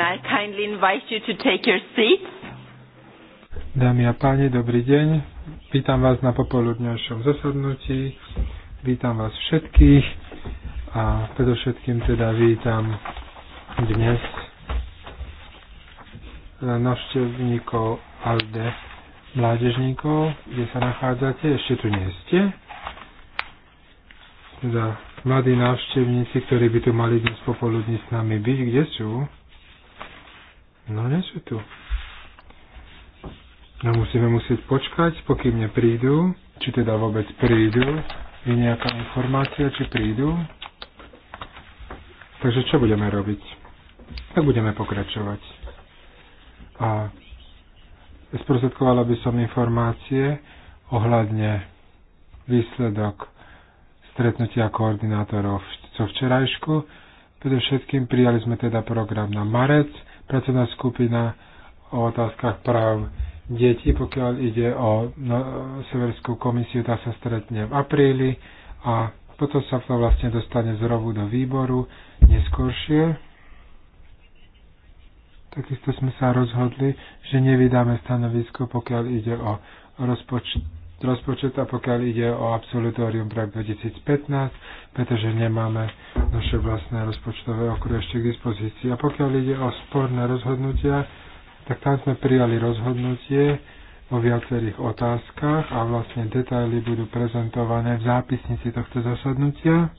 and I kindly invite you to take your seats. Dámy a páni, dobrý deň. Vítam vás na popoludňajšom zasadnutí. Vítam vás všetkých a predovšetkým teda vítam dnes navštevníkov ALDE mládežníkov, kde sa nachádzate, ešte tu nie ste. Teda mladí návštevníci, ktorí by tu mali dnes popoludní s nami byť, kde sú? No nie sú tu. No musíme musieť počkať, pokým neprídu, či teda vôbec prídu. Je nejaká informácia, či prídu. Takže čo budeme robiť? Tak budeme pokračovať. A sprostredkovala by som informácie ohľadne výsledok stretnutia koordinátorov co včerajšku. Predovšetkým prijali sme teda program na marec pracovná skupina o otázkach práv detí, pokiaľ ide o no, Severskú komisiu, tá sa stretne v apríli a potom sa to vlastne dostane z rovu do výboru neskôršie. Takisto sme sa rozhodli, že nevydáme stanovisko, pokiaľ ide o rozpočet rozpočet a pokiaľ ide o absolutórium pre 2015, pretože nemáme naše vlastné rozpočtové okruhy ešte k dispozícii. A pokiaľ ide o sporné rozhodnutia, tak tam sme prijali rozhodnutie o viacerých otázkach a vlastne detaily budú prezentované v zápisnici tohto zasadnutia.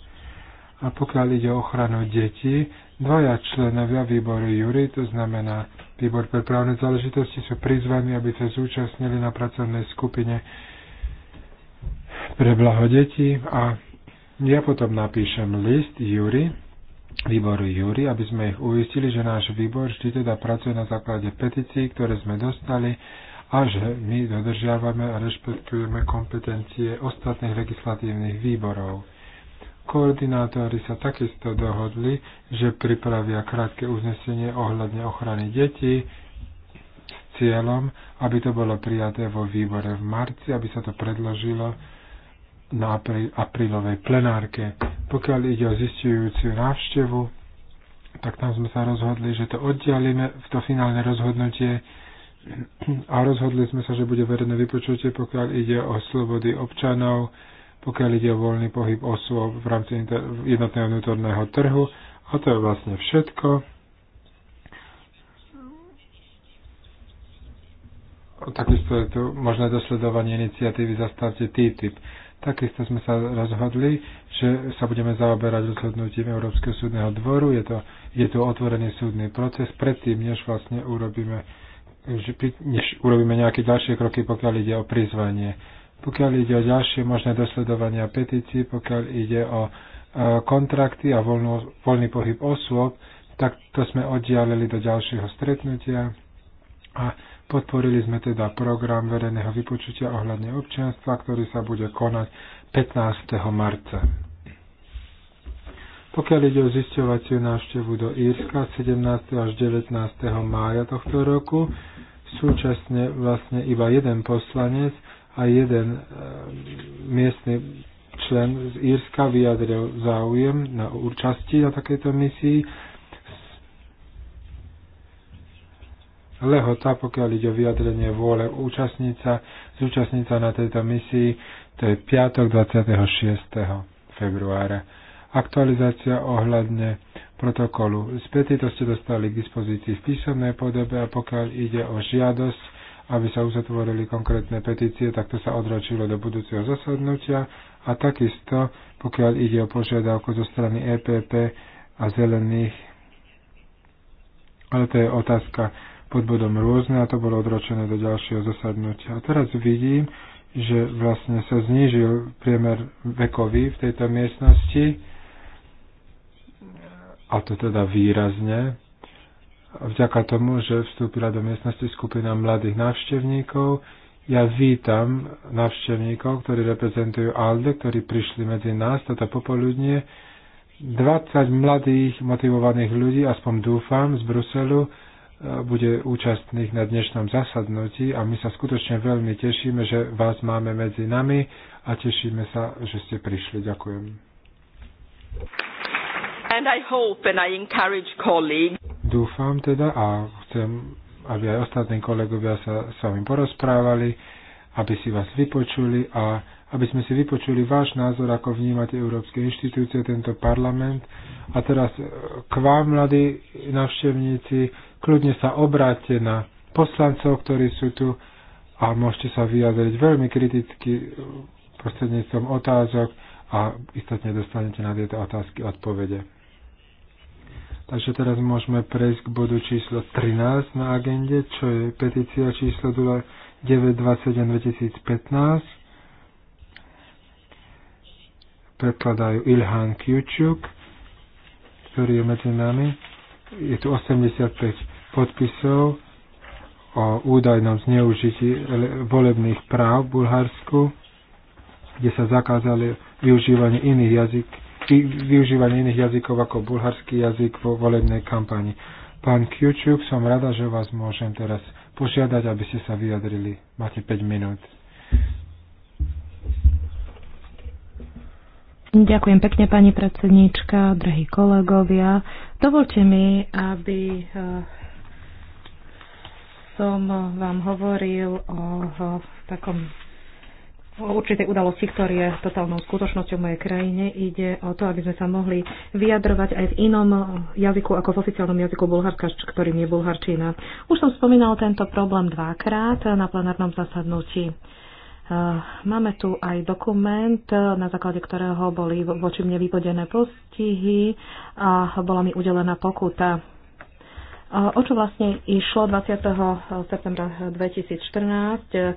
A pokiaľ ide o ochranu detí, dvaja členovia výboru Jury, to znamená výbor pre právne záležitosti, sú prizvaní, aby sa zúčastnili na pracovnej skupine pre blaho detí a ja potom napíšem list Júri, výboru Júri, aby sme ich uistili, že náš výbor vždy teda pracuje na základe petícií, ktoré sme dostali a že my dodržiavame a rešpektujeme kompetencie ostatných legislatívnych výborov. Koordinátori sa takisto dohodli, že pripravia krátke uznesenie ohľadne ochrany detí s cieľom, aby to bolo prijaté vo výbore v marci, aby sa to predložilo na aprílovej plenárke. Pokiaľ ide o zistujúciu návštevu, tak tam sme sa rozhodli, že to oddialíme v to finálne rozhodnutie a rozhodli sme sa, že bude verejné vypočutie, pokiaľ ide o slobody občanov, pokiaľ ide o voľný pohyb osôb v rámci jednotného vnútorného trhu. A to je vlastne všetko. Takisto je tu možné dosledovanie iniciatívy Zastavte TTIP. Takisto sme sa rozhodli, že sa budeme zaoberať rozhodnutím Európskeho súdneho dvoru. Je to, je to otvorený súdny proces predtým, než vlastne urobíme, než urobíme nejaké ďalšie kroky, pokiaľ ide o prizvanie. Pokiaľ ide o ďalšie možné dosledovania petícií, pokiaľ ide o e, kontrakty a voľnú, voľný pohyb osôb, tak to sme oddialili do ďalšieho stretnutia a Podporili sme teda program verejného vypočutia ohľadne občianstva, ktorý sa bude konať 15. marca. Pokiaľ ide o zisťovaciu návštevu do Írska 17. až 19. mája tohto roku, súčasne vlastne iba jeden poslanec a jeden e, miestny člen z Írska vyjadril záujem na účasti na takejto misii lehota, pokiaľ ide o vyjadrenie vôle účastníca, zúčastníca na tejto misii, to je piatok 26. februára. Aktualizácia ohľadne protokolu. Späty to ste dostali k dispozícii v písomnej podobe a pokiaľ ide o žiadosť, aby sa uzatvorili konkrétne petície, tak to sa odročilo do budúceho zasadnutia a takisto, pokiaľ ide o požiadavku zo strany EPP a zelených, ale to je otázka pod bodom rôzne a to bolo odročené do ďalšieho zasadnutia. A teraz vidím, že vlastne sa znížil priemer vekový v tejto miestnosti a to teda výrazne vďaka tomu, že vstúpila do miestnosti skupina mladých návštevníkov. Ja vítam návštevníkov, ktorí reprezentujú ALDE, ktorí prišli medzi nás toto popoludnie. 20 mladých motivovaných ľudí, aspoň dúfam, z Bruselu, bude účastných na dnešnom zasadnutí a my sa skutočne veľmi tešíme, že vás máme medzi nami a tešíme sa, že ste prišli. Ďakujem. And I hope and I encourage colleagues. Dúfam teda a chcem, aby aj ostatní kolegovia sa s vami porozprávali, aby si vás vypočuli a aby sme si vypočuli váš názor, ako vnímate európske inštitúcie, tento parlament. A teraz k vám, mladí navštevníci, kľudne sa obráte na poslancov, ktorí sú tu a môžete sa vyjadriť veľmi kriticky prostredníctvom otázok a istotne dostanete na tieto otázky odpovede. Takže teraz môžeme prejsť k bodu číslo 13 na agende, čo je petícia číslo 927 2015 prekladajú Ilhan Kiučuk, ktorý je medzi nami. Je tu 85 podpisov o údajnom zneužití volebných práv v Bulharsku, kde sa zakázali využívanie iných jazyk, využívanie iných jazykov ako bulharský jazyk vo volebnej kampani. Pán Kiučuk, som rada, že vás môžem teraz požiadať, aby ste sa vyjadrili. Máte 5 minút. Ďakujem pekne, pani predsednička, drahí kolegovia. Dovolte mi, aby eh, som vám hovoril o, o takom o určitej udalosti, ktorý je totálnou skutočnosťou v mojej krajine. Ide o to, aby sme sa mohli vyjadrovať aj v inom jazyku ako v oficiálnom jazyku Bulharska, ktorým je Bulharčina. Už som spomínal tento problém dvakrát na plenárnom zasadnutí. E, máme tu aj dokument, na základe ktorého boli voči mne vyvodené postihy a bola mi udelená pokuta. O čo vlastne išlo 20. septembra 2014,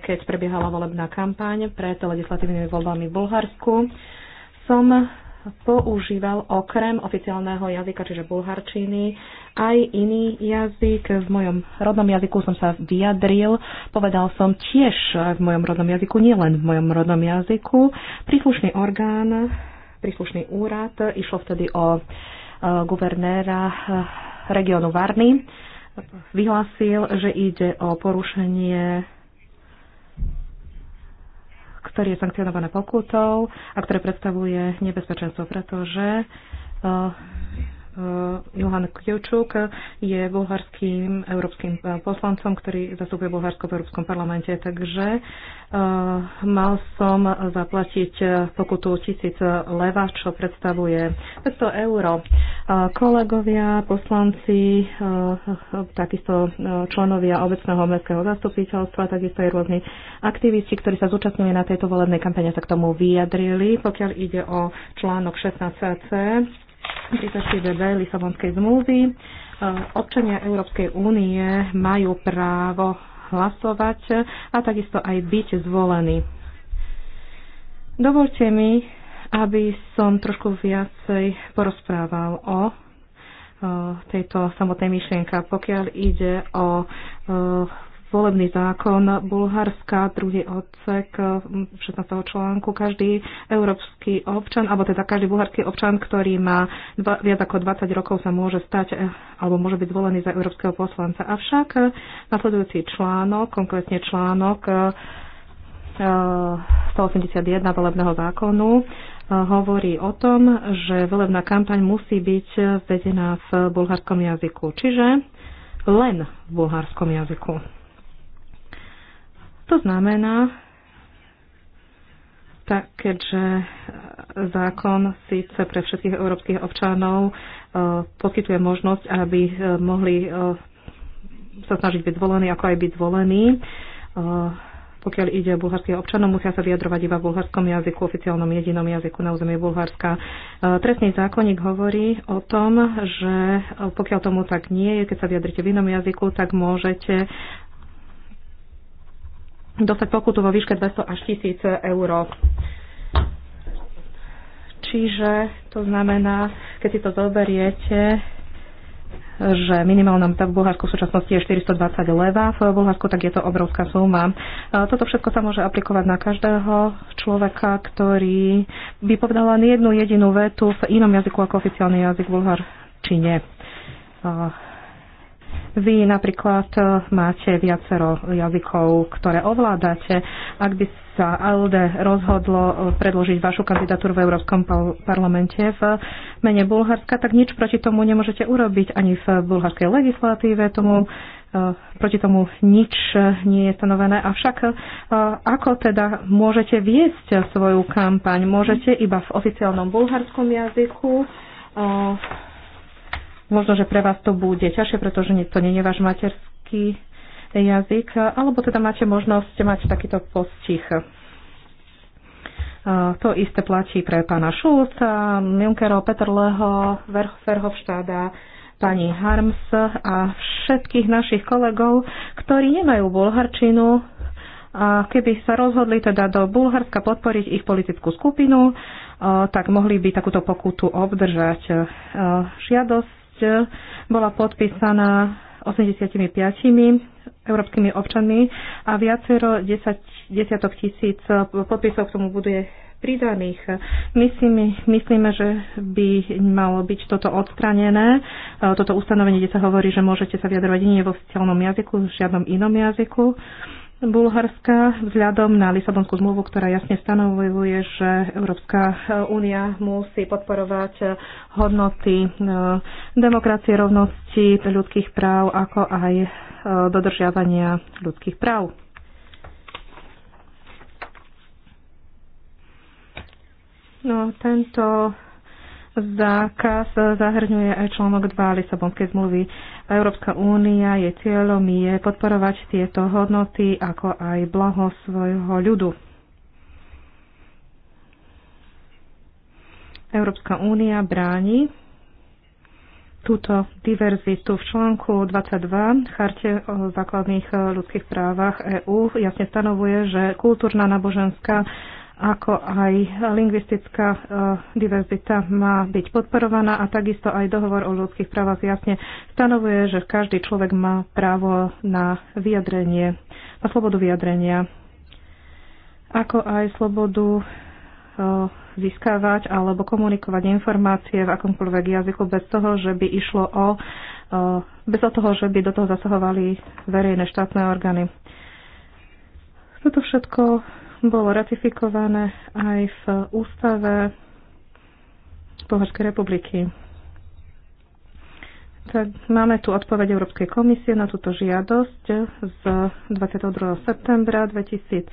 keď prebiehala volebná kampaň pred legislatívnymi voľbami v Bulharsku? Som používal okrem oficiálneho jazyka, čiže bulharčiny, aj iný jazyk. V mojom rodnom jazyku som sa vyjadril, povedal som tiež v mojom rodnom jazyku, nielen v mojom rodnom jazyku. Príslušný orgán, príslušný úrad, išlo vtedy o e, guvernéra regiónu Varny vyhlásil, že ide o porušenie ktoré je sankcionované pokutou a ktoré predstavuje nebezpečenstvo, pretože eh, Eh, Johan Kjevčuk je bulharským európskym eh, poslancom, ktorý zastupuje Bulharsko v Európskom parlamente, takže eh, mal som zaplatiť pokutu 1000 leva, čo predstavuje 500 euro. Kolegovia, poslanci, takisto členovia obecného mestského zastupiteľstva, takisto aj rôzni aktivisti, ktorí sa zúčastňujú na tejto volebnej kampane, sa k tomu vyjadrili. Pokiaľ ide o článok 16c, 34 Lisabonskej zmluvy. E, občania Európskej únie majú právo hlasovať a takisto aj byť zvolení. Dovolte mi, aby som trošku viacej porozprával o e, tejto samotnej myšlienka. Pokiaľ ide o e, volebný zákon Bulharska, druhý odsek 16. Eh, článku. Každý európsky občan, alebo teda každý bulharský občan, ktorý má dva, viac ako 20 rokov, sa môže stať eh, alebo môže byť zvolený za európskeho poslanca. Avšak eh, nasledujúci článok, konkrétne článok 181 volebného zákonu hovorí o tom, že volebná kampaň musí byť vedená v bulharskom jazyku, čiže len v bulharskom jazyku. To znamená, tak, keďže e, zákon síce pre všetkých európskych občanov e, poskytuje možnosť, aby e, mohli sa snažiť byť zvolení, ako aj byť zvolení, pokiaľ ide o bulharských občanov, musia sa vyjadrovať iba v bulharskom jazyku, oficiálnom jedinom jazyku na území Bulharska. Trestný zákonník hovorí o tom, že pokiaľ tomu tak nie je, keď sa vyjadrite v inom jazyku, tak môžete dostať pokutu vo výške 200 až 1000 eur. Čiže to znamená, keď si to zoberiete, že minimálna mzda v Bulharsku v súčasnosti je 420 leva, v Bulharsku tak je to obrovská suma. Toto všetko sa môže aplikovať na každého človeka, ktorý by povedal len jednu jedinú vetu v inom jazyku ako oficiálny jazyk v Bulharčine. Vy napríklad e, máte viacero jazykov, ktoré ovládate. Ak by sa ALDE rozhodlo e, predložiť vašu kandidatúru v Európskom parlamente v mene Bulharska, tak nič proti tomu nemôžete urobiť ani v bulharskej legislatíve. Tomu, e, proti tomu nič nie je stanovené. Avšak ako teda môžete viesť svoju kampaň? Môžete iba v oficiálnom bulharskom jazyku Možno, že pre vás to bude ťažšie, pretože to nie je váš materský jazyk, alebo teda máte možnosť mať takýto postih. To isté platí pre pána Šulca, Junckero, Peterleho, Verhofštáda, pani Harms a všetkých našich kolegov, ktorí nemajú bulharčinu a keby sa rozhodli teda do Bulharska podporiť ich politickú skupinu, tak mohli by takúto pokutu obdržať. Žiadosť bola podpísaná 85 európskymi občanmi a viacero desať, desiatok tisíc podpisov k tomu bude pridaných. My myslíme, že by malo byť toto odstranené, toto ustanovenie, kde sa hovorí, že môžete sa vyjadrovať nie vo sociálnom jazyku, v žiadnom inom jazyku. Bulharska vzhľadom na Lisabonskú zmluvu, ktorá jasne stanovuje, že Európska eh, únia musí podporovať eh, hodnoty eh, demokracie, rovnosti, ľudských práv, ako aj dodržiavania ľudských práv. No, tento zákaz zahrňuje aj článok 2 Lisabonskej zmluvy. Európska únia, je cieľom je podporovať tieto hodnoty, ako aj blaho svojho ľudu. Európska únia bráni túto diverzitu. V článku 22 Charte o základných ľudských právach EÚ jasne stanovuje, že kultúrna, náboženská ako aj lingvistická e, diverzita má byť podporovaná a takisto aj dohovor o ľudských právach jasne stanovuje, že každý človek má právo na vyjadrenie, na slobodu vyjadrenia, ako aj slobodu e, získavať alebo komunikovať informácie v akomkoľvek jazyku bez toho, že by išlo o, e, bez toho, že by do toho zasahovali verejné štátne orgány. Toto všetko bolo ratifikované aj v ústave Pohorskej republiky. Tak máme tu odpoveď Európskej komisie na túto žiadosť z 22. septembra 2015,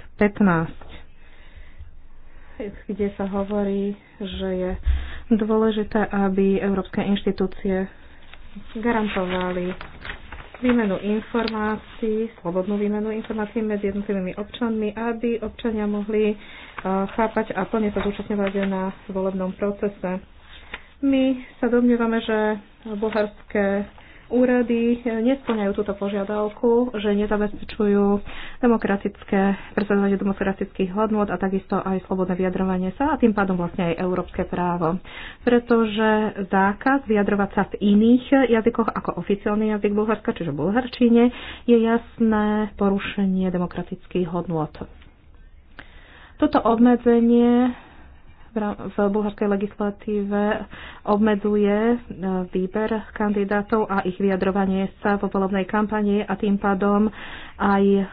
kde sa hovorí, že je dôležité, aby európske inštitúcie garantovali výmenu informácií, slobodnú výmenu informácií medzi jednotlivými občanmi, aby občania mohli e, chápať a plne sa zúčastňovať na volebnom procese. My sa domnievame, že bulharské úrady nesplňajú túto požiadavku, že nezabezpečujú demokratické, presadzovanie demokratických hodnot a takisto aj slobodné vyjadrovanie sa a tým pádom vlastne aj európske právo. Pretože zákaz vyjadrovať sa v iných jazykoch ako oficiálny jazyk Bulharska, čiže bulharčine, je jasné porušenie demokratických hodnot. Toto obmedzenie v bulharskej legislatíve obmedzuje e, výber kandidátov a ich vyjadrovanie sa vo volebnej kampanii a tým pádom aj e,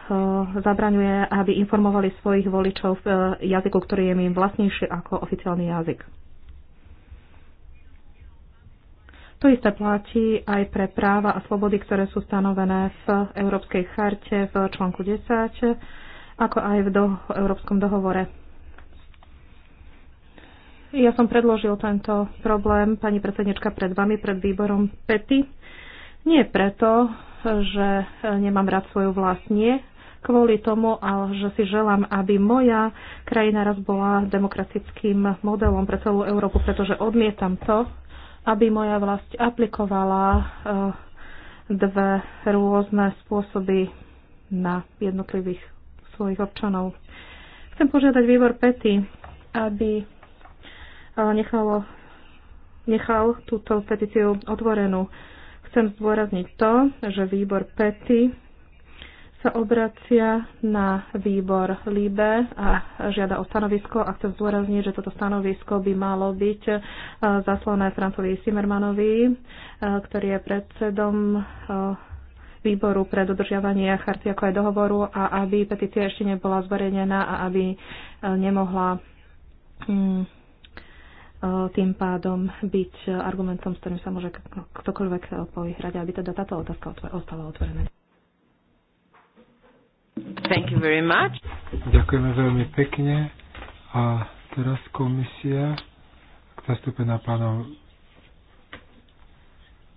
zabraňuje, aby informovali svojich voličov v e, jazyku, ktorý je im vlastnejší ako oficiálny jazyk. To isté platí aj pre práva a slobody, ktoré sú stanovené v Európskej charte v článku 10, ako aj v do- Európskom dohovore ja som predložil tento problém, pani predsednička, pred vami, pred výborom PETI. Nie preto, že nemám rád svoju vlastne, Kvôli tomu, ale že si želám, aby moja krajina raz bola demokratickým modelom pre celú Európu, pretože odmietam to, aby moja vlast aplikovala eh, dve rôzne spôsoby na jednotlivých svojich občanov. Chcem požiadať výbor PETI, aby nechalo, nechal túto petíciu otvorenú. Chcem zdôrazniť to, že výbor PETI sa obracia na výbor LIBE a žiada o stanovisko a chcem zdôrazniť, že toto stanovisko by malo byť e, zaslané Francovi Simermanovi, e, ktorý je predsedom e, výboru pre dodržiavanie charty ako aj dohovoru a aby petícia ešte nebola zverejnená a aby nemohla mm, Eh, tým pádom byť argumentom, s ktorým sa môže ktokoľvek povyhrať, aby teda táto otázka ostala otvorená. Thank you very much. Ďakujeme veľmi pekne. A teraz komisia, zastúpená pánom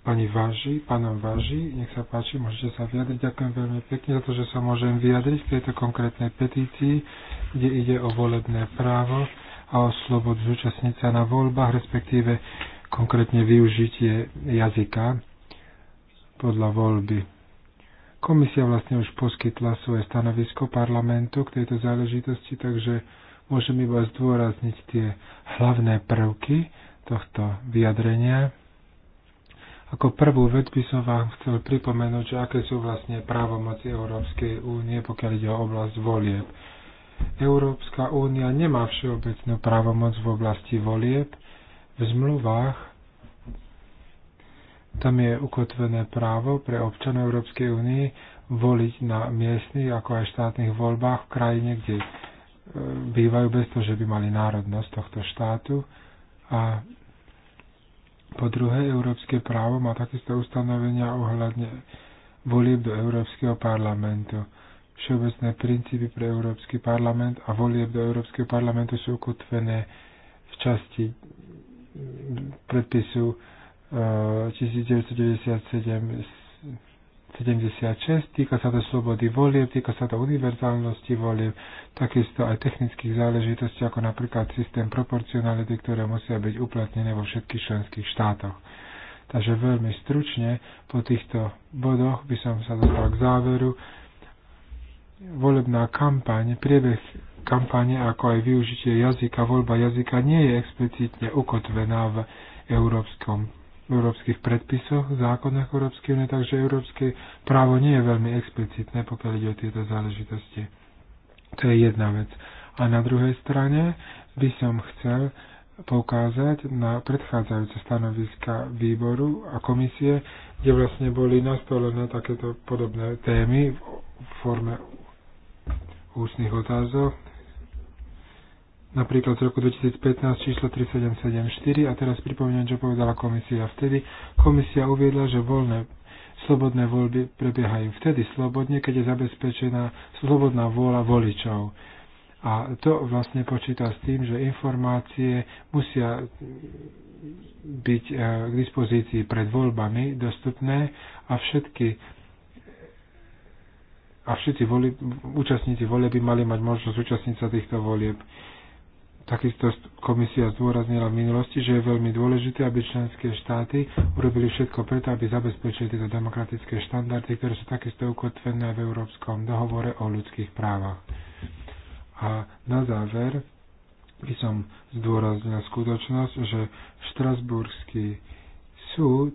pani Váži, pánom Váži, nech sa páči, môžete sa vyjadriť. Ďakujem veľmi pekne za to, že sa môžem vyjadriť v tejto konkrétnej petícii, kde ide o volebné právo a o slobodu zúčastniť sa na voľbách, respektíve konkrétne využitie jazyka podľa voľby. Komisia vlastne už poskytla svoje stanovisko parlamentu k tejto záležitosti, takže môžem iba zdôrazniť tie hlavné prvky tohto vyjadrenia. Ako prvú vec by som vám chcel pripomenúť, že aké sú vlastne právomoci Európskej únie, pokiaľ ide o oblasť volieb. Európska únia nemá všeobecnú právomoc v oblasti volieb. V zmluvách tam je ukotvené právo pre občanov Európskej únie voliť na miestnych ako aj štátnych voľbách v krajine, kde e, bývajú bez toho, že by mali národnosť tohto štátu. A po druhé, európske právo má takisto ustanovenia ohľadne volieb do Európskeho parlamentu. Všeobecné princípy pre Európsky parlament a volieb do Európskeho parlamentu sú ukotvené v časti mm, predpisu 1997 eh, 76, týka sa to slobody volieb, týka sa to univerzálnosti volieb, takisto aj technických záležitostí, ako napríklad systém proporcionality, ktoré musia byť uplatnené vo všetkých členských štátoch. Takže veľmi stručne po týchto bodoch by som sa dostal k záveru, volebná kampaň, priebeh kampane, ako aj využitie jazyka, voľba jazyka nie je explicitne ukotvená v európskom európskych predpisoch, zákonoch Európskej únie, takže európske právo nie je veľmi explicitné, pokiaľ ide o tieto záležitosti. To je jedna vec. A na druhej strane by som chcel poukázať na predchádzajúce stanoviska výboru a komisie, kde vlastne boli nastolené takéto podobné témy v forme ústnych otázok. Napríklad z roku 2015 číslo 3774 a teraz pripomínam, čo povedala komisia vtedy. Komisia uviedla, že voľné Slobodné voľby prebiehajú vtedy slobodne, keď je zabezpečená slobodná vôľa voličov. A to vlastne počíta s tým, že informácie musia byť eh, k dispozícii pred voľbami dostupné a všetky a všetci voli, účastníci volie by mali mať možnosť účastniť sa týchto volieb. Takisto komisia zdôraznila v minulosti, že je veľmi dôležité, aby členské štáty urobili všetko preto, aby zabezpečili tieto demokratické štandardy, ktoré sú takisto ukotvené v Európskom dohovore o ľudských právach. A na záver by som zdôraznil skutočnosť, že Štrasburský súd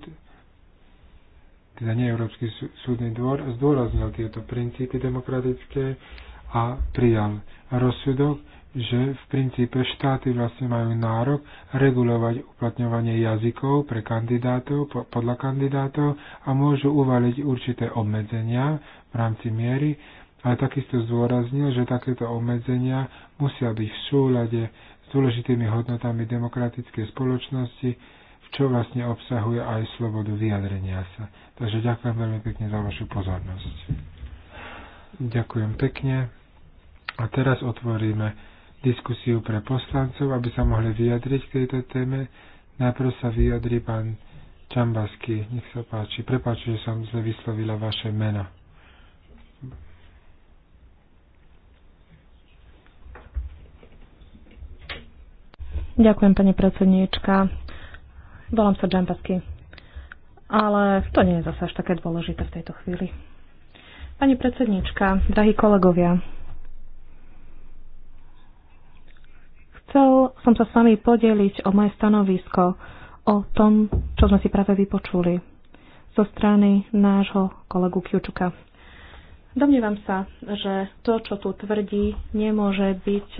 teda nie Európsky súdny dvor, zdôraznil tieto princípy demokratické a prijal rozsudok, že v princípe štáty vlastne majú nárok regulovať uplatňovanie jazykov pre kandidátov, podľa kandidátov a môžu uvaliť určité obmedzenia v rámci miery, ale takisto zdôraznil, že takéto obmedzenia musia byť v súlade s dôležitými hodnotami demokratickej spoločnosti, čo vlastne obsahuje aj slobodu vyjadrenia sa. Takže ďakujem veľmi pekne za vašu pozornosť. Ďakujem pekne. A teraz otvoríme diskusiu pre poslancov, aby sa mohli vyjadriť k tejto téme. Najprv sa vyjadri pán Čambasky. Nech sa páči. Prepáčte, že som zle vyslovila vaše meno. Ďakujem, pani predsedníčka. Volám sa Džampasky. Ale to nie je zase až také dôležité v tejto chvíli. Pani predsednička, drahí kolegovia, chcel som sa s vami podeliť o moje stanovisko o tom, čo sme si práve vypočuli zo strany nášho kolegu Kjučuka. Domnievam sa, že to, čo tu tvrdí, nemôže byť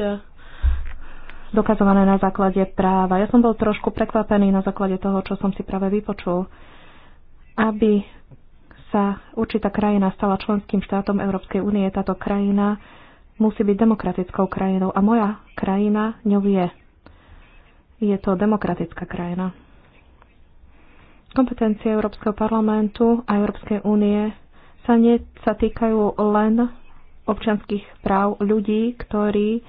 dokazované na základe práva. Ja som bol trošku prekvapený na základe toho, čo som si práve vypočul, aby sa určitá krajina stala členským štátom Európskej únie. Táto krajina musí byť demokratickou krajinou a moja krajina ňou je. Je to demokratická krajina. Kompetencie Európskeho parlamentu a Európskej únie sa, sa týkajú len občanských práv ľudí, ktorí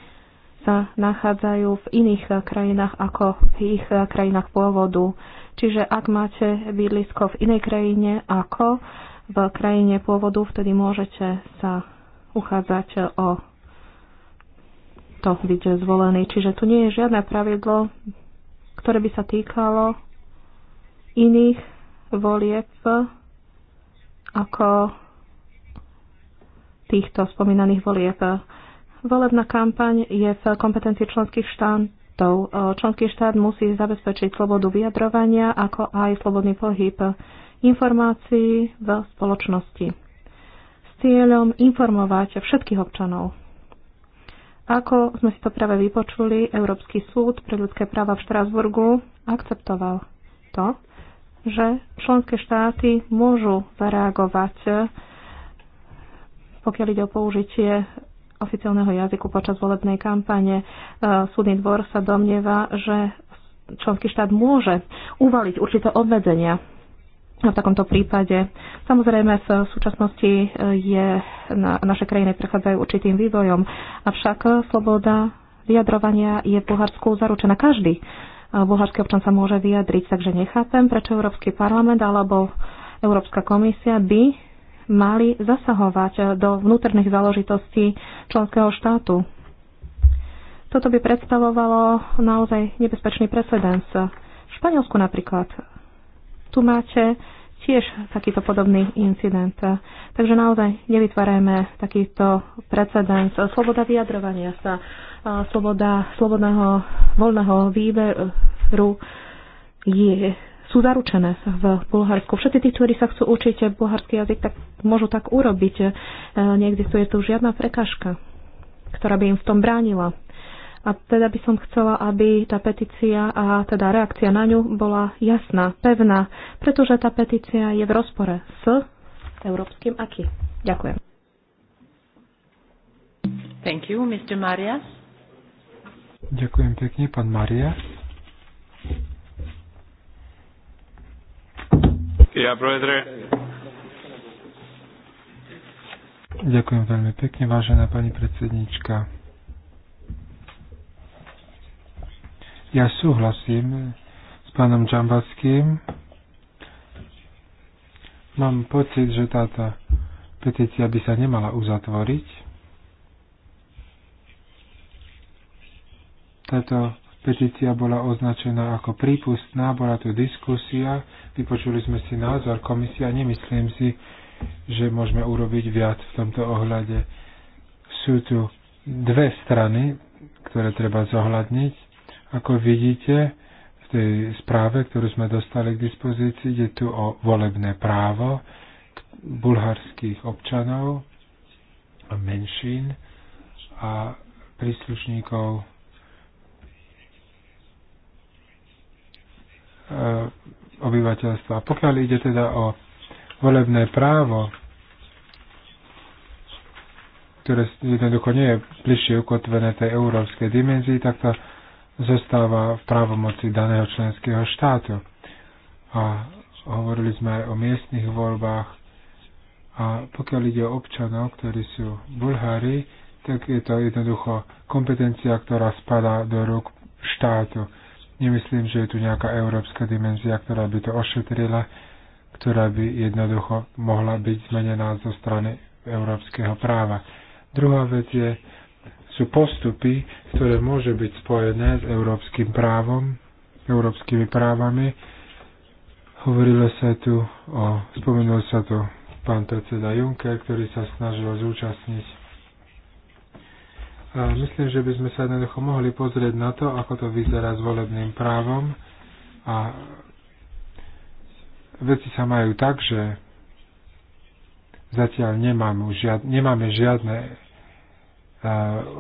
sa nachádzajú v iných krajinách ako v ich krajinách pôvodu. Čiže ak máte bydlisko v inej krajine ako v krajine pôvodu, vtedy môžete sa uchádzať o to byť zvolený. Čiže tu nie je žiadne pravidlo, ktoré by sa týkalo iných volieb ako týchto spomínaných volieb. Volebná kampaň je v kompetencii členských štátov. Členský štát musí zabezpečiť slobodu vyjadrovania, ako aj slobodný pohyb informácií v spoločnosti s cieľom informovať všetkých občanov. Ako sme si to práve vypočuli, Európsky súd pre ľudské práva v Štrásburgu akceptoval to, že členské štáty môžu zareagovať pokiaľ ide o použitie oficiálneho jazyku počas volebnej kampane. E, súdny dvor sa domnieva, že členský štát môže uvaliť určité obmedzenia no, v takomto prípade. Samozrejme, v súčasnosti e, je, na, naše krajiny prechádzajú určitým vývojom, avšak sloboda vyjadrovania je v Bulharsku zaručená. Každý e, bulharský občan sa môže vyjadriť, takže nechápem, prečo Európsky parlament alebo Európska komisia by mali zasahovať eh, do vnútorných záležitostí členského štátu. Toto by predstavovalo naozaj nebezpečný precedens. V Španielsku napríklad. Tu máte tiež takýto podobný incident. Takže naozaj nevytvárajme takýto precedens. Sloboda vyjadrovania sa, sloboda slobodného voľného výberu je sú zaručené v Bulharsku. Všetci tí, ktorí sa chcú učiť bulharský jazyk, tak môžu tak urobiť. E, neexistuje tu žiadna prekážka, ktorá by im v tom bránila. A teda by som chcela, aby tá petícia a teda reakcia na ňu bola jasná, pevná, pretože tá petícia je v rozpore s európskym aký. Ďakujem. Thank you, Mr. Marias. Ďakujem pekne, pán Marias. Ja, provedre. Ďakujem veľmi pekne, vážená pani predsednička. Ja súhlasím s pánom Čambackým. Mám pocit, že táto petícia by sa nemala uzatvoriť. Táto Petícia bola označená ako prípustná, bola tu diskusia, vypočuli sme si názor komisia, nemyslím si, že môžeme urobiť viac v tomto ohľade. Sú tu dve strany, ktoré treba zohľadniť. Ako vidíte, v tej správe, ktorú sme dostali k dispozícii, je tu o volebné právo bulharských občanov a menšín a príslušníkov Eh, obyvateľstva. Pokiaľ ide teda o volebné právo, ktoré jednoducho nie je bližšie ukotvené tej európskej dimenzii, tak to zostáva v právomoci daného členského štátu. A hovorili sme aj o miestnych voľbách. A pokiaľ ide o občanov, ktorí sú Bulhári, tak je to jednoducho kompetencia, ktorá spadá do rúk štátu. Nemyslím, že je tu nejaká európska dimenzia, ktorá by to ošetrila, ktorá by jednoducho mohla byť zmenená zo strany európskeho práva. Druhá vec je, sú postupy, ktoré môžu byť spojené s európskym právom, európskymi právami. Hovorilo sa tu o, spomenul sa tu pán predseda Juncker, ktorý sa snažil zúčastniť Myslím, že by sme sa jednoducho mohli pozrieť na to, ako to vyzerá s volebným právom a veci sa majú tak, že zatiaľ nemáme, žiad, nemáme žiadne e,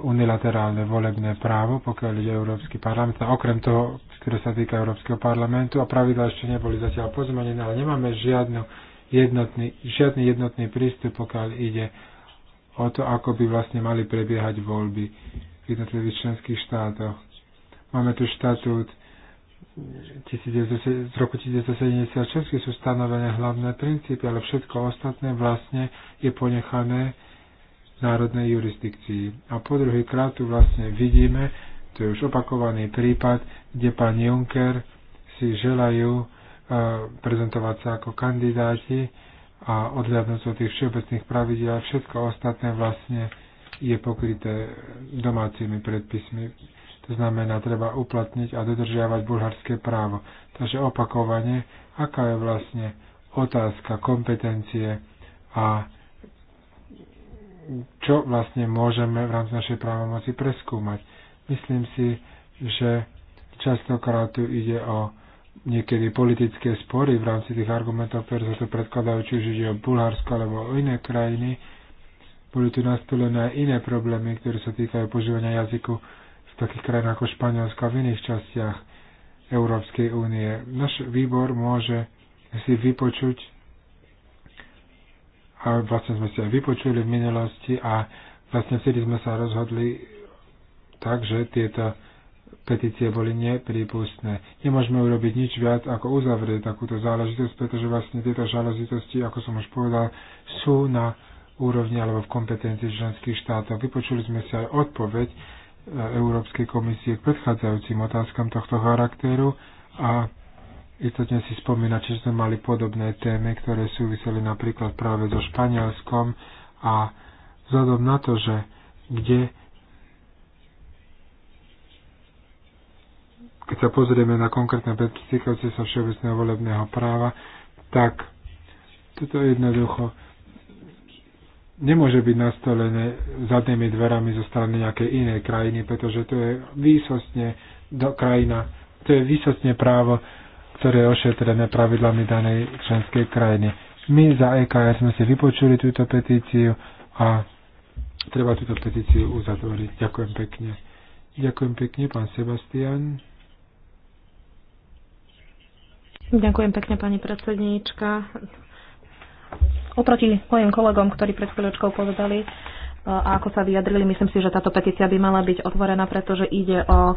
unilaterálne volebné právo, pokiaľ ide Európsky parlament, a okrem toho, ktoré sa týka Európskeho parlamentu, a pravidla ešte neboli zatiaľ pozmenené, ale nemáme žiadnu jednotný, žiadny jednotný prístup, pokiaľ ide o to, ako by vlastne mali prebiehať voľby v jednotlivých členských štátoch. Máme tu štatút eh, z roku 1976, kde sú stanovené hlavné princípy, ale všetko ostatné vlastne je ponechané v národnej jurisdikcii. A po druhý krát tu vlastne vidíme, to je už opakovaný prípad, kde pán Juncker si želajú eh, prezentovať sa ako kandidáti, a odhľadnúť od tých všeobecných pravidel, a všetko ostatné vlastne je pokryté domácimi predpismi. To znamená, treba uplatniť a dodržiavať bulharské právo. Takže opakovanie, aká je vlastne otázka kompetencie a čo vlastne môžeme v rámci našej právomoci preskúmať. Myslím si, že častokrát tu ide o niekedy politické spory v rámci tých argumentov, ktoré sa tu predkladajú, či už ide o Bulharsko alebo o iné krajiny. Boli tu nastolené aj iné problémy, ktoré sa týkajú požívania jazyku v takých krajinách ako Španielska v iných častiach Európskej únie. Náš výbor môže si vypočuť a vlastne sme si aj vypočuli v minulosti a vlastne vtedy sme sa rozhodli tak, že tieto petície boli neprípustné. Nemôžeme urobiť nič viac, ako uzavrieť takúto záležitosť, pretože vlastne tieto záležitosti, ako som už povedal, sú na úrovni alebo v kompetencii členských štátov. Vypočuli sme si aj odpoveď e, Európskej komisie k predchádzajúcim otázkam tohto charakteru a istotne si spomínať, že sme mali podobné témy, ktoré súviseli napríklad práve so Španielskom a vzhľadom na to, že kde keď sa pozrieme na konkrétne predstýkajúce týkajúce sa všeobecného volebného práva, tak toto jednoducho nemôže byť nastolené zadnými dverami zo strany nejakej inej krajiny, pretože to je výsostne do krajina, to je výsostne právo, ktoré je ošetrené pravidlami danej členskej krajiny. My za EKR sme si vypočuli túto petíciu a treba túto petíciu uzatvoriť. Ďakujem pekne. Ďakujem pekne, pán Sebastian. Ďakujem pekne, pani predsedníčka. Oproti mojim kolegom, ktorí pred chvíľočkou povedali, a ako sa vyjadrili, myslím si, že táto petícia by mala byť otvorená, pretože ide o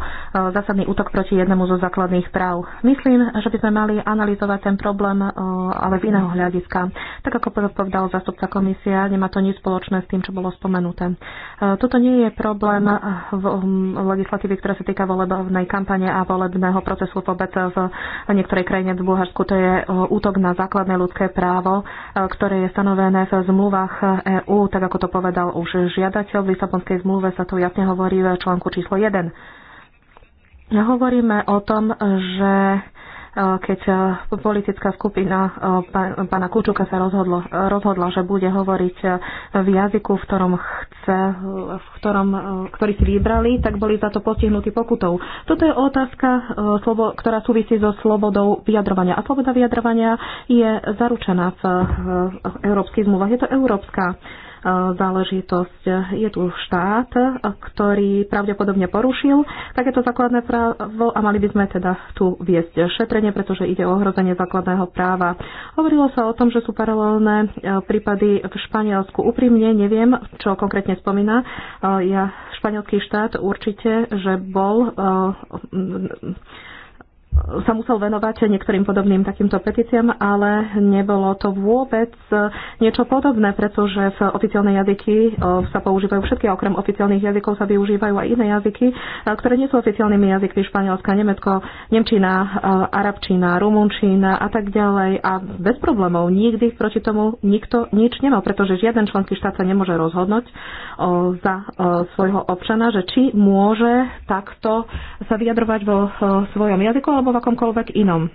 zásadný útok proti jednému zo základných práv. Myslím, že by sme mali analyzovať ten problém, ale z iného hľadiska. Tak ako povedal zastupca komisia, nemá to nič spoločné s tým, čo bolo spomenuté. E, toto nie je problém v legislatívy, ktorá sa týka volebnej kampane a volebného procesu vôbec v niektorej krajine v Bulharsku. To je útok na základné ľudské právo, e, ktoré je stanovené v zmluvách EÚ, tak ako to povedal už žiadateľ. V Lisabonskej zmluve sa to jasne hovorí v článku číslo 1. Hovoríme o tom, že e, keď e, politická skupina e, pána Kučuka sa rozhodlo, rozhodla, že bude hovoriť v jazyku, v ktorom chce, v ktorom, ktorý si vybrali, tak boli za to postihnutí pokutou. Toto je otázka, ktorá súvisí so slobodou vyjadrovania. A sloboda vyjadrovania je zaručená v európskych zmluvách. Je to európska záležitosť. Je tu štát, ktorý pravdepodobne porušil takéto základné právo a mali by sme teda tu viesť šetrenie, pretože ide o ohrozenie základného práva. Hovorilo sa o tom, že sú paralelné e, prípady v Španielsku. Úprimne neviem, čo konkrétne spomína. E, ja, španielský štát určite, že bol e, sa musel venovať niektorým podobným takýmto petíciám, ale nebolo to vôbec niečo podobné, pretože v oficiálnej jazyky e, sa používajú všetky, a okrem oficiálnych jazykov sa využívajú aj iné jazyky, e, ktoré nie sú oficiálnymi jazykmi Španielska, Nemecko, Nemčina, e, Arabčina, Rumunčina a tak ďalej. A bez problémov nikdy proti tomu nikto nič nemal, pretože žiaden členský štát sa nemôže rozhodnúť za svojho občana, že či môže takto sa vyjadrovať vo svojom jazyku alebo v akomkoľvek inom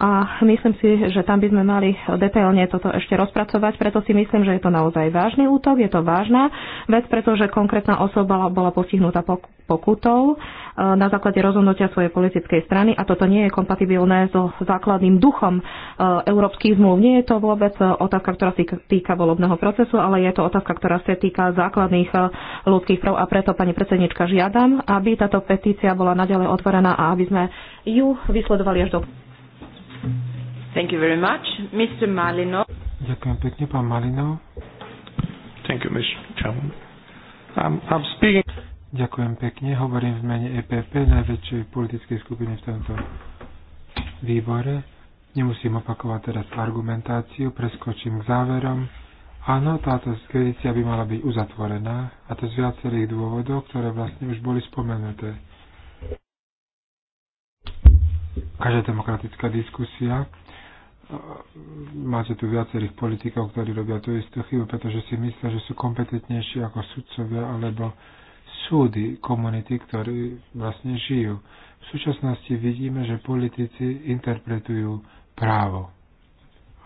a myslím si, že tam by sme mali detailne toto ešte rozpracovať, preto si myslím, že je to naozaj vážny útok, je to vážna vec, pretože konkrétna osoba bola postihnutá pokutou e, na základe rozhodnutia svojej politickej strany a toto nie je kompatibilné so základným duchom e, európskych zmluv. Nie je to vôbec otázka, ktorá sa týka volobného procesu, ale je to otázka, ktorá sa týka základných e, ľudských práv a preto, pani predsednička, žiadam, aby táto petícia bola naďalej otvorená a aby sme ju vysledovali až do Thank you very much. Mr. Malino. Ďakujem pekne, pán Malino. Thank you, Mr. Chairman. I'm, I'm speaking... Ďakujem pekne. Hovorím v mene EPP, najväčšej politickej skupiny v tomto výbore. Nemusím opakovať teraz argumentáciu, preskočím k záverom. Áno, táto skredícia by mala byť uzatvorená, a to z viacerých dôvodov, ktoré vlastne už boli spomenuté. Každá demokratická diskusia máte tu viacerých politikov, ktorí robia tú istú chybu, pretože si myslia, že sú kompetentnejší ako sudcovia alebo súdy komunity, ktorí vlastne žijú. V súčasnosti vidíme, že politici interpretujú právo.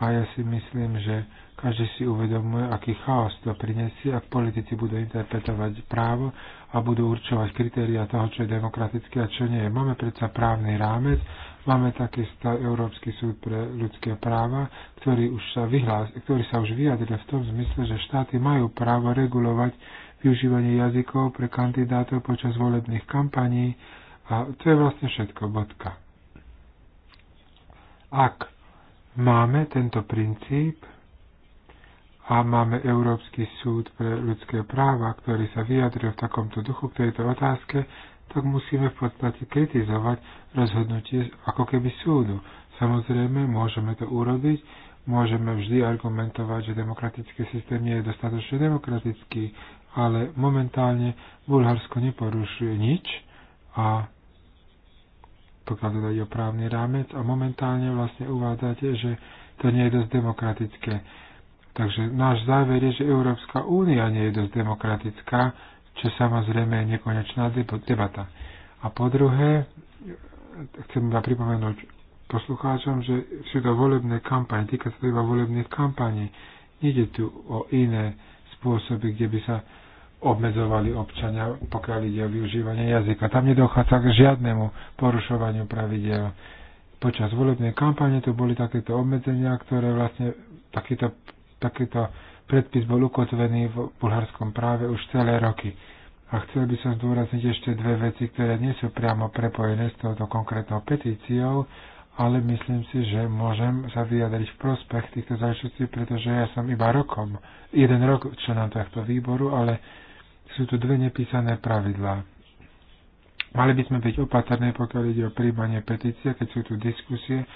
A ja si myslím, že každý si uvedomuje, aký chaos to prinesie, ak politici budú interpretovať právo a budú určovať kritéria toho, čo je demokratické a čo nie je. Máme predsa právny rámec Máme takisto Európsky súd pre ľudské práva, ktorý, už sa, vyhlás, ktorý sa už vyjadril v tom zmysle, že štáty majú právo regulovať využívanie jazykov pre kandidátov počas volebných kampaní a to je vlastne všetko, bodka. Ak máme tento princíp a máme Európsky súd pre ľudské práva, ktorý sa vyjadril v takomto duchu k tejto otázke, tak musíme v podstate kritizovať rozhodnutie ako keby súdu. Samozrejme, môžeme to urobiť, môžeme vždy argumentovať, že demokratický systém nie je dostatočne demokratický, ale momentálne Bulharsko neporušuje nič a pokiaľ to teda ide oprávny právny rámec a momentálne vlastne uvádzate, že to nie je dosť demokratické. Takže náš záver je, že Európska únia nie je dosť demokratická, čo samozrejme je nekonečná debata. A po druhé, chcem iba pripomenúť poslucháčom, že sú to volebné kampane, týka sa to iba volebných kampaní. Nede tu o iné spôsoby, kde by sa obmedzovali občania, pokiaľ ide o využívanie jazyka. Tam nedochádza k žiadnemu porušovaniu pravidel. Počas volebnej kampane tu boli takéto obmedzenia, ktoré vlastne takýto, takýto predpis bol ukotvený v bulharskom práve už celé roky. A chcel by som zdôrazniť ešte dve veci, ktoré nie sú priamo prepojené s touto konkrétnou petíciou, ale myslím si, že môžem sa vyjadriť v prospech týchto záležitostí, pretože ja som iba rokom, jeden rok členom tohto výboru, ale sú tu dve nepísané pravidlá. Mali by sme byť opatrné, pokiaľ ide o príjmanie petície, keď sú tu diskusie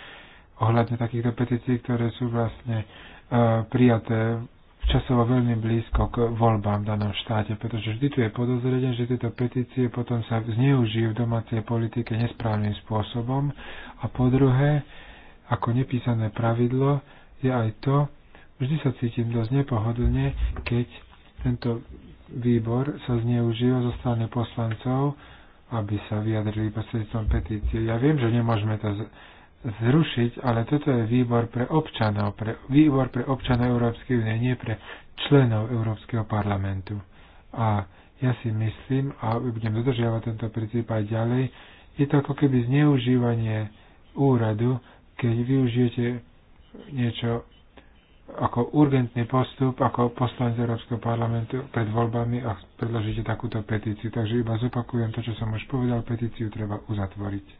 ohľadne takýchto petícií, ktoré sú vlastne uh, prijaté časovo veľmi blízko k voľbám v danom štáte, pretože vždy tu je podozrenie, že tieto petície potom sa zneužijú v domácej politike nesprávnym spôsobom. A po druhé, ako nepísané pravidlo, je aj to, vždy sa cítim dosť nepohodlne, keď tento výbor sa zneužíva zo strany poslancov, aby sa vyjadrili prostredníctvom petície. Ja viem, že nemôžeme to zrušiť, ale toto je výbor pre občanov, pre, výbor pre občanov Európskej únie, nie pre členov Európskeho parlamentu. A ja si myslím, a budem dodržiavať tento princíp aj ďalej, je to ako keby zneužívanie úradu, keď využijete niečo ako urgentný postup, ako poslanec Európskeho parlamentu pred voľbami a predložíte takúto petíciu. Takže iba zopakujem to, čo som už povedal, petíciu treba uzatvoriť.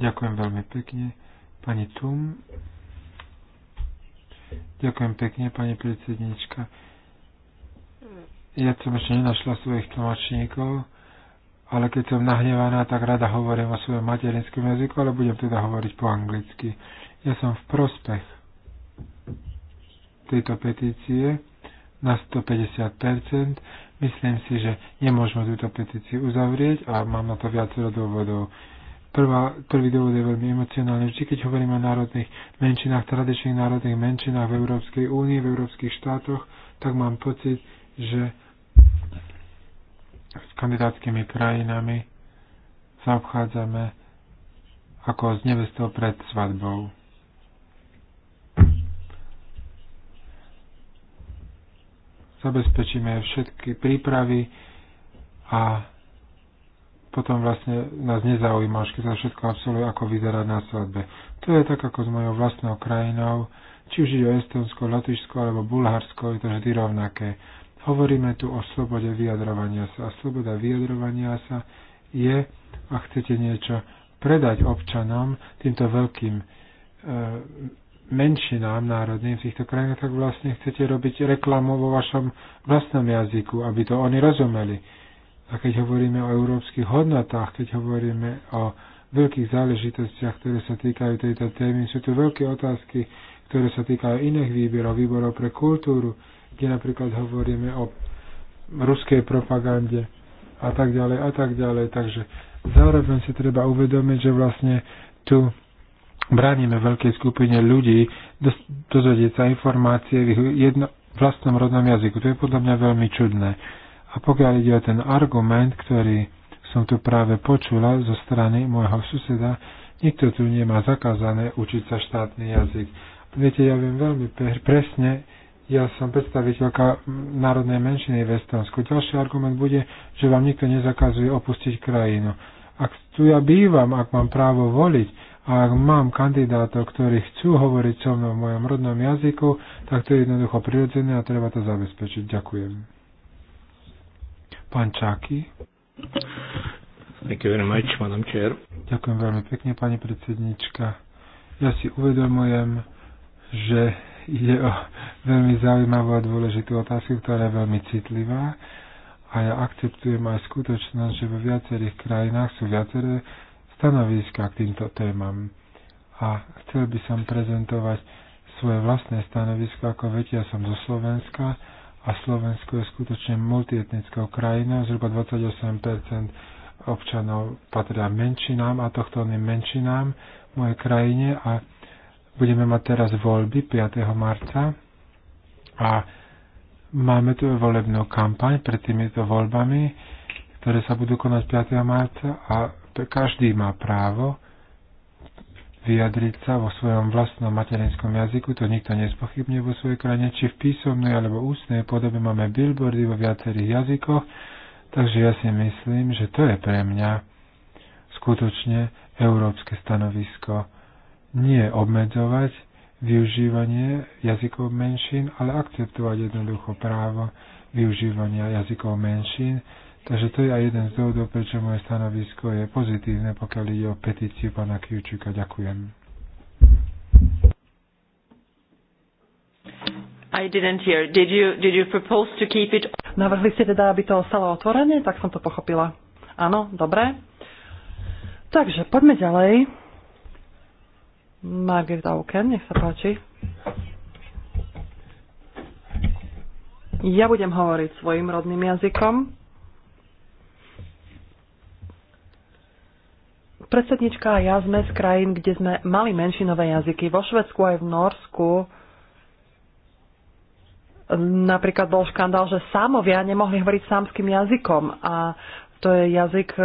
Ďakujem veľmi pekne. Pani Tum. Ďakujem pekne, pani predsednička. Ja som ešte nenašla svojich tlmočníkov, ale keď som nahnevaná, tak rada hovorím o svojom materinskom jazyku, ale budem teda hovoriť po anglicky. Ja som v prospech tejto petície na 150%. Myslím si, že nemôžeme túto petíciu uzavrieť a mám na to viacero dôvodov. Prvá, prvý dôvod je veľmi emocionálny. Vždy, keď hovoríme o národných menšinách, tradičných národných menšinách v Európskej únii, v európskych štátoch, tak mám pocit, že s kandidátskými krajinami sa obchádzame ako s nevestou pred svadbou. Zabezpečíme všetky prípravy a potom vlastne nás nezaujíma, až keď sa všetko absolvuje, ako vyzerá na svadbe. To je tak ako s mojou vlastnou krajinou, či už ide o Estonsko, Lotyšsko alebo Bulharsko, je to vždy rovnaké. Hovoríme tu o slobode vyjadrovania sa. A sloboda vyjadrovania sa je, ak chcete niečo predať občanom, týmto veľkým e, menšinám národným v týchto krajinách, tak vlastne chcete robiť reklamu vo vašom vlastnom jazyku, aby to oni rozumeli a keď hovoríme o európskych hodnotách, keď hovoríme o veľkých záležitostiach, ktoré sa týkajú tejto témy, sú tu veľké otázky, ktoré sa týkajú iných výberov, výborov pre kultúru, kde napríklad hovoríme o ruskej propagande a tak ďalej a tak ďalej. Takže zároveň si treba uvedomiť, že vlastne tu bránime veľkej skupine ľudí dozvedieť sa informácie v ich jedno, vlastnom rodnom jazyku. To je podľa mňa veľmi čudné. A pokiaľ ide o ten argument, ktorý som tu práve počula zo strany môjho suseda, nikto tu nemá zakázané učiť sa štátny jazyk. Viete, ja viem veľmi presne, ja som predstaviteľka národnej menšiny v Estonsku. Ďalší argument bude, že vám nikto nezakazuje opustiť krajinu. Ak tu ja bývam, ak mám právo voliť, a ak mám kandidátov, ktorí chcú hovoriť so mnou v mojom rodnom jazyku, tak to je jednoducho prirodzené a treba to zabezpečiť. Ďakujem. Pán Čáky. Thank you very much, Madam Chair. Ďakujem veľmi pekne, pani predsednička. Ja si uvedomujem, že ide o veľmi zaujímavú a dôležitú otázku, ktorá je veľmi citlivá a ja akceptujem aj skutočnosť, že vo viacerých krajinách sú viaceré stanoviska k týmto témam. A chcel by som prezentovať svoje vlastné stanovisko, ako viete, ja som zo Slovenska a Slovensko je skutočne multietnickou krajina, zhruba 28% občanov patria menšinám a tohtónnym menšinám v mojej krajine a budeme mať teraz voľby 5. marca a máme tu volebnú kampaň pred týmito voľbami, ktoré sa budú konať 5. marca a každý má právo vyjadriť sa vo svojom vlastnom materinskom jazyku, to nikto nespochybne vo svojej krajine, či v písomnej alebo ústnej podobe máme billboardy vo viacerých jazykoch, takže ja si myslím, že to je pre mňa skutočne európske stanovisko. Nie obmedzovať využívanie jazykov menšín, ale akceptovať jednoducho právo využívania jazykov menšín Takže to je aj jeden z dôvodov, prečo moje stanovisko je pozitívne, pokiaľ ide o petíciu pána Kiučuka. Ďakujem. I didn't hear. Did you, did you propose to keep it... Navrhli ste teda, aby to ostalo otvorené? Tak som to pochopila. Áno, dobre. Takže poďme ďalej. Margaret Auken, nech sa páči. Ja budem hovoriť svojim rodným jazykom. Predsednička a ja sme z krajín, kde sme mali menšinové jazyky. Vo Švedsku aj v Norsku napríklad bol škandál, že sámovia nemohli hovoriť sámským jazykom a to je jazyk, e,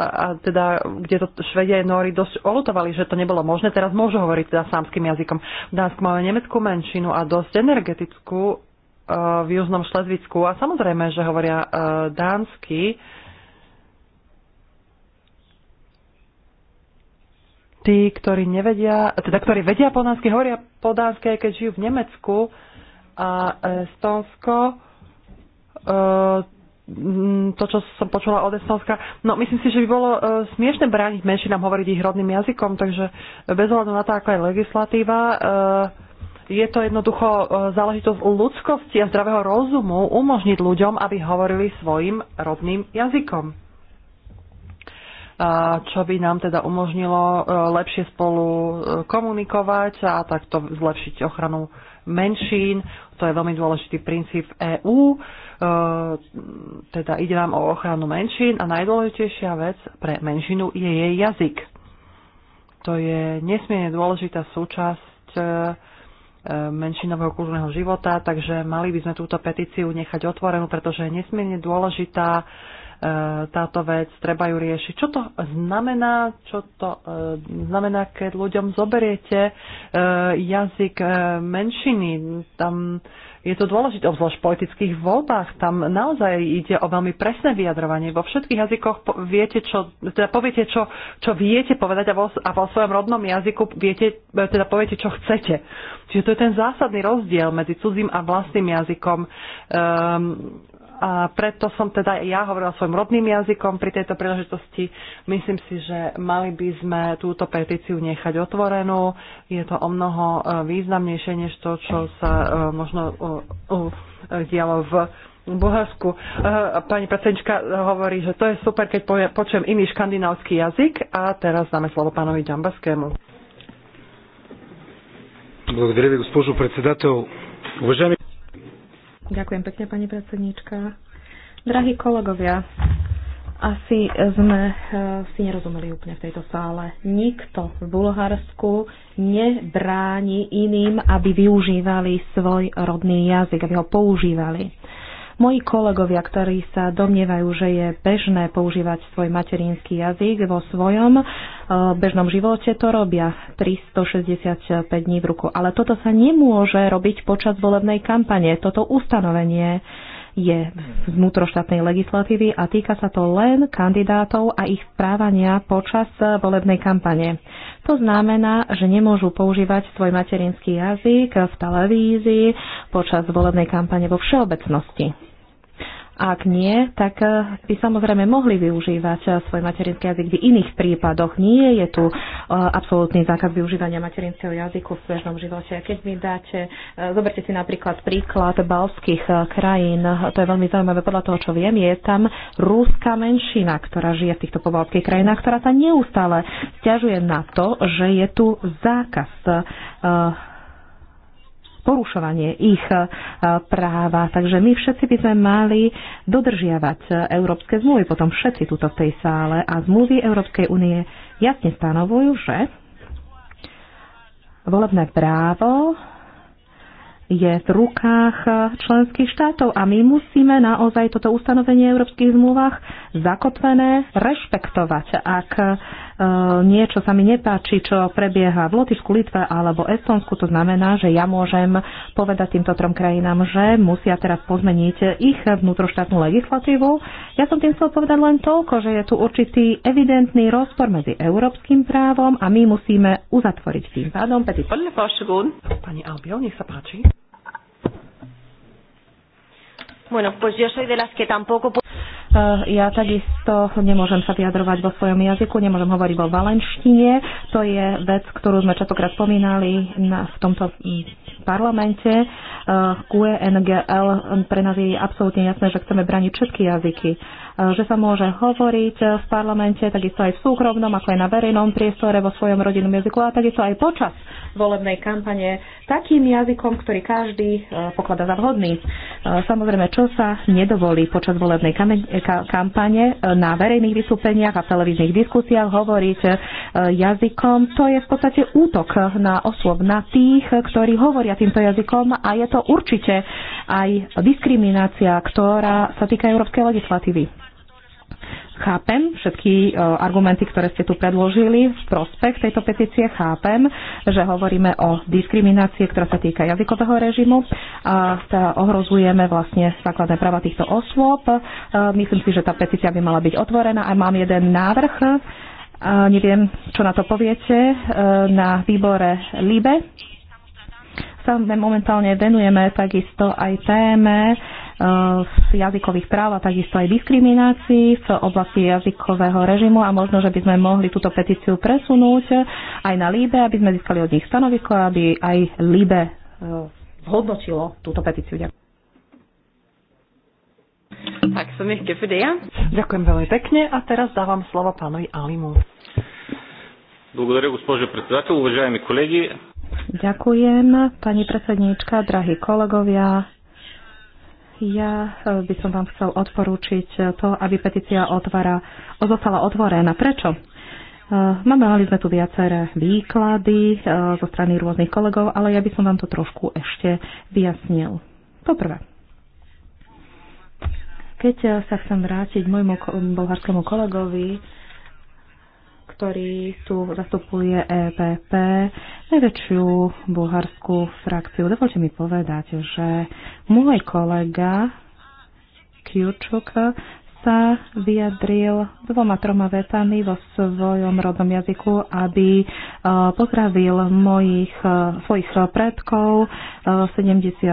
a teda, kde to Švedia Nóri dosť olutovali, že to nebolo možné, teraz môžu hovoriť teda sámským jazykom. V Dánsku máme nemeckú menšinu a dosť energetickú e, v južnom Šlezvicku a samozrejme, že hovoria e, dánsky, tí, ktorí nevedia, teda ktorí vedia po dánsky, hovoria po dánsky, keď žijú v Nemecku a e, Estónsko, e, to, čo som počula od Estonska. No, myslím si, že by bolo e, smiešne brániť menšinám hovoriť ich rodným jazykom, takže bez ohľadu na to, aká je legislatíva, je to jednoducho záležitosť ľudskosti a zdravého rozumu umožniť ľuďom, aby hovorili svojim rodným jazykom čo by nám teda umožnilo e, lepšie spolu e, komunikovať a takto zlepšiť ochranu menšín. To je veľmi dôležitý princíp EÚ. E, teda ide nám o ochranu menšín a najdôležitejšia vec pre menšinu je jej jazyk. To je nesmierne dôležitá súčasť menšinového kultúrneho života, takže mali by sme túto petíciu nechať otvorenú, pretože je nesmierne dôležitá E, táto vec, treba ju riešiť. Čo to znamená, čo to e, znamená, keď ľuďom zoberiete e, jazyk menšiny, tam je to dôležité, obzvlášť v politických voľbách, tam naozaj ide o veľmi presné vyjadrovanie. Vo všetkých jazykoch viete, čo, teda poviete, čo, čo viete povedať a vo, a vo svojom rodnom jazyku viete, teda poviete, čo chcete. Čiže to je ten zásadný rozdiel medzi cudzím a vlastným jazykom. Um, a preto som teda ja hovorila svojim rodným jazykom pri tejto príležitosti. Myslím si, že mali by sme túto petíciu nechať otvorenú. Je to o mnoho e, významnejšie než to, čo sa e, možno e, dialo v Bulharsku. Pani predsednička hovorí, že to je super, keď počujem iný škandinávsky jazyk a teraz dáme slovo pánovi Džambaskému. Благодаря ви, госпожо председател. Уважаеми Ďakujem pekne, pani predsedníčka. Drahí kolegovia, asi sme eh, si nerozumeli úplne v tejto sále. Nikto v Bulharsku nebráni iným, aby využívali svoj rodný jazyk, aby ho používali. Moji kolegovia, ktorí sa domnievajú, že je bežné používať svoj materinský jazyk vo svojom e, bežnom živote, to robia 365 dní v ruku. Ale toto sa nemôže robiť počas volebnej kampane. Toto ustanovenie je vnútroštátnej legislatívy a týka sa to len kandidátov a ich správania počas volebnej kampane. To znamená, že nemôžu používať svoj materinský jazyk v televízii počas volebnej kampane vo všeobecnosti. Ak nie, tak eh, by samozrejme mohli využívať eh, svoj materinský jazyk v iných prípadoch. Nie je tu eh, absolútny zákaz využívania materinského jazyku v bežnom živote. Keď mi dáte, zoberte si napríklad príklad balských krajín, to je veľmi zaujímavé podľa toho, čo viem, je tam rúská menšina, ktorá žije v týchto pobalských krajinách, ktorá sa neustále stiažuje na to, že je tu zákaz porušovanie ich e, práva. Takže my všetci by sme mali dodržiavať e, európske zmluvy, potom všetci tuto v tej sále a zmluvy Európskej únie jasne stanovujú, že volebné právo je v rukách e, členských štátov a my musíme naozaj toto ustanovenie v európskych zmluvách zakotvené rešpektovať. Ak Eh, niečo sa mi nepáči, čo prebieha v Lotyšsku, Litve alebo Estonsku, to znamená, že ja môžem povedať týmto trom krajinám, že musia teraz pozmeniť ich vnútroštátnu legislatívu. Ja som tým chcel povedať len toľko, že je tu určitý evidentný rozpor medzi európskym právom a my musíme uzatvoriť tým pádom. Pani Albiol, nech sa páči. Bueno, pues yo soy de las que tampoco Eh, ja takisto nemôžem sa vyjadrovať vo svojom jazyku, nemôžem hovoriť vo valenštine. To je vec, ktorú sme častokrát spomínali na, v tomto mm, parlamente. QNGL eh, e mm, pre nás je absolútne jasné, že chceme braniť všetky jazyky eh, že sa môže hovoriť v parlamente, takisto aj v súkromnom, ako aj na verejnom priestore, vo svojom rodinnom jazyku a takisto aj počas volebnej kampane takým jazykom, ktorý každý pokladá za vhodný. Samozrejme, čo sa nedovolí počas volebnej kampane e, na verejných vystúpeniach a v televíznych diskusiách hovoriť e, jazykom. To je v podstate útok na osôb, na tých, ktorí hovoria týmto jazykom a je to určite aj diskriminácia, ktorá sa týka európskej legislatívy. Chápem všetky e, argumenty, ktoré ste tu predložili v prospech tejto petície. Chápem, že hovoríme o diskriminácii, ktorá sa týka jazykového režimu a tá ohrozujeme vlastne základné práva týchto osôb. E, myslím si, že tá petícia by mala byť otvorená a mám jeden návrh. Neviem, čo na to poviete e, na výbore LIBE sa momentálne venujeme takisto aj téme z eh, jazykových práv a takisto aj diskriminácií v oblasti jazykového režimu a možno, že by sme mohli túto petíciu presunúť aj na Libe, aby sme získali od nich stanovisko, aby aj Libe eh, zhodnotilo túto petíciu. Ďakujem. Tak som ešte Ďakujem veľmi pekne a teraz dávam slovo pánovi Alimu. Благодаря, госпожо председател. Уважаеми колеги, Ďakujem, pani predsedníčka, drahí kolegovia. Ja e, by som vám chcel odporúčiť to, aby petícia otvára, zostala otvorená. Prečo? E, máme mali sme tu viaceré výklady e, zo strany rôznych kolegov, ale ja by som vám to trošku ešte vyjasnil. Poprvé, keď sa chcem vrátiť môjmu bulharskému kolegovi, ktorý tu zastupuje EPP, najväčšiu bulharskú frakciu. Dovolte mi povedať, že môj kolega Kiučuk sa vyjadril dvoma, troma vetami vo svojom rodnom jazyku, aby e, pozdravil mojich, e, svojich predkov, 70% e,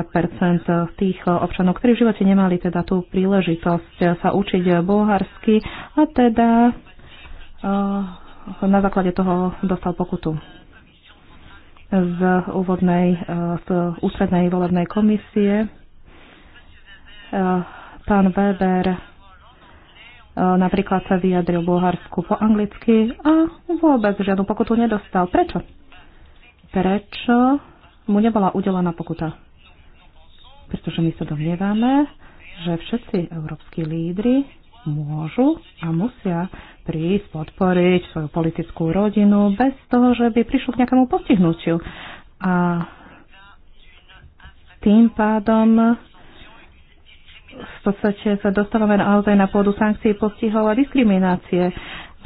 tých občanov, ktorí v živote nemali teda tú príležitosť sa učiť bulharsky a teda na základe toho dostal pokutu z úvodnej, z eh, ústrednej volebnej komisie. Eh, pán Weber eh, napríklad sa vyjadril Bulharsku po anglicky a vôbec žiadnu pokutu nedostal. Prečo? Prečo mu nebola udelená pokuta? Pretože my sa domnievame, že všetci európsky lídry môžu a musia prísť, podporiť svoju politickú rodinu bez toho, že by prišlo k nejakému postihnutiu. A tým pádom v podstate sa dostávame naozaj na pôdu sankcií, postihov a diskriminácie.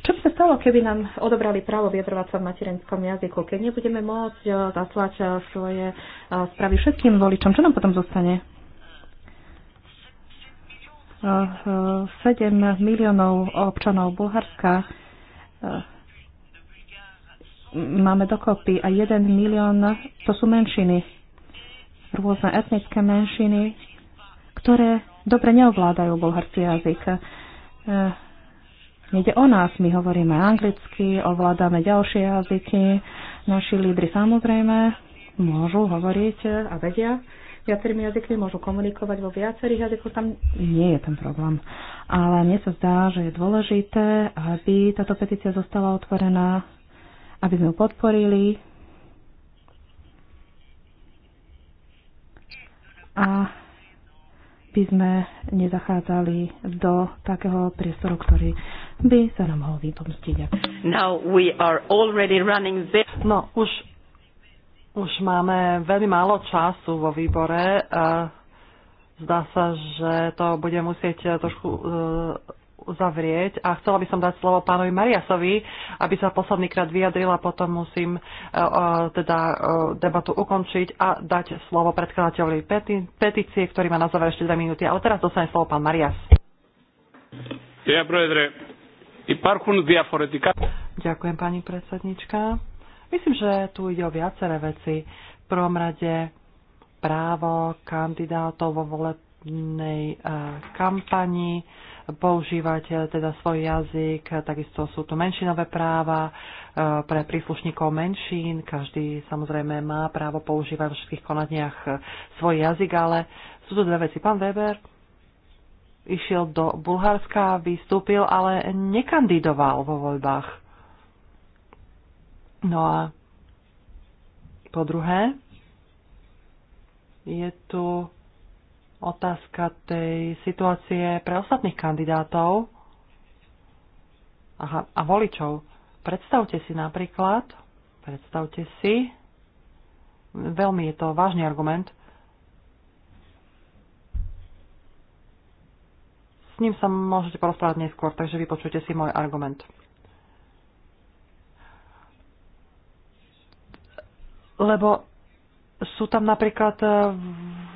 Čo by sa stalo, keby nám odobrali právo vyjadrovať sa v materinskom jazyku? Keď nebudeme môcť eh, zaslať eh, svoje eh, správy všetkým voličom, čo nám potom zostane? 7 miliónov občanov Bulharska e, máme dokopy a 1 milión to sú menšiny, rôzne etnické menšiny, ktoré dobre neovládajú bulharský jazyk. E, Nede o nás, my hovoríme anglicky, ovládame ďalšie jazyky, naši lídry samozrejme môžu hovoriť a vedia viacerými jazykmi, môžu komunikovať vo viacerých jazykoch, tam nie je ten problém. Ale mne sa zdá, že je dôležité, aby táto petícia zostala otvorená, aby sme ju podporili a by sme nezachádzali do takého priestoru, ktorý by sa nám mohol vypomstiť. No, už už máme veľmi málo času vo výbore. E, zdá sa, že to bude musieť e, trošku e, uzavrieť a chcela by som dať slovo pánovi Mariasovi, aby sa poslednýkrát vyjadrila, potom musím teda debatu ukončiť a dať slovo predkladateľovi petície, ktorý má na záver ešte dve minúty. Ale teraz dostane slovo pán Marias. Ďakujem, pani predsednička. Myslím, že tu ide o viaceré veci. V prvom rade právo kandidátov vo volebnej e, kampani používať e, teda svoj jazyk, e, takisto sú tu menšinové práva pre príslušníkov menšín, každý samozrejme má právo používať v všetkých konaniach svoj jazyk, ale sú tu dve veci. Pán Weber išiel do Bulharska, vystúpil, ale nekandidoval vo voľbách. No a po druhé, je tu otázka tej situácie pre ostatných kandidátov Aha, a voličov. Predstavte si napríklad, predstavte si, veľmi je to vážny argument, s ním sa môžete porozprávať neskôr, takže vypočujte si môj argument. lebo sú tam napríklad e,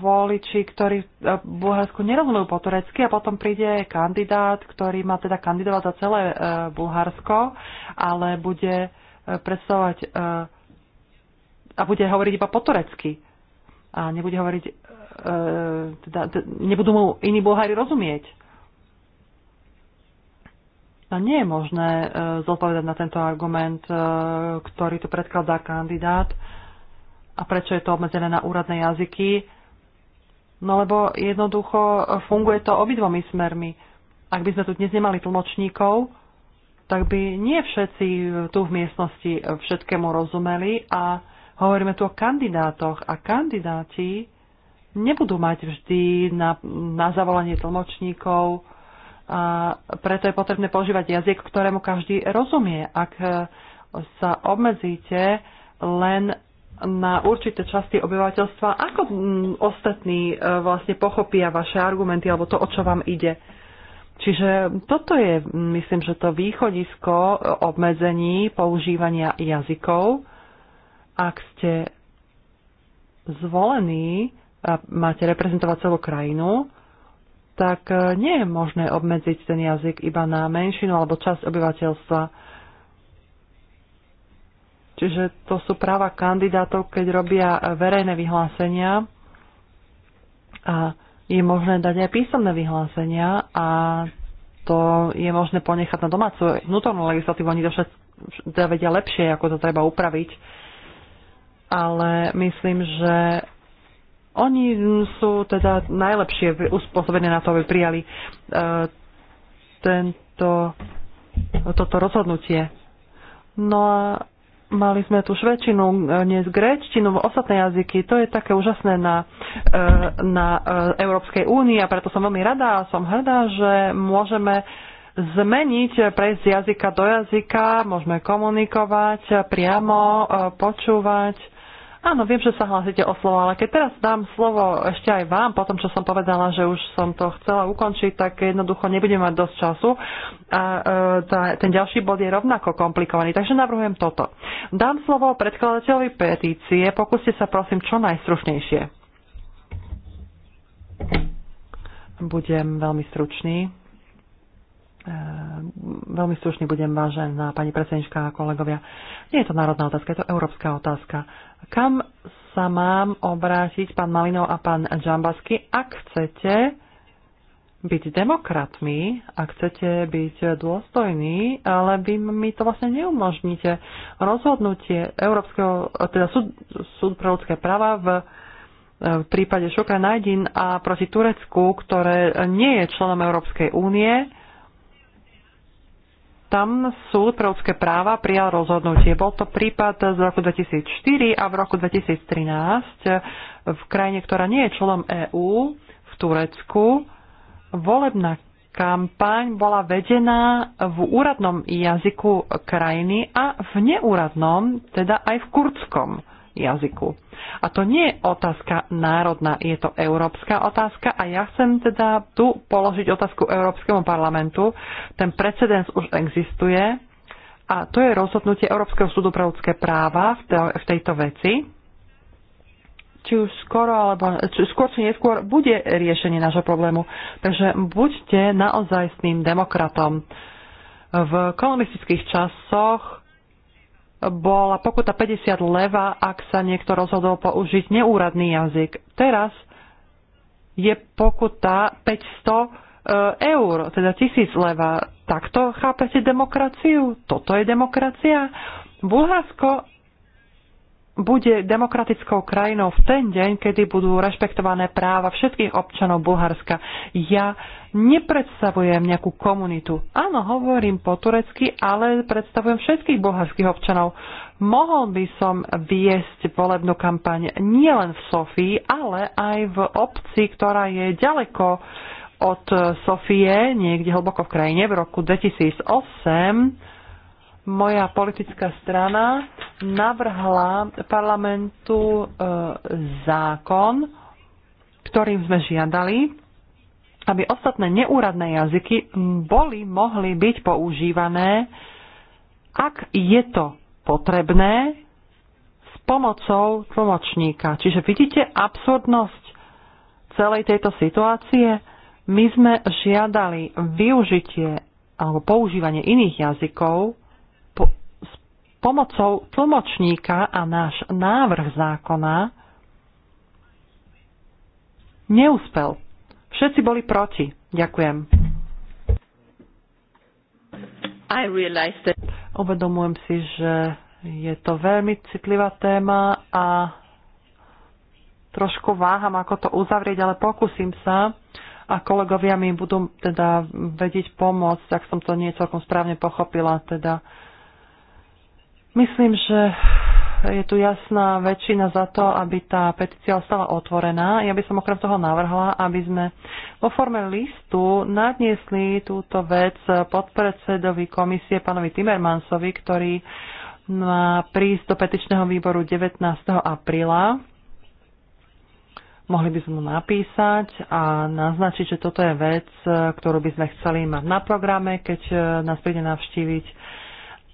voliči, ktorí e, v Bulharsku nerozumujú po turecky a potom príde kandidát, ktorý má teda kandidovať za celé e, Bulharsko, ale bude predstavovať a bude hovoriť iba po turecky. A nebude hovoriť, teda, nebudú mu iní Bulhári rozumieť. A nie je možné zodpovedať na tento argument, ktorý tu predkladá kandidát a prečo je to obmedzené na úradné jazyky. No lebo jednoducho funguje to obidvomi smermi. Ak by sme tu dnes nemali tlmočníkov, tak by nie všetci tu v miestnosti všetkému rozumeli a hovoríme tu o kandidátoch a kandidáti nebudú mať vždy na, na zavolanie tlmočníkov a preto je potrebné používať jazyk, ktorému každý rozumie. Ak sa obmedzíte len na určité časti obyvateľstva. Ako mm, ostatní e, vlastne pochopia vaše argumenty alebo to, o čo vám ide? Čiže toto je, mm, myslím, že to východisko e, obmedzení používania jazykov. Ak ste zvolení a máte reprezentovať celú krajinu, tak e, nie je možné obmedziť ten jazyk iba na menšinu alebo časť obyvateľstva Čiže to sú práva kandidátov, keď robia verejné vyhlásenia a je možné dať aj písomné vyhlásenia a to je možné ponechať na domácu vnútornú legislatívu. Oni to všetko teda vedia lepšie, ako to treba upraviť. Ale myslím, že oni sú teda najlepšie uspôsobené na to, aby prijali uh, tento, toto rozhodnutie. No a Mali sme tu švedčinu, e, dnes gréčtinu, ostatné jazyky. To je také úžasné na, e, na e, Európskej únii a preto som veľmi rada a som hrdá, že môžeme zmeniť, prejsť z jazyka do jazyka, môžeme komunikovať, priamo počúvať Áno, viem, že sa hlásite o slovo, ale keď teraz dám slovo ešte aj vám, po tom, čo som povedala, že už som to chcela ukončiť, tak jednoducho nebudem mať dosť času. A e, tá, ten ďalší bod je rovnako komplikovaný, takže navrhujem toto. Dám slovo predkladateľovi petície, pokúste sa prosím čo najstrušnejšie. Budem veľmi stručný veľmi slušný budem, vážená pani predsednička a kolegovia. Nie je to národná otázka, je to európska otázka. Kam sa mám obrátiť, pán Malinov a pán Džambasky, ak chcete byť demokratmi, ak chcete byť dôstojní, ale vy mi to vlastne neumožníte. Rozhodnutie Európskeho, teda súd, súd pre ľudské práva v v prípade Šukra Najdin a proti Turecku, ktoré nie je členom Európskej únie, tam súd pre ľudské práva prijal rozhodnutie. Bol to prípad z roku 2004 a v roku 2013 v krajine, ktorá nie je členom EÚ, v Turecku, volebná kampaň bola vedená v úradnom jazyku krajiny a v neúradnom, teda aj v kurdskom jazyku. A to nie je otázka národná, je to európska otázka a ja chcem teda tu položiť otázku Európskemu parlamentu. Ten precedens už existuje a to je rozhodnutie Európskeho súdu pre ľudské práva v tejto veci či už skoro alebo či skôr či neskôr bude riešenie nášho problému. Takže buďte naozaj s tým demokratom. V kolonistických časoch bola pokuta 50 leva, ak sa niekto rozhodol použiť neúradný jazyk. Teraz je pokuta 500 e, eur, teda tisíc leva. Takto chápete demokraciu? Toto je demokracia? Bulharsko bude demokratickou krajinou v ten deň, kedy budú rešpektované práva všetkých občanov Bulharska. Ja nepredstavujem nejakú komunitu. Áno, hovorím po turecky, ale predstavujem všetkých bulharských občanov. Mohol by som viesť volebnú kampaň nielen v Sofii, ale aj v obci, ktorá je ďaleko od Sofie, niekde hlboko v krajine, v roku 2008 moja politická strana navrhla parlamentu e, zákon, ktorým sme žiadali, aby ostatné neúradné jazyky boli, mohli byť používané, ak je to potrebné, s pomocou tlmočníka. Čiže vidíte absurdnosť celej tejto situácie. My sme žiadali využitie alebo používanie iných jazykov pomocou tlmočníka a náš návrh zákona neúspel. Všetci boli proti. Ďakujem. I that... Uvedomujem si, že je to veľmi citlivá téma a trošku váham, ako to uzavrieť, ale pokúsim sa a kolegovia mi budú teda vedieť pomôcť, ak som to nie celkom správne pochopila. Teda Myslím, že je tu jasná väčšina za to, aby tá petícia ostala otvorená. Ja by som okrem toho navrhla, aby sme vo forme listu nadniesli túto vec podpredsedovi komisie pánovi Timmermansovi, ktorý má prísť do petičného výboru 19. apríla. Mohli by sme mu napísať a naznačiť, že toto je vec, ktorú by sme chceli mať na programe, keď nás príde navštíviť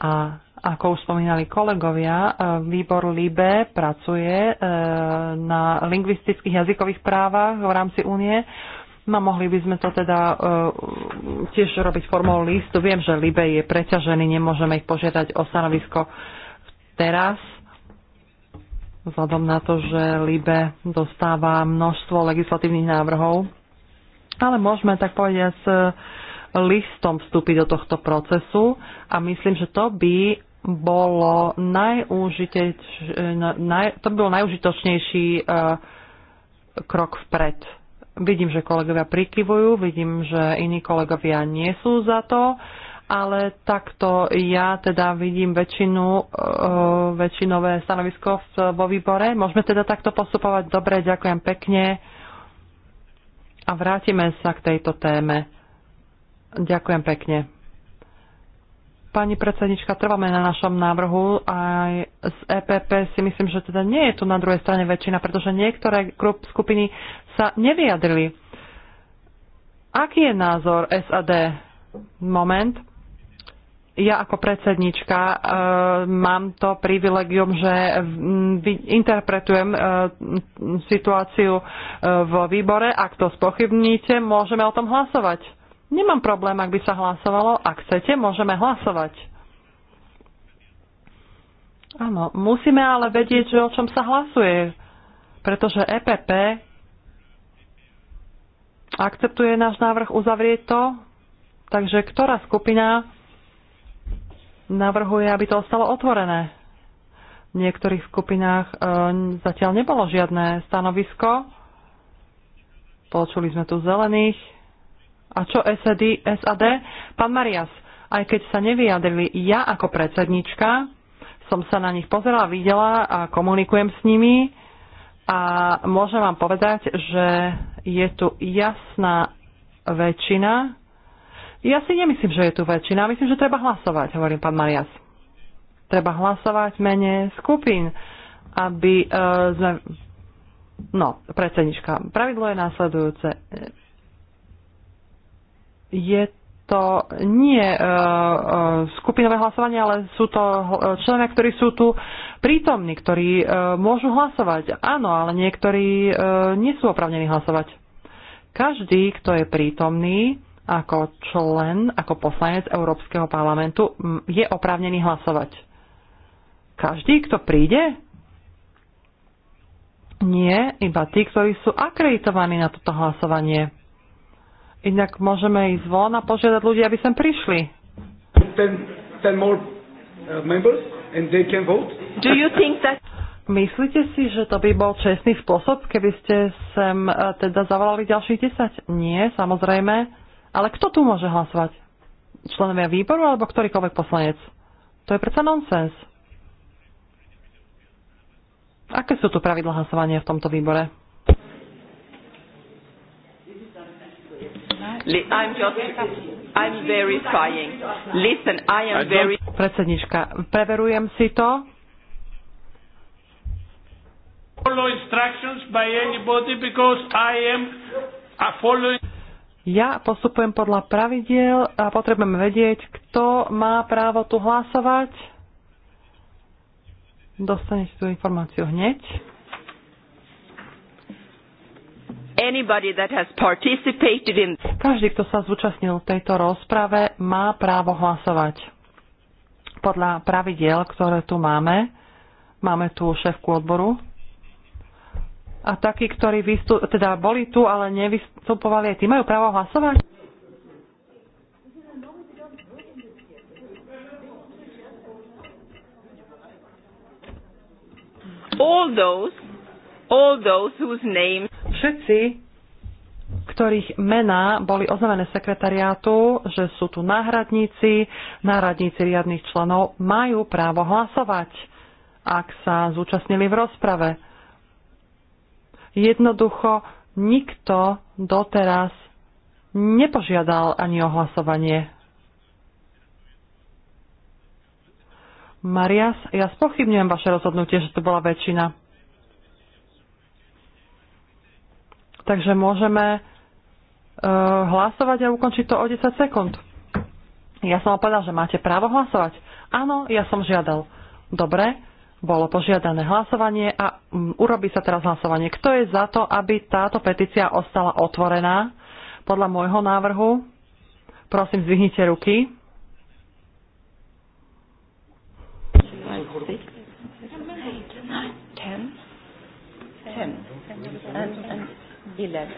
a ako už spomínali kolegovia, e, výbor LIBE pracuje e, na lingvistických jazykových právach v rámci únie. No mohli by sme to teda e, tiež robiť formou listu. Viem, že Libe je preťažený, nemôžeme ich požiadať o stanovisko teraz, vzhľadom na to, že Libe dostáva množstvo legislatívnych návrhov. Ale môžeme, tak povedať s listom vstúpiť do tohto procesu a myslím, že to by bolo naj, to bol najúžitočnejší eh, krok vpred. Vidím, že kolegovia prikyvujú, vidím, že iní kolegovia nie sú za to, ale takto ja teda vidím väčšinu, eh, väčšinové stanovisko vo výbore. Môžeme teda takto postupovať. Dobre, ďakujem pekne a vrátime sa k tejto téme. Ďakujem pekne. Pani predsednička, trváme na našom návrhu aj z EPP si myslím, že teda nie je tu na druhej strane väčšina, pretože niektoré grup, skupiny sa nevyjadrili. Aký je názor SAD? Moment. Ja ako predsednička e, mám to privilegium, že v, interpretujem e, situáciu e, vo výbore. Ak to spochybníte, môžeme o tom hlasovať. Nemám problém, ak by sa hlasovalo. Ak chcete, môžeme hlasovať. Áno, musíme ale vedieť, že o čom sa hlasuje, pretože EPP akceptuje náš návrh uzavrieť to, takže ktorá skupina navrhuje, aby to ostalo otvorené. V niektorých skupinách e, zatiaľ nebolo žiadne stanovisko. Počuli sme tu zelených, a čo SAD? SAD? Pán Marias, aj keď sa nevyjadrili ja ako predsednička, som sa na nich pozerala, videla a komunikujem s nimi a môžem vám povedať, že je tu jasná väčšina. Ja si nemyslím, že je tu väčšina. Myslím, že treba hlasovať, hovorím pán Marias. Treba hlasovať mene skupín, aby uh, sme... No, predsednička, pravidlo je následujúce je to nie e, e, skupinové hlasovanie, ale sú to e, členovia, ktorí sú tu prítomní, ktorí e, môžu hlasovať. Áno, ale niektorí e, nie sú opravnení hlasovať. Každý, kto je prítomný ako člen, ako poslanec Európskeho parlamentu, je oprávnený hlasovať. Každý, kto príde? Nie, iba tí, ktorí sú akreditovaní na toto hlasovanie Inak môžeme ísť von a požiadať ľudí, aby sem prišli. Ten, ten more uh, members and they can vote? Do you think that... Myslíte si, že to by bol čestný spôsob, keby ste sem uh, teda zavolali ďalších 10? Nie, samozrejme. Ale kto tu môže hlasovať? Členovia výboru alebo ktorýkoľvek poslanec? To je predsa nonsens. Aké sú tu pravidla hlasovania v tomto výbore? Li, I'm just, I'm verifying. Listen, I am very... Predsednička, preverujem si to. Follow instructions by anybody because I am a following... Ja postupujem podľa pravidiel a potrebujem vedieť, kto má právo tu hlasovať. Dostanete tú informáciu hneď anybody that has participated in Každý, kto sa zúčastnil v tejto rozprave, má právo hlasovať. Podľa pravidiel, ktoré tu máme, máme tu šéfku odboru. A takí, ktorí vystup, teda boli tu, ale nevystupovali, aj tí majú právo hlasovať? All those all those whose names Všetci, ktorých mená boli oznamené sekretariátu, že sú tu náhradníci, náhradníci riadných členov, majú právo hlasovať, ak sa zúčastnili v rozprave. Jednoducho nikto doteraz nepožiadal ani o hlasovanie. Marias, ja spochybňujem vaše rozhodnutie, že to bola väčšina. Takže môžeme uh, hlasovať a ukončiť to o 10 sekúnd. Ja som povedal, že máte právo hlasovať. Áno, ja som žiadal. Dobre, bolo požiadané hlasovanie a mm, urobí sa teraz hlasovanie. Kto je za to, aby táto petícia ostala otvorená? Podľa môjho návrhu, prosím, zvihnite ruky. Ten. 11.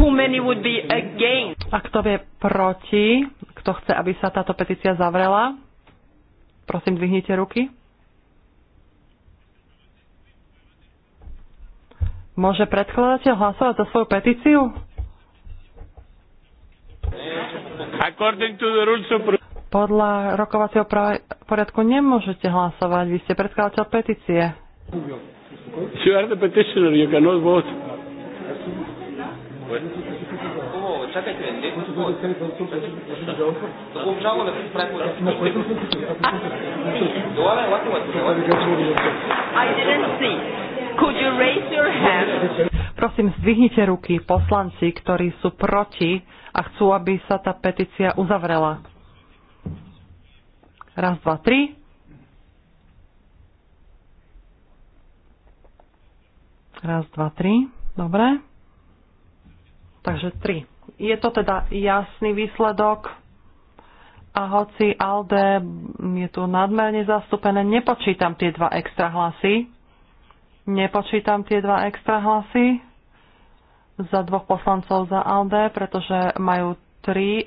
Who many would be against? A kto je proti? Kto chce, aby sa táto petícia zavrela? Prosím, dvihnite ruky. Môže predkladateľ hlasovať za svoju petíciu? Podľa rokovacieho poriadku nemôžete hlasovať. Vy ste predkladateľ petície. You are the petitioner, you cannot vote. I didn't see. Could you raise your hand? Prosím, zdvihnite ruky poslanci, ktorí sú proti a chcú, aby sa tá petícia uzavrela. Raz, dva, tri. Raz, dva, tri. Dobre. Takže tri. Je to teda jasný výsledok a hoci ALDE je tu nadmerne zastúpené, nepočítam tie dva extra hlasy. Nepočítam tie dva extra hlasy za dvoch poslancov za ALDE, pretože majú tri e,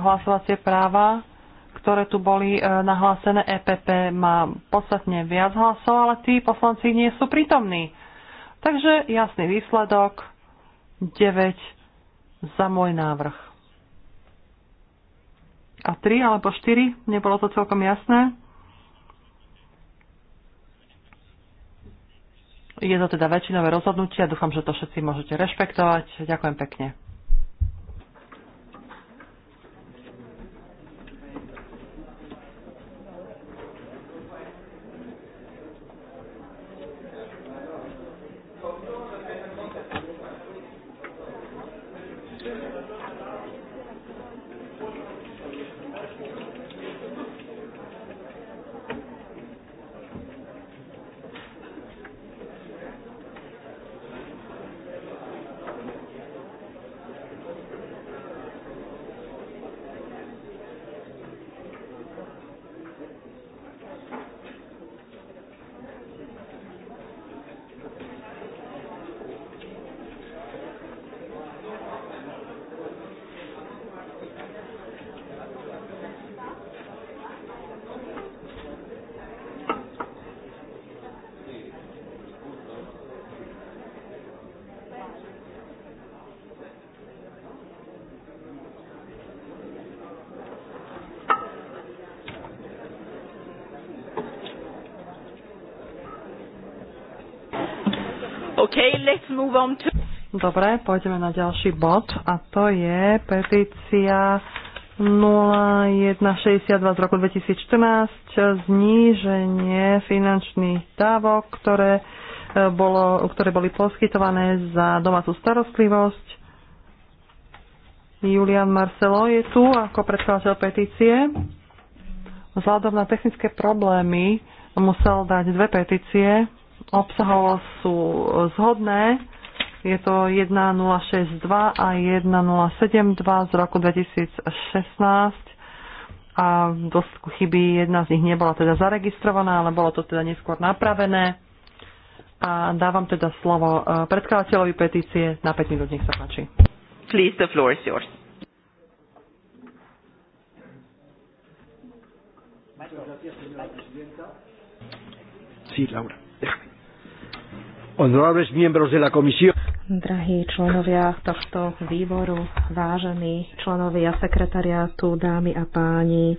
hlasovacie práva ktoré tu boli eh, nahlásené EPP, má podstatne viac hlasov, ale tí poslanci nie sú prítomní. Takže jasný výsledok 9 za môj návrh. A 3 alebo 4, nebolo to celkom jasné. Je to teda väčšinové rozhodnutie a dúfam, že to všetci môžete rešpektovať. Ďakujem pekne. Dobre, pôjdeme na ďalší bod a to je petícia 0162 z roku 2014 zníženie finančných dávok, ktoré, e, bolo, ktoré boli poskytované za domácu starostlivosť. Julian Marcelo je tu ako predkladateľ petície. Vzhľadom na technické problémy musel dať dve petície obsahovo sú zhodné. Je to 1062 a 1072 z roku 2016 a dosť chyby jedna z nich nebola teda zaregistrovaná, ale bolo to teda neskôr napravené. A dávam teda slovo e, predkladateľovi petície na 5 minút, nech sa páči. Please, the floor is yours. Sí, Laura. Drahí členovia tohto výboru, vážení členovia sekretariátu, dámy a páni,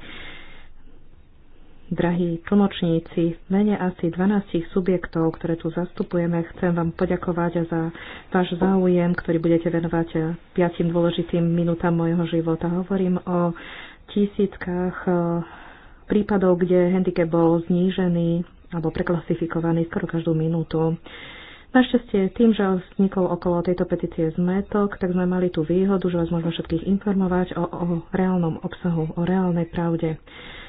drahí tlmočníci, v mene asi 12 subjektov, ktoré tu zastupujeme, chcem vám poďakovať za váš záujem, ktorý budete venovať piatim dôležitým minútam mojho života. Hovorím o tisíckach eh, prípadov, kde handicap bol znížený alebo preklasifikovaný skoro každú minútu. Našťastie tým, že vznikol okolo tejto petície zmetok, tak sme mali tú výhodu, že vás môžeme všetkých informovať o, o reálnom obsahu, o reálnej pravde.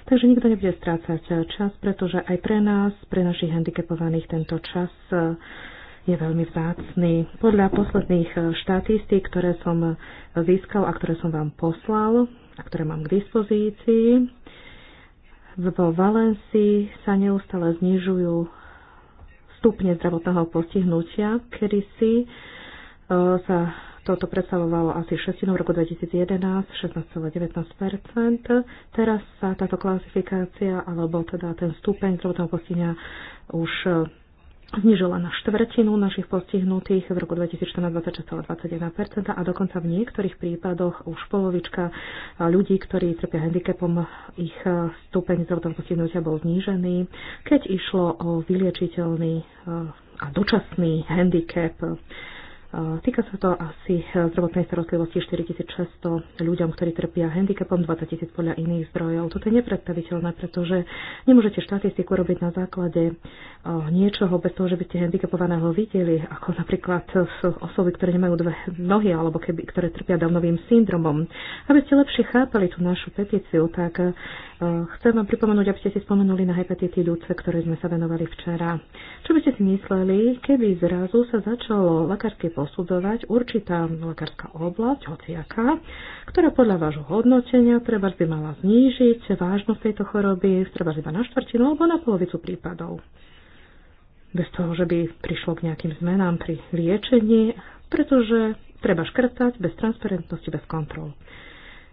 Takže nikto nebude strácať čas, pretože aj pre nás, pre našich handicapovaných tento čas e, je veľmi vzácný. Podľa posledných e, štatistík, ktoré som e, získal a ktoré som vám poslal a ktoré mám k dispozícii, vo Valencii sa neustále znižujú stupne zdravotného postihnutia. Kedy si e, sa toto predstavovalo asi šestinou roku 2011, 16,19%. Teraz sa táto klasifikácia, alebo teda ten stupeň zdravotného postihnutia už e, znižila na štvrtinu našich postihnutých v roku 2014 26,21% a dokonca v niektorých prípadoch už polovička ľudí, ktorí trpia handicapom, ich eh, stupeň zdravotného postihnutia bol znížený, keď išlo o vyliečiteľný eh, a dočasný handicap. Týka sa to asi e, zdravotnej starostlivosti 4600 ľuďom, ktorí trpia handicapom, 20 tisíc podľa iných zdrojov. Toto je nepredstaviteľné, pretože nemôžete štatistiku robiť na základe e, niečoho bez toho, že by ste handicapovaného videli, ako napríklad osoby, ktoré nemajú dve nohy alebo keby, ktoré trpia Downovým syndromom. Aby ste lepšie chápali tú našu petíciu, tak e, Eh, chcem vám pripomenúť, aby ste si spomenuli na hepatity ľudce, ktoré sme sa venovali včera. Čo by ste si mysleli, keby zrazu sa začalo lekársky posudzovať určitá lekárska oblasť, hociaká, ktorá podľa vášho hodnotenia treba by mala znížiť vážnosť tejto choroby, treba iba na štvrtinu alebo na polovicu prípadov. Bez toho, že by prišlo k nejakým zmenám pri liečení, pretože treba škrtať bez transparentnosti, bez kontrol.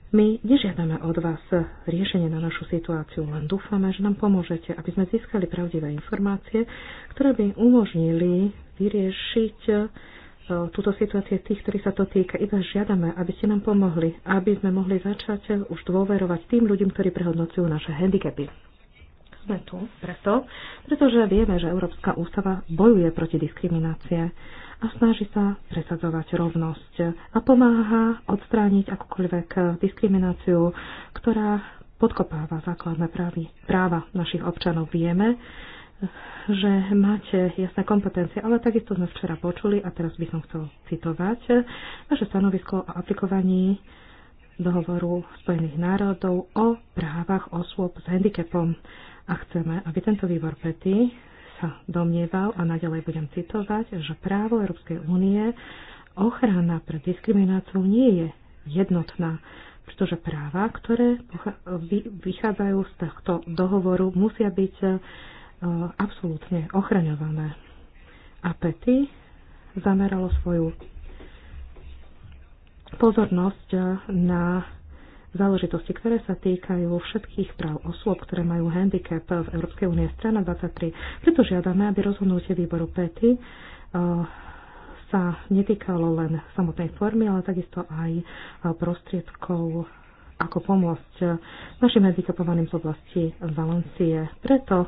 My nežiadame od vás riešenie na našu situáciu, len dúfame, že nám pomôžete, aby sme získali pravdivé informácie, ktoré by umožnili vyriešiť e, túto situáciu tých, ktorí sa to týka. Iba žiadame, aby ste nám pomohli, aby sme mohli začať už dôverovať tým ľuďom, ktorí prehodnocujú naše handicapy. Sme tu preto, pretože vieme, že Európska ústava bojuje proti diskriminácie a snaží sa presadzovať rovnosť a pomáha odstrániť akúkoľvek diskrimináciu, ktorá podkopáva základné právy, práva našich občanov. Vieme, že máte jasné kompetencie, ale takisto sme včera počuli a teraz by som chcel citovať naše stanovisko o aplikovaní dohovoru Spojených národov o právach osôb s handicapom. A chceme, aby tento výbor PETI sa domnieval, a naďalej budem citovať, že právo Európskej únie ochrana pred diskrimináciou nie je jednotná, pretože práva, ktoré vychádzajú z tohto dohovoru, musia byť e, absolútne ochraňované. A Petty zameralo svoju pozornosť e, na záležitosti, ktoré sa týkajú všetkých práv osôb, ktoré majú handicap v Európskej únie, strana 23. Preto žiadame, aby rozhodnutie výboru PETI eh, sa netýkalo len samotnej formy, ale takisto aj eh, prostriedkov ako pomôcť našim handicapovaným z oblasti Valencie. Preto e,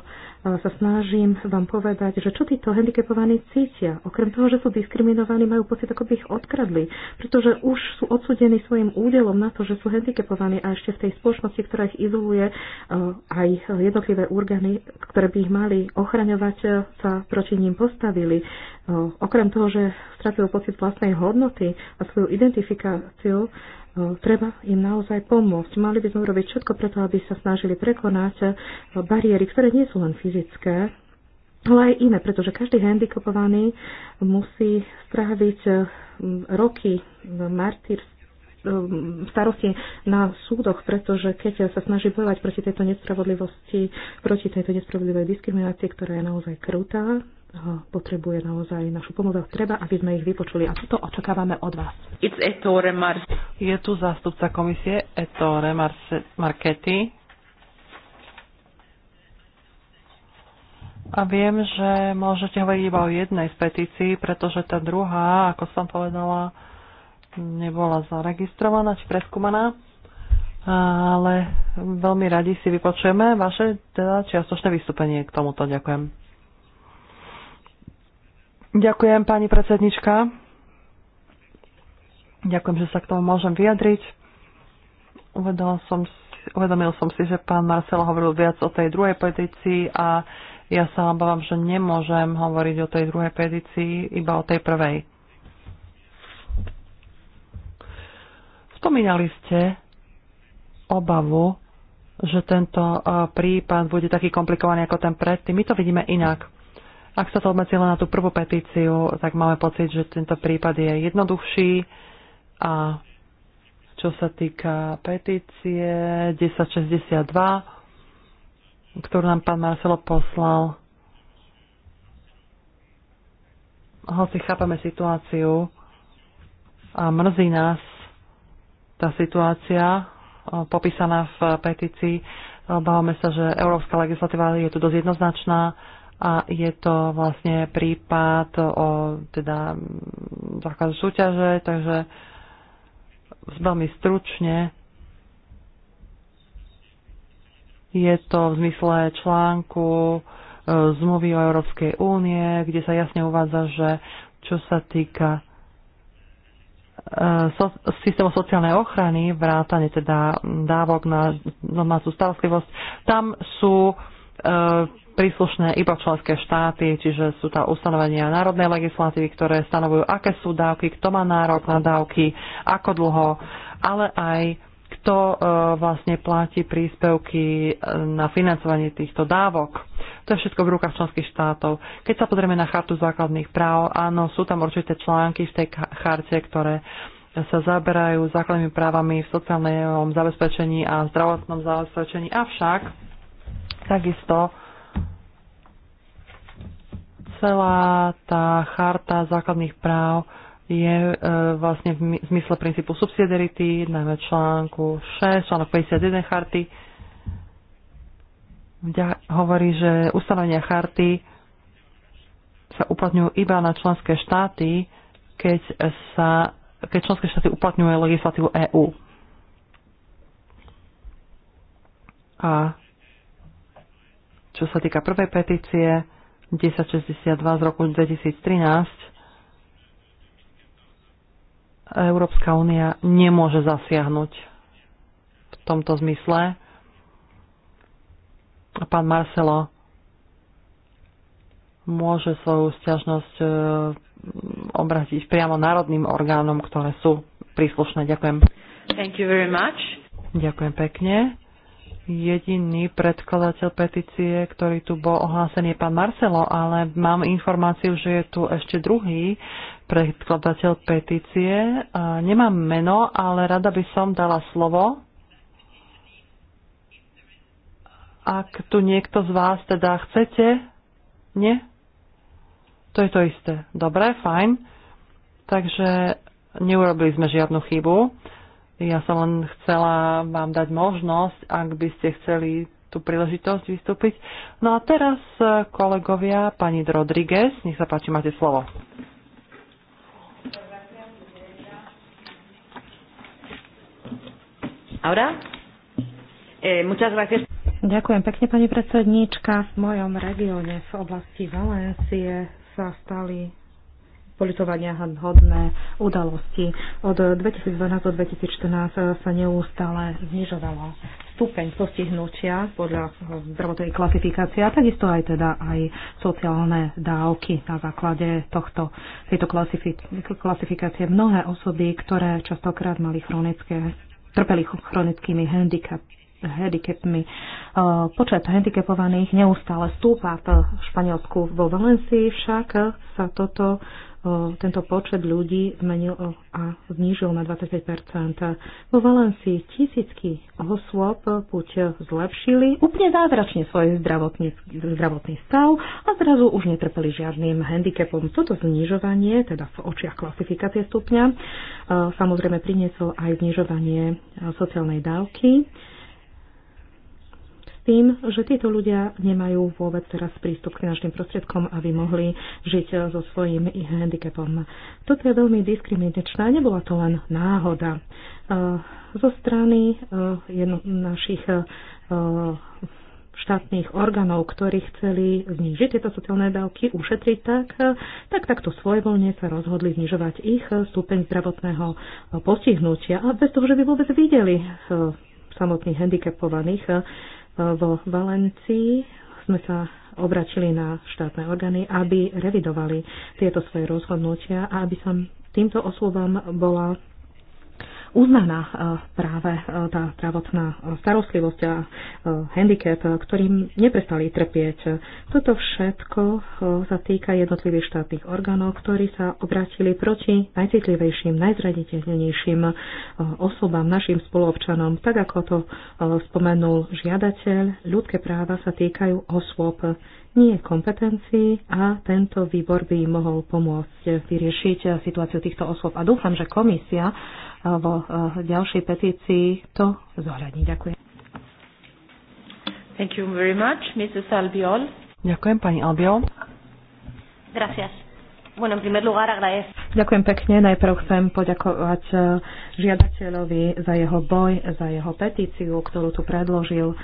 sa snažím vám povedať, že čo títo handicapovaní cítia, okrem toho, že sú diskriminovaní, majú pocit, ako by ich odkradli, pretože už sú odsudení svojim údelom na to, že sú handicapovaní a ešte v tej spoločnosti, ktorá ich izoluje, e, aj jednotlivé orgány, ktoré by ich mali ochraňovať, e, sa proti ním postavili. Okrem toho, že stratujú pocit vlastnej hodnoty a svoju identifikáciu, Treba im naozaj pomôcť. Mali by sme urobiť všetko preto, aby sa snažili prekonať e, bariéry, ktoré nie sú len fyzické, ale aj iné, pretože každý handikopovaný musí stráviť e, roky martyr e, starosti na súdoch, pretože keď sa snaží bojovať proti tejto nespravodlivosti, proti tejto nespravodlivej diskriminácii, ktorá je naozaj krutá, potrebuje naozaj našu pomoc a treba, aby sme ich vypočuli. A toto očakávame od vás. It's Ettore Mar- Je tu zástupca komisie Ettore Marse- Marchetti. A viem, že môžete hovoriť iba o jednej z petícií, pretože tá druhá, ako som povedala, nebola zaregistrovaná či preskúmaná. Ale veľmi radi si vypočujeme vaše teda čiastočné vystúpenie k tomuto. Ďakujem. Ďakujem, pani predsednička. Ďakujem, že sa k tomu môžem vyjadriť. Uvedomil som si, uvedomil som si, že pán Marcelo hovoril viac o tej druhej petícii a ja sa obávam, že nemôžem hovoriť o tej druhej petícii, iba o tej prvej. Spomínali ste obavu, že tento eh, prípad bude taký komplikovaný ako ten predtým. My to vidíme inak. Ak sa to obmedzí len na tú prvú petíciu, tak máme pocit, že tento prípad je jednoduchší a čo sa týka petície 1062, ktorú nám pán Marcelo poslal, hoci chápame situáciu a mrzí nás tá situácia popísaná v petícii, obávame sa, že európska legislatíva je tu dosť jednoznačná, a je to vlastne prípad o teda zákazu súťaže, takže veľmi stručne je to v zmysle článku e, zmluvy o Európskej únie, kde sa jasne uvádza, že čo sa týka e, so, systému sociálnej ochrany, vrátane teda dávok na domácu starostlivosť, tam sú e, príslušné iba členské štáty, čiže sú tam ustanovenia národnej legislatívy, ktoré stanovujú, aké sú dávky, kto má nárok na dávky, ako dlho, ale aj kto e, vlastne platí príspevky e, na financovanie týchto dávok. To je všetko v rukách členských štátov. Keď sa pozrieme na chartu základných práv, áno, sú tam určité články v tej charte, ktoré sa zaberajú základnými právami v sociálnom zabezpečení a zdravotnom zabezpečení, avšak takisto celá tá charta základných práv je e, vlastne v zmysle princípu subsidiarity, najmä článku 6, článok 51 charty, hovorí, že ustanovenia charty sa uplatňujú iba na členské štáty, keď, sa, keď členské štáty uplatňujú legislatívu EÚ. A čo sa týka prvej petície, 1062 z roku 2013 Európska únia nemôže zasiahnuť v tomto zmysle. Pán Marcelo môže svoju sťažnosť e, obrátiť priamo národným orgánom, ktoré sú príslušné. Ďakujem. Thank you very much. Ďakujem pekne jediný predkladateľ petície, ktorý tu bol ohlásený, je pán Marcelo, ale mám informáciu, že je tu ešte druhý predkladateľ petície. Nemám meno, ale rada by som dala slovo. Ak tu niekto z vás teda chcete, nie? To je to isté. Dobre, fajn. Takže neurobili sme žiadnu chybu. Ja som len chcela vám dať možnosť, ak by ste chceli tú príležitosť vystúpiť. No a teraz e, kolegovia, pani Rodriguez, nech sa páči, máte slovo. Ahora, eh, Ďakujem pekne, pani predsedníčka. V mojom regióne v oblasti Valencie sa stali politovania hodné udalosti. Od 2012 do 2014 sa neustále znižovala stupeň postihnutia podľa zdravotnej klasifikácie a takisto aj teda aj sociálne dávky na základe tohto, tejto klasifikácie. Mnohé osoby, ktoré častokrát mali chronické, trpeli chronickými handicapmi, handicapmi. E, počet handicapovaných neustále stúpa v Španielsku. Vo Valencii však sa toto tento počet ľudí zmenil a znížil na 25 Vo Valencii tisícky osôb buď zlepšili úplne zázračne svoj zdravotný, zdravotný stav a zrazu už netrpeli žiadnym handicapom. Toto znižovanie, teda v očiach klasifikácie stupňa, samozrejme priniesol aj znižovanie sociálnej dávky tým, že títo ľudia nemajú vôbec teraz prístup k finančným prostriedkom, aby mohli žiť so svojím handicapom. Toto je veľmi diskriminačné, nebola to len náhoda. E, zo strany e, našich e, štátnych orgánov, ktorí chceli znížiť tieto sociálne dávky, ušetriť tak, tak takto svojvoľne sa rozhodli znižovať ich stupeň zdravotného postihnutia a bez toho, že by vôbec videli samotných handicapovaných vo Valencii sme sa obračili na štátne orgány, aby revidovali tieto svoje rozhodnutia a aby sa týmto osobám bola uznaná e, práve e, tá zdravotná e, starostlivosť a handicap, ktorým neprestali trpieť. Toto všetko sa týka jednotlivých štátnych orgánov, ktorí sa obrátili proti najcitlivejším, najzraditeľnejším osobám, našim spoluobčanom. Tak ako to spomenul žiadateľ, ľudské práva sa týkajú osôb nie kompetencií a tento výbor by mohol pomôcť vyriešiť situáciu týchto osôb. A dúfam, že komisia eh, vo eh, ďalšej petícii to zohľadní. Ďakujem. Thank you very much, Mrs. Albiol. Ďakujem, pani Albiol. Gracias. Bueno, en primer lugar agradezco. Ďakujem pekne. Najprv chcem poďakovať eh, žiadateľovi za jeho boj, za jeho petíciu, ktorú tu predložil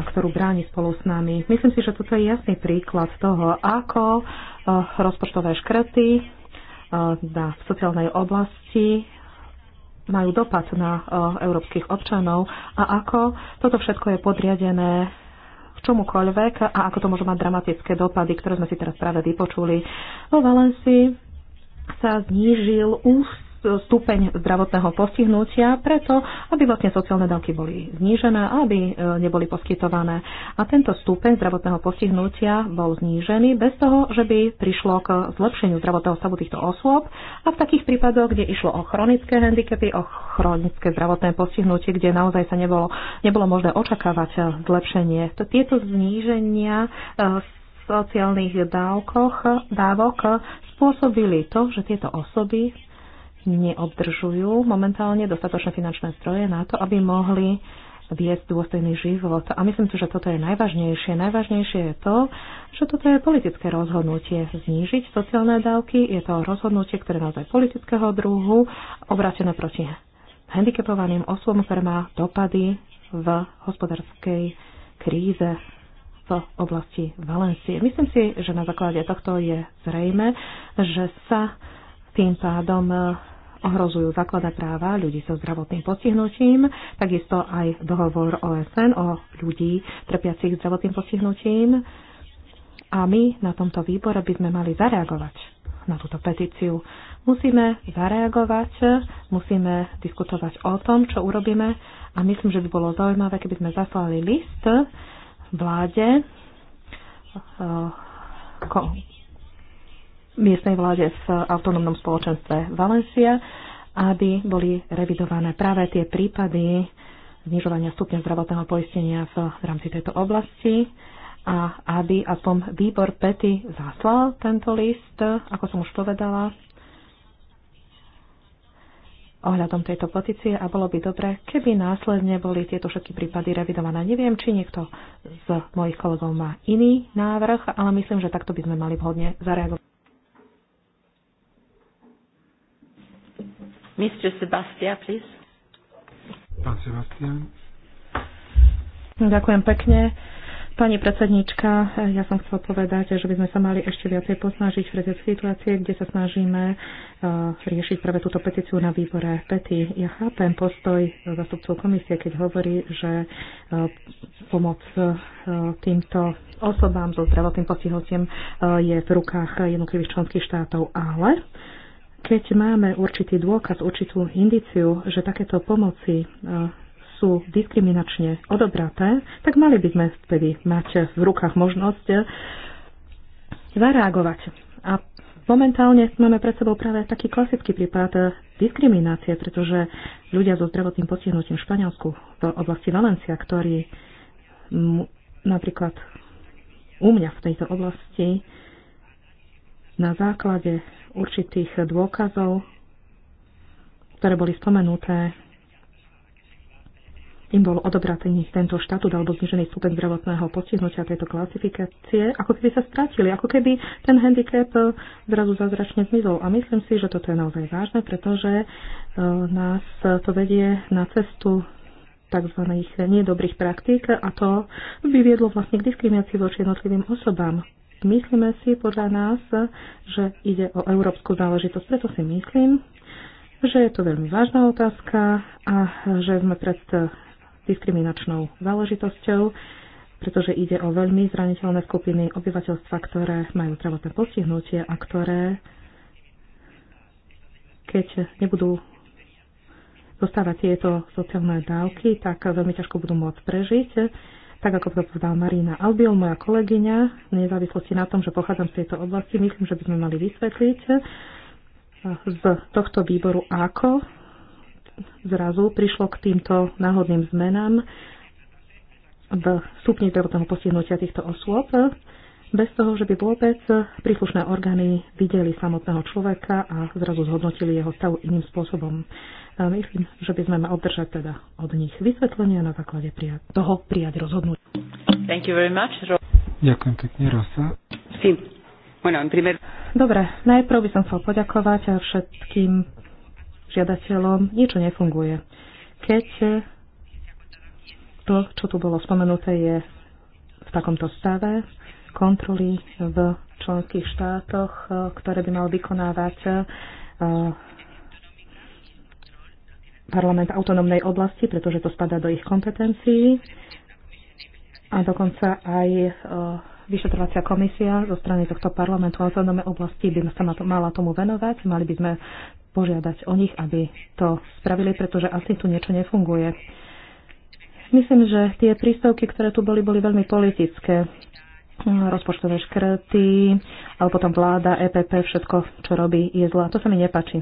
a ktorú bráni spolu s nami. Myslím si, že toto je jasný príklad toho, ako eh, rozpočtové škrty eh, v sociálnej oblasti majú dopad na eh, európskych občanov a ako toto všetko je podriadené čomukoľvek a ako to môže mať dramatické dopady, ktoré sme si teraz práve vypočuli. Vo Valencii sa znížil úst stupeň zdravotného postihnutia, preto aby vlastne sociálne dávky boli znížené a aby e, neboli poskytované. A tento stupeň zdravotného postihnutia bol znížený bez toho, že by prišlo k zlepšeniu zdravotného stavu týchto osôb a v takých prípadoch, kde išlo o chronické handicapy, o chronické zdravotné postihnutie, kde naozaj sa nebolo, nebolo možné očakávať e, zlepšenie. Tieto zníženia e, sociálnych dávkoch, dávok spôsobili to, že tieto osoby neobdržujú momentálne dostatočné finančné stroje na to, aby mohli viesť dôstojný život. A myslím si, že toto je najvážnejšie. Najvážnejšie je to, že toto je politické rozhodnutie znížiť sociálne dávky. Je to rozhodnutie, ktoré naozaj politického druhu, obrátené proti handicapovaným osobom, ktoré má dopady v hospodárskej kríze v oblasti Valencie. Myslím si, že na základe tohto je zrejme, že sa tým pádom ohrozujú základné práva ľudí so zdravotným postihnutím, takisto aj dohovor OSN o ľudí trpiacich zdravotným postihnutím. A my na tomto výbore by sme mali zareagovať na túto petíciu. Musíme zareagovať, musíme diskutovať o tom, čo urobíme a myslím, že by bolo zaujímavé, keby sme zaslali list vláde eh, miestnej vláde v autonómnom spoločenstve Valencia, aby boli revidované práve tie prípady znižovania stupňa zdravotného poistenia v, rámci tejto oblasti a aby aspoň výbor Pety zaslal tento list, ako som už povedala, ohľadom tejto petície a bolo by dobre, keby následne boli tieto všetky prípady revidované. Neviem, či niekto z mojich kolegov má iný návrh, ale myslím, že takto by sme mali vhodne zareagovať. Mr. Sebastian, please. Pán Sebastian. Ďakujem pekne. Pani predsednička, ja som chcela povedať, že by sme sa mali ešte viacej posnažiť v tej situácie, kde sa snažíme e, riešiť práve túto petíciu na výbore PETI. Ja chápem postoj zastupcov komisie, keď hovorí, že e, pomoc e, týmto osobám so zdravotným postihnutím je v rukách jednotlivých členských štátov, ale keď máme určitý dôkaz, určitú indiciu, že takéto pomoci e, sú diskriminačne odobraté, tak mali by sme vtedy mať v rukách možnosť zareagovať. A momentálne máme pred sebou práve taký klasický prípad diskriminácie, pretože ľudia so zdravotným postihnutím v Španielsku v oblasti Valencia, ktorí napríklad u mňa v tejto oblasti na základe určitých dôkazov, ktoré boli spomenuté, im bol odobratený tento štatút alebo znižený stupeň zdravotného postihnutia tejto klasifikácie, ako keby sa stratili, ako keby ten handicap eh, zrazu zázračne zmizol. A myslím si, že toto je naozaj vážne, pretože eh, nás to vedie na cestu tzv. nedobrých praktík a to by viedlo vlastne k diskriminácii voči jednotlivým osobám. Myslíme si podľa nás, že ide o európsku záležitosť, preto si myslím, že je to veľmi vážna otázka a že sme pred diskriminačnou záležitosťou, pretože ide o veľmi zraniteľné skupiny obyvateľstva, ktoré majú zdravotné postihnutie a ktoré, keď nebudú dostávať tieto sociálne dávky, tak veľmi ťažko budú môcť prežiť tak ako to Marina Albiol, moja kolegyňa, v nezávislosti na tom, že pochádzam z tejto oblasti, myslím, že by sme mali vysvetliť eh, z tohto výboru, ako zrazu prišlo k týmto náhodným zmenám v stupni zdravotného postihnutia týchto osôb bez toho, že by vôbec príslušné orgány videli samotného človeka a zrazu zhodnotili jeho stav iným spôsobom. Myslím, že by sme mali obdržať teda od nich vysvetlenie na základe prijať, toho prijať rozhodnutie. Thank you very much. Ro- Ďakujem pekne, Rosa. Sí. Bueno, en primer... Dobre, najprv by som chcel poďakovať všetkým žiadateľom. Niečo nefunguje. Keď to, čo tu bolo spomenuté, je v takomto stave, kontroly v členských štátoch, e, ktoré by mal vykonávať e, parlament autonómnej oblasti, pretože to spadá do ich kompetencií a dokonca aj e, vyšetrovacia komisia zo strany tohto parlamentu autonómnej oblasti by sa mala tomu venovať. Mali by sme požiadať o nich, aby to spravili, pretože asi tu niečo nefunguje. Myslím, že tie prístavky, ktoré tu boli, boli veľmi politické rozpočtové škrty, ale potom vláda, EPP, všetko, čo robí, je zlá. To sa mi nepáči.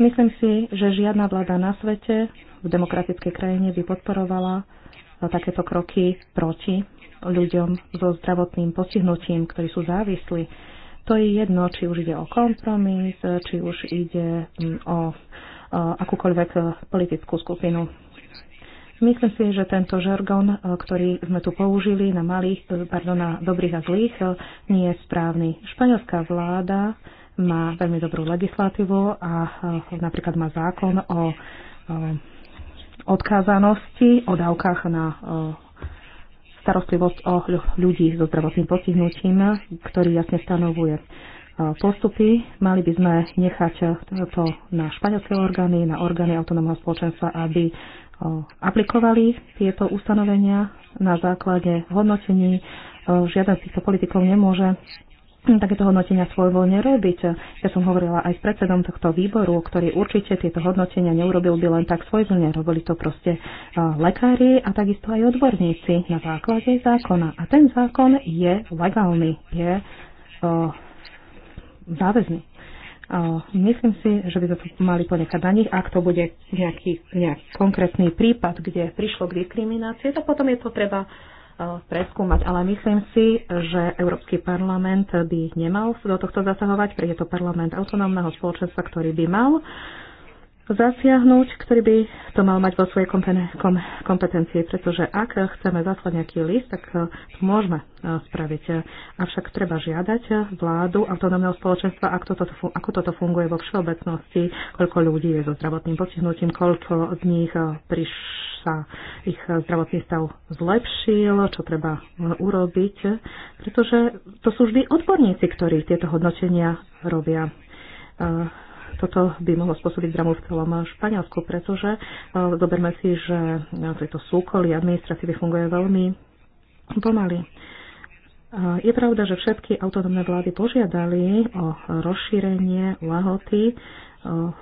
Myslím si, že žiadna vláda na svete v demokratickej krajine by podporovala eh, takéto kroky proti ľuďom so zdravotným postihnutím, ktorí sú závislí. To je jedno, či už ide o kompromis, či už ide mm, o eh, akúkoľvek eh, politickú skupinu Myslím si, že tento žargon, e, ktorý sme tu použili na, malých, e, pardon, na dobrých a zlých, e, nie je správny. Španielská vláda má veľmi dobrú legislatívu a napríklad má zákon o odkázanosti, o dávkach na starostlivosť o ľudí so zdravotným postihnutím, ktorý jasne stanovuje postupy. Mali by sme nechať to na španielské orgány, na orgány autonómneho spoločenstva, aby aplikovali tieto ustanovenia na základe hodnotení. Žiaden z týchto politikov nemôže hm, takéto hodnotenia svojvoľne robiť. Ja som hovorila aj s predsedom tohto výboru, ktorý určite tieto hodnotenia neurobil by len tak svojvoľne, robili to proste lekári a takisto aj odborníci na základe zákona. A ten zákon je legálny, je záväzný. Myslím si, že by sme to mali ponechať na nich. Ak to bude nejaký, nejaký konkrétny prípad, kde prišlo k diskriminácii, to potom je to treba e, preskúmať. Ale myslím si, že Európsky parlament by nemal do tohto zasahovať, pretože je to parlament autonómneho spoločenstva, ktorý by mal uh, zasiahnuť, ktorý by to mal mať vo svojej kompetencii, pretože ak chceme zaslať nejaký list, tak eh, to môžeme eh, spraviť. Avšak treba žiadať vládu autonómneho spoločenstva, ako toto, funguje vo všeobecnosti, koľko ľudí je so zdravotným postihnutím, koľko z nich eh, priš, sa ich zdravotný stav zlepšil, čo treba urobiť, pretože to sú vždy odborníci, ktorí tieto hodnotenia robia toto by mohlo spôsobiť dramu v celom Španielsku, pretože e, zoberme si, že e, tieto súkoly administratívy funguje veľmi pomaly. E, je pravda, že všetky autonómne vlády požiadali o rozšírenie lahoty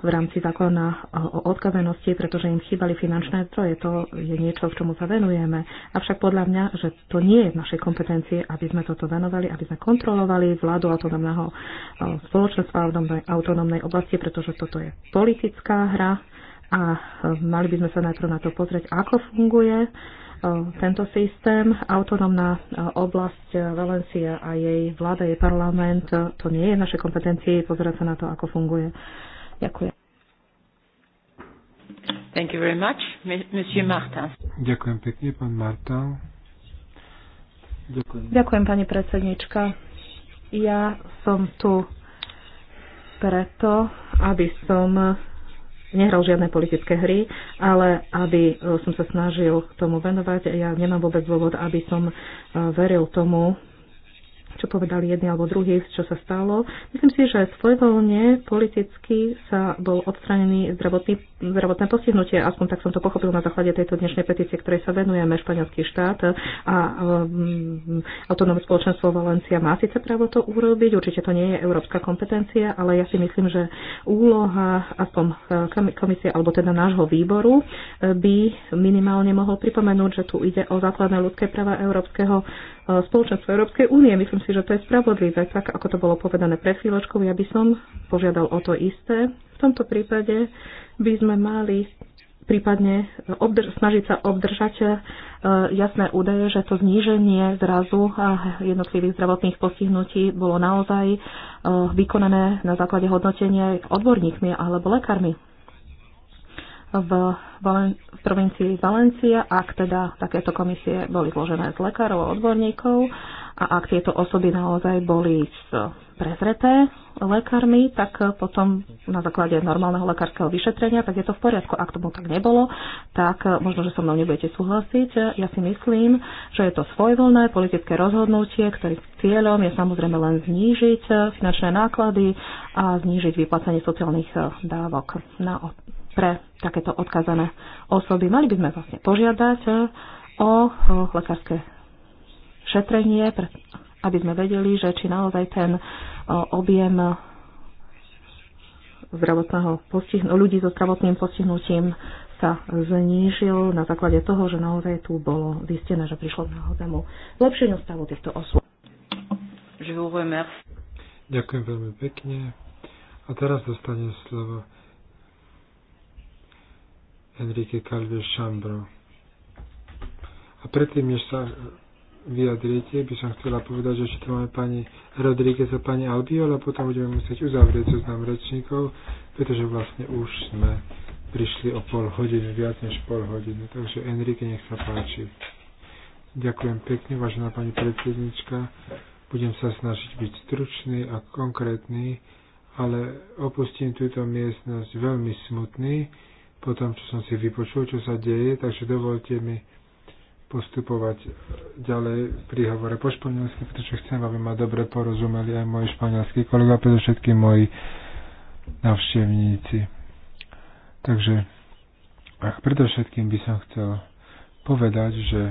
v rámci zákona o odkazenosti, pretože im chýbali finančné zdroje. To je niečo, v čomu sa venujeme. Avšak podľa mňa, že to nie je v našej kompetencii, aby sme toto venovali, aby sme kontrolovali vládu autonómneho spoločenstva autonómnej oblasti, pretože toto je politická hra a e, mali by sme sa najprv na to pozrieť, ako funguje tento systém. Autonómna e, oblasť e, Valencia a jej vláda, jej parlament, to nie je v našej kompetencii pozerať sa na to, ako funguje Ďakujem. Thank you very much, Monsieur Martin. Ďakujem pekne, pán Martin. Ďakujem. Ďakujem, pani predsednička. Ja som tu preto, aby som nehral žiadne politické hry, ale aby e, som sa snažil k tomu venovať. Ja nemám vôbec dôvod, aby som e, veril tomu, čo povedali jedni alebo druhý, čo sa stalo. Myslím si, že svojvoľne politicky sa bol odstranený zdravotný, zdravotné postihnutie, aspoň tak som to pochopil na základe tejto dnešnej petície, ktorej sa venujeme španielský štát a um, autonómne spoločenstvo Valencia má síce právo to urobiť, určite to nie je európska kompetencia, ale ja si myslím, že úloha aspoň e, komisie alebo teda nášho výboru e, by minimálne mohol pripomenúť, že tu ide o základné ľudské práva európskeho E, spoločenstvo Európskej únie. Myslím si, že to je spravodlivé. Tak, ako to bolo povedané pred chvíľočkou, ja by som požiadal o to isté. V tomto prípade by sme mali prípadne obdrž- snažiť sa obdržať e, jasné údaje, že to zníženie zrazu a jednotlivých zdravotných postihnutí bolo naozaj e, vykonané na základe hodnotenia odborníkmi alebo lekármi v, Valen- v provincii Valencia, ak teda takéto komisie boli zložené z lekárov a odborníkov a ak tieto osoby naozaj boli prezreté lekármi, tak potom na základe normálneho lekárskeho vyšetrenia, tak je to v poriadku. Ak tomu tak nebolo, tak možno, že so mnou nebudete súhlasiť. Ja si myslím, že je to svojvoľné politické rozhodnutie, ktorých cieľom je samozrejme len znížiť finančné náklady a znížiť vyplacenie sociálnych dávok na pre takéto odkazané osoby. Mali by sme vlastne požiadať e, o lekárske šetrenie, aby sme vedeli, že či naozaj ten e, objem zdravotného postihnu- ľudí so zdravotným postihnutím sa znížil na základe toho, že naozaj tu bolo zistené, že prišlo k naozajmu lepšeniu stavu týchto osôb. Ďakujem veľmi pekne. A teraz dostane slovo Enrique Calve Chambro. A predtým, než sa vyjadrite, by som chcela povedať, že či to máme pani Rodríguez a pani Albiol a potom budeme musieť uzavrieť zoznam rečníkov, pretože vlastne už sme prišli o pol hodiny, viac než pol hodiny. Takže Enrique, nech sa páči. Ďakujem pekne, vážená pani predsednička. Budem sa snažiť byť stručný a konkrétny, ale opustím túto miestnosť veľmi smutný, po tom, čo som si vypočul, čo sa deje, takže dovolte mi postupovať ďalej pri hovore po španielsky, pretože chcem, aby ma dobre porozumeli aj moji španielskí kolega, všetky moji navštevníci. Takže ach, všetkým by som chcel povedať, že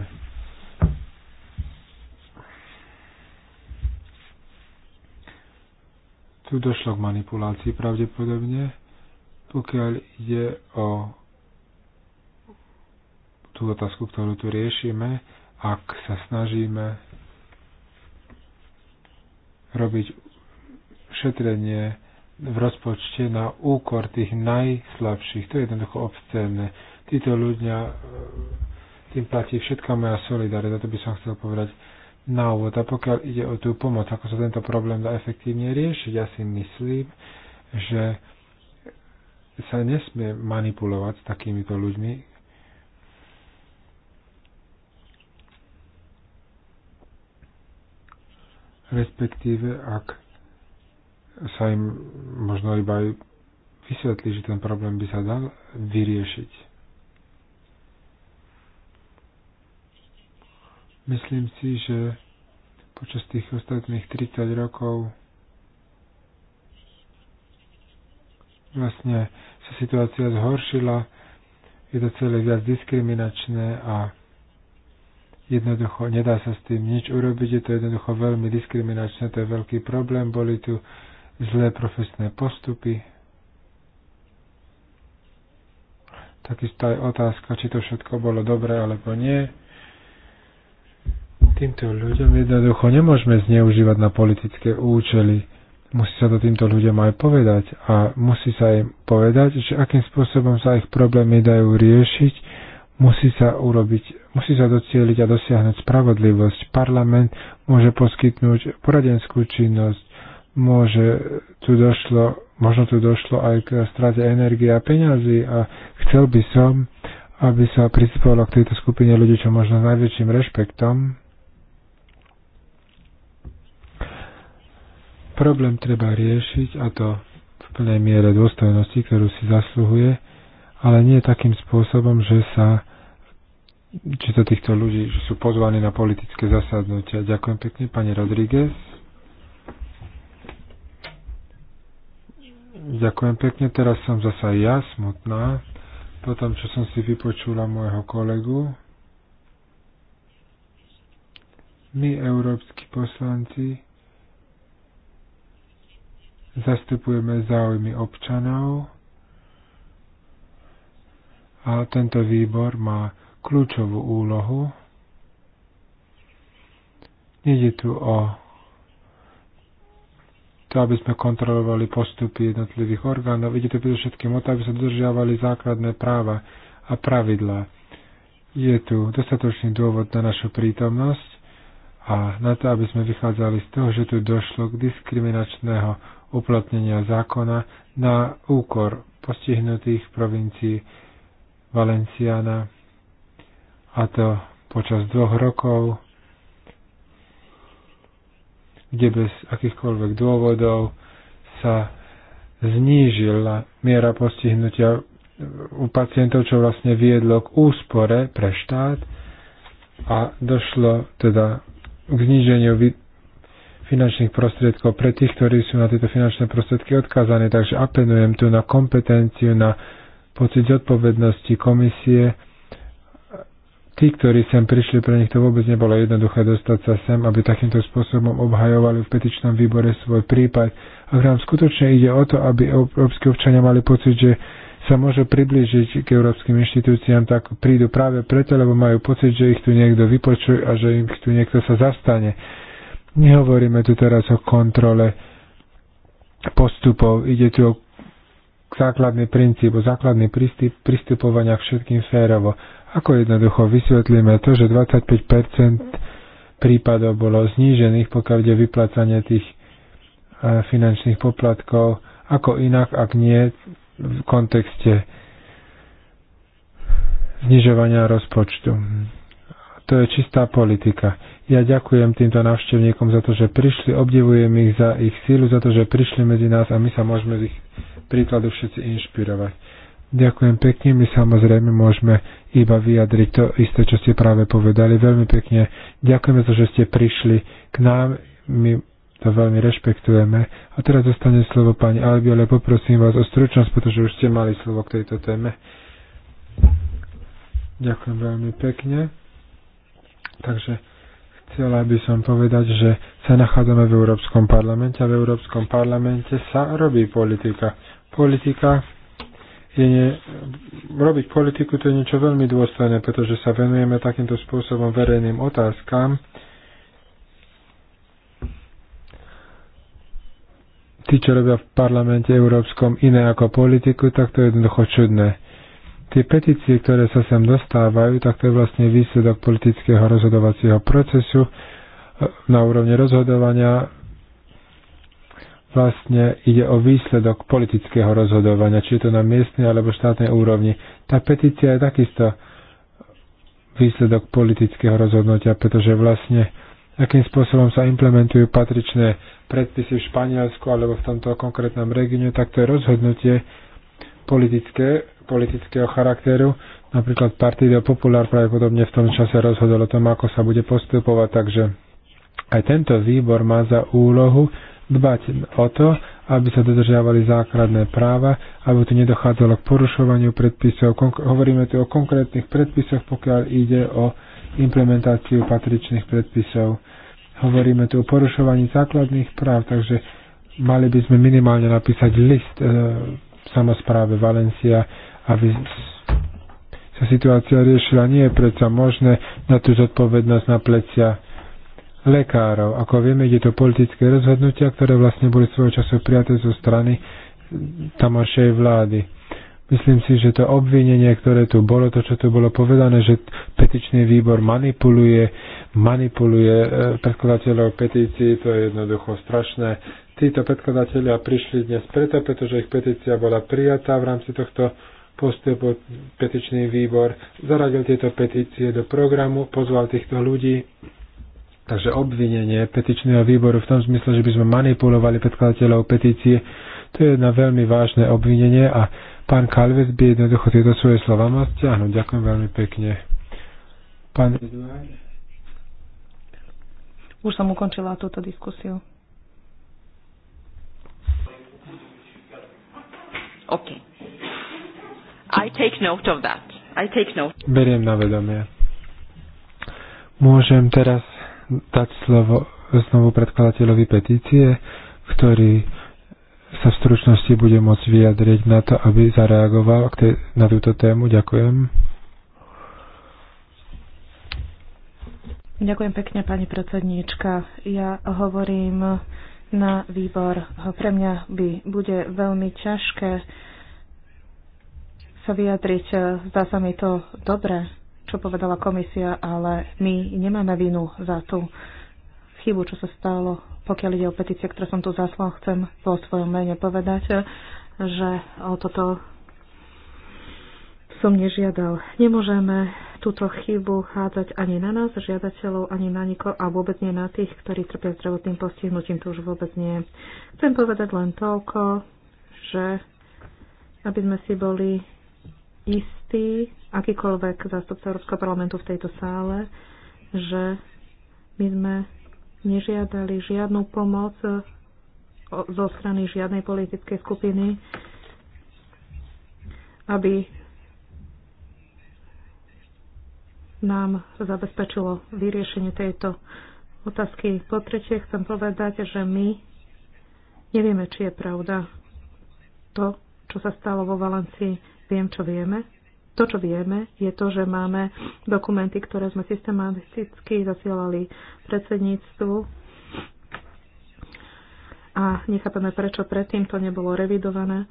tu došlo k manipulácii pravdepodobne pokiaľ ide o tú otázku, ktorú tu riešime, ak sa snažíme robiť šetrenie v rozpočte na úkor tých najslabších. To je jednoducho obscénne. Títo ľudia, e, tým platí všetká moja solidarita, to by som chcel povedať na úvod. A pokiaľ ide o tú pomoc, ako sa tento problém dá efektívne riešiť, ja si myslím, že sa nesmie manipulovať s takýmito ľuďmi, respektíve ak sa im možno iba aj vysvetlí, že ten problém by sa dal vyriešiť. Myslím si, že počas tých ostatných 30 rokov vlastne sa situácia zhoršila, je to celé viac diskriminačné a jednoducho nedá sa s tým nič urobiť, je to jednoducho veľmi diskriminačné, to je veľký problém, boli tu zlé profesné postupy. Takisto aj otázka, či to všetko bolo dobré alebo nie. Týmto ľuďom jednoducho nemôžeme zneužívať na politické účely musí sa to týmto ľuďom aj povedať a musí sa im povedať, že akým spôsobom sa ich problémy dajú riešiť, musí sa urobiť, musí sa docieliť a dosiahnuť spravodlivosť. Parlament môže poskytnúť poradenskú činnosť, môže tu došlo, možno tu došlo aj k strate energie a peňazí a chcel by som, aby sa pristupovalo k tejto skupine ľudí čo možno s najväčším rešpektom, Problém treba riešiť a to v plnej miere dôstojnosti, ktorú si zasluhuje, ale nie takým spôsobom, že sa či to týchto ľudí že sú pozvaní na politické zasadnutia. Ďakujem pekne, pani Rodríguez. Ďakujem pekne, teraz som zasa ja smutná, po tom, čo som si vypočula môjho kolegu. My, európsky poslanci, zastupujeme záujmy občanov a tento výbor má kľúčovú úlohu. Nede tu o to, aby sme kontrolovali postupy jednotlivých orgánov. Ide to predovšetkým o to, aby sa dodržiavali základné práva a pravidlá. Je tu dostatočný dôvod na našu prítomnosť a na to, aby sme vychádzali z toho, že tu došlo k diskriminačného uplatnenia zákona na úkor postihnutých provincií Valenciana a to počas dvoch rokov, kde bez akýchkoľvek dôvodov sa znížila miera postihnutia u pacientov, čo vlastne viedlo k úspore pre štát a došlo teda k zníženiu finančných prostriedkov pre tých, ktorí sú na tieto finančné prostriedky odkázaní. Takže apelujem tu na kompetenciu, na pocit zodpovednosti komisie. Tí, ktorí sem prišli, pre nich to vôbec nebolo jednoduché dostať sa sem, aby takýmto spôsobom obhajovali v petičnom výbore svoj prípad. Ak nám skutočne ide o to, aby európsky občania mali pocit, že sa môžu priblížiť k európskym inštitúciám, tak prídu práve preto, lebo majú pocit, že ich tu niekto vypočuje a že im tu niekto sa zastane. Nehovoríme tu teraz o kontrole postupov, ide tu o základný princíp, o základný prístup, pristupovania k všetkým férovo. Ako jednoducho vysvetlíme to, že 25% prípadov bolo znížených, pokiaľ ide vyplácanie tých e, finančných poplatkov, ako inak, ak nie v kontexte znižovania rozpočtu. To je čistá politika. Ja ďakujem týmto návštevníkom za to, že prišli, obdivujem ich za ich sílu, za to, že prišli medzi nás a my sa môžeme z ich príkladu všetci inšpirovať. Ďakujem pekne, my samozrejme môžeme iba vyjadriť to isté, čo ste práve povedali. Veľmi pekne ďakujeme za to, že ste prišli k nám, my to veľmi rešpektujeme. A teraz dostane slovo pani Albiole, poprosím vás o stručnosť, pretože už ste mali slovo k tejto téme. Ďakujem veľmi pekne. Takže chcela by som povedať, že sa nachádzame v Európskom parlamente a v Európskom parlamente sa robí politika. Politika je ne, robiť politiku to je niečo veľmi dôstojné, pretože sa venujeme takýmto spôsobom verejným otázkam. Tí, čo robia v parlamente európskom iné ako politiku, tak to je jednoducho čudné tie petície, ktoré sa sem dostávajú, tak to je vlastne výsledok politického rozhodovacieho procesu e, na úrovni rozhodovania. Vlastne ide o výsledok politického rozhodovania, či je to na miestnej alebo štátnej úrovni. Tá petícia je takisto výsledok politického rozhodnutia, pretože vlastne akým spôsobom sa implementujú patričné predpisy v Španielsku alebo v tomto konkrétnom regióne, tak to je rozhodnutie politické politického charakteru. Napríklad Partido Popular pravdepodobne v tom čase rozhodol o tom, ako sa bude postupovať, takže aj tento výbor má za úlohu dbať o to, aby sa dodržiavali základné práva, aby tu nedochádzalo k porušovaniu predpisov. Konk- hovoríme tu o konkrétnych predpisoch, pokiaľ ide o implementáciu patričných predpisov. Hovoríme tu o porušovaní základných práv, takže mali by sme minimálne napísať list e, samozpráve Valencia, aby sa situácia riešila. Nie je predsa možné na tú zodpovednosť na plecia lekárov. Ako vieme, je to politické rozhodnutia, ktoré vlastne boli svojho času prijaté zo strany tamošej vlády. Myslím si, že to obvinenie, ktoré tu bolo, to, čo tu bolo povedané, že petičný výbor manipuluje, manipuluje e, predkladateľov petícií, to je jednoducho strašné. Títo predkladatelia prišli dnes preto, pretože ich petícia bola prijatá v rámci tohto postupol petičný výbor, zaradil tieto petície do programu, pozval týchto ľudí. Takže obvinenie petičného výboru v tom zmysle, že by sme manipulovali predkladateľov petície, to je jedna veľmi vážne obvinenie a pán Kalves by jednoducho tieto svoje slova mal stiahnuť. Ďakujem veľmi pekne. Pán Eduard. Už som ukončila túto diskusiu. OK. I take note of that. I take note. Beriem na vedomie. Môžem teraz dať slovo znovu predkladateľovi petície, ktorý sa v stručnosti bude môcť vyjadriť na to, aby zareagoval na túto tému. Ďakujem. Ďakujem pekne, pani predsedníčka. Ja hovorím na výbor. Pre mňa by bude veľmi ťažké uh, sa vyjadriť. Zdá sa mi to dobré, čo povedala komisia, ale my nemáme vinu za tú chybu, čo sa stalo. Pokiaľ ide o petície, ktoré som tu zaslal, chcem vo svojom mene povedať, že o toto som nežiadal. Nemôžeme túto chybu hádzať ani na nás, žiadateľov, ani na niko a vôbec nie na tých, ktorí trpia zdravotným postihnutím, to už vôbec nie. Chcem povedať len toľko, že aby sme si boli istý, akýkoľvek zástupca Európskeho parlamentu v tejto sále, že my sme nežiadali žiadnu pomoc zo strany žiadnej politickej skupiny, aby nám zabezpečilo vyriešenie tejto otázky. Po tretie chcem povedať, že my nevieme, či je pravda to, čo sa stalo vo Valencii viem, čo vieme. To, čo vieme, je to, že máme dokumenty, ktoré sme systematicky zasielali predsedníctvu a nechápame, prečo predtým to nebolo revidované.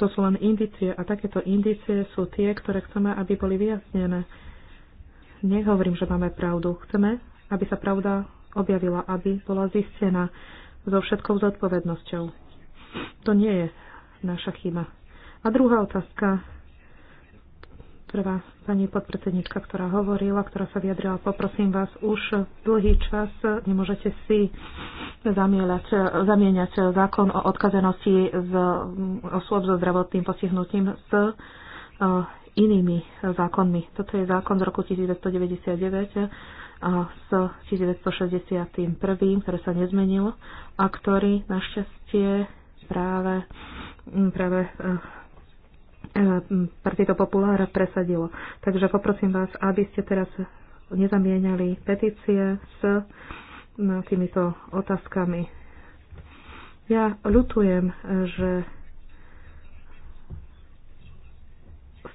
To sú len indicie a takéto indicie sú tie, ktoré chceme, aby boli vyjasnené. Nehovorím, že máme pravdu. Chceme, aby sa pravda objavila, aby bola zistená so všetkou zodpovednosťou. To nie je naša chyba. A druhá otázka. Prvá pani podpredsednička, ktorá hovorila, ktorá sa vyjadrila, poprosím vás, už dlhý čas nemôžete si zamieľať, zamieňať zákon o odkazenosti z osôb so zdravotným postihnutím s eh, inými zákonmi. Toto je zákon z roku 1999 a s 1961, ktorý sa nezmenil a ktorý našťastie práve, práve eh, E, Partito Populára presadilo. Takže poprosím vás, aby ste teraz nezamienali petície s týmito otázkami. Ja ľutujem, že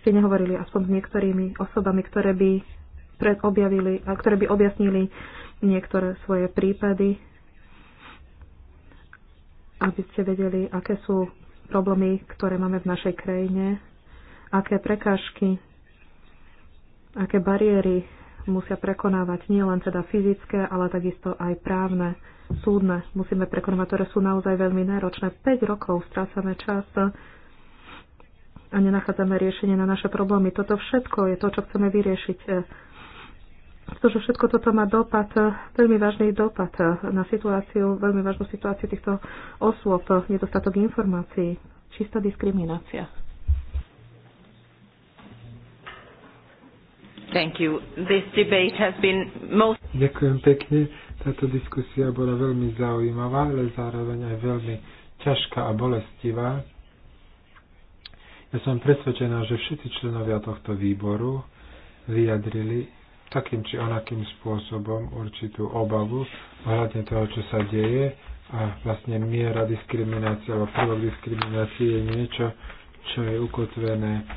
ste nehovorili aspoň s niektorými osobami, ktoré by objavili, a ktoré by objasnili niektoré svoje prípady, aby ste vedeli, aké sú problémy, ktoré máme v našej krajine aké prekážky, aké bariéry musia prekonávať nielen teda fyzické, ale takisto aj právne, súdne. Musíme prekonávať, ktoré sú naozaj veľmi náročné. 5 rokov strácame čas a nenachádzame riešenie na naše problémy. Toto všetko je to, čo chceme vyriešiť. Pretože všetko toto má dopad, veľmi vážny dopad na situáciu, veľmi vážnu situáciu týchto osôb, nedostatok informácií, čistá diskriminácia. Thank you. This debate has been most... Ďakujem pekne. Táto diskusia bola veľmi zaujímavá, ale zároveň aj veľmi ťažká a bolestivá. Ja som presvedčená, že všetci členovia tohto výboru vyjadrili takým či onakým spôsobom určitú obavu ohľadne toho, čo sa deje a vlastne miera diskriminácie alebo prvok diskriminácie je niečo, čo je ukotvené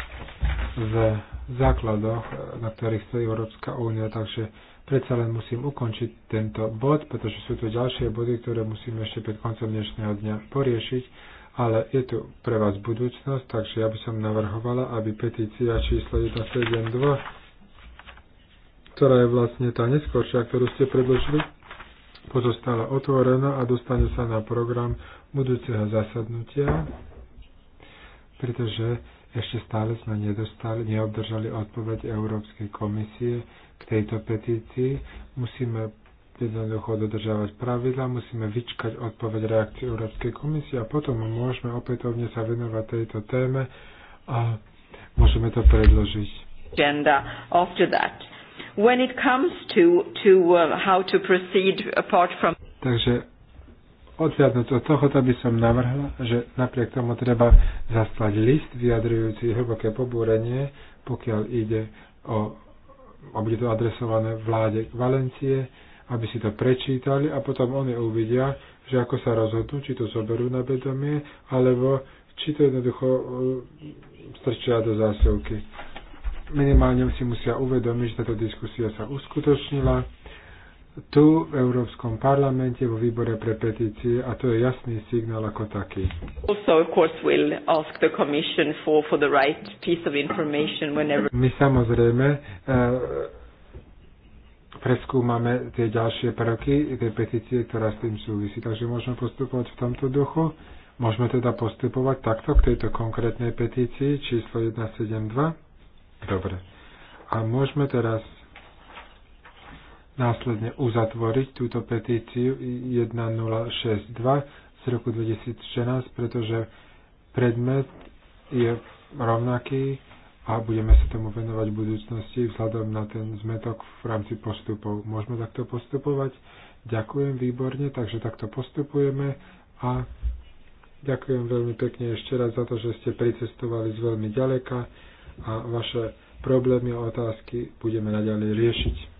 v základoch, na ktorých stojí Európska únia, takže predsa len musím ukončiť tento bod, pretože sú tu ďalšie body, ktoré musíme ešte pred koncom dnešného dňa poriešiť, ale je tu pre vás budúcnosť, takže ja by som navrhovala, aby petícia číslo 172, ktorá je vlastne tá neskôršia, ktorú ste predložili, pozostala otvorená a dostane sa na program budúceho zasadnutia, pretože ešte stále sme nedostali, neobdržali odpoveď Európskej komisie k tejto petícii. Musíme jednoducho dodržiavať pravidla, musíme vyčkať odpoveď reakcie Európskej komisie a potom môžeme opätovne sa venovať tejto téme a môžeme to predložiť. Agenda after that. When it comes to, to uh, how to proceed apart from... Takže Odsiadnúť od tohoto by som navrhl, že napriek tomu treba zaslať list vyjadrujúci hlboké pobúrenie, pokiaľ ide o, a bude to adresované vláde Valencie, aby si to prečítali a potom oni uvidia, že ako sa rozhodnú, či to zoberú na vedomie, alebo či to jednoducho e, strčia do zásilky. Minimálne si musia uvedomiť, že táto diskusia sa uskutočnila tu v Európskom parlamente vo výbore pre petície a to je jasný signál ako taký. My samozrejme uh, preskúmame tie ďalšie prvky tej petície, ktorá s tým súvisí. Takže môžeme postupovať v tomto duchu. Môžeme teda postupovať takto k tejto konkrétnej petícii číslo 172. Dobre. A môžeme teraz následne uzatvoriť túto petíciu 1062 z roku 2016, pretože predmet je rovnaký a budeme sa tomu venovať v budúcnosti vzhľadom na ten zmetok v rámci postupov. Môžeme takto postupovať? Ďakujem výborne, takže takto postupujeme a ďakujem veľmi pekne ešte raz za to, že ste pricestovali z veľmi ďaleka a vaše problémy a otázky budeme naďalej riešiť.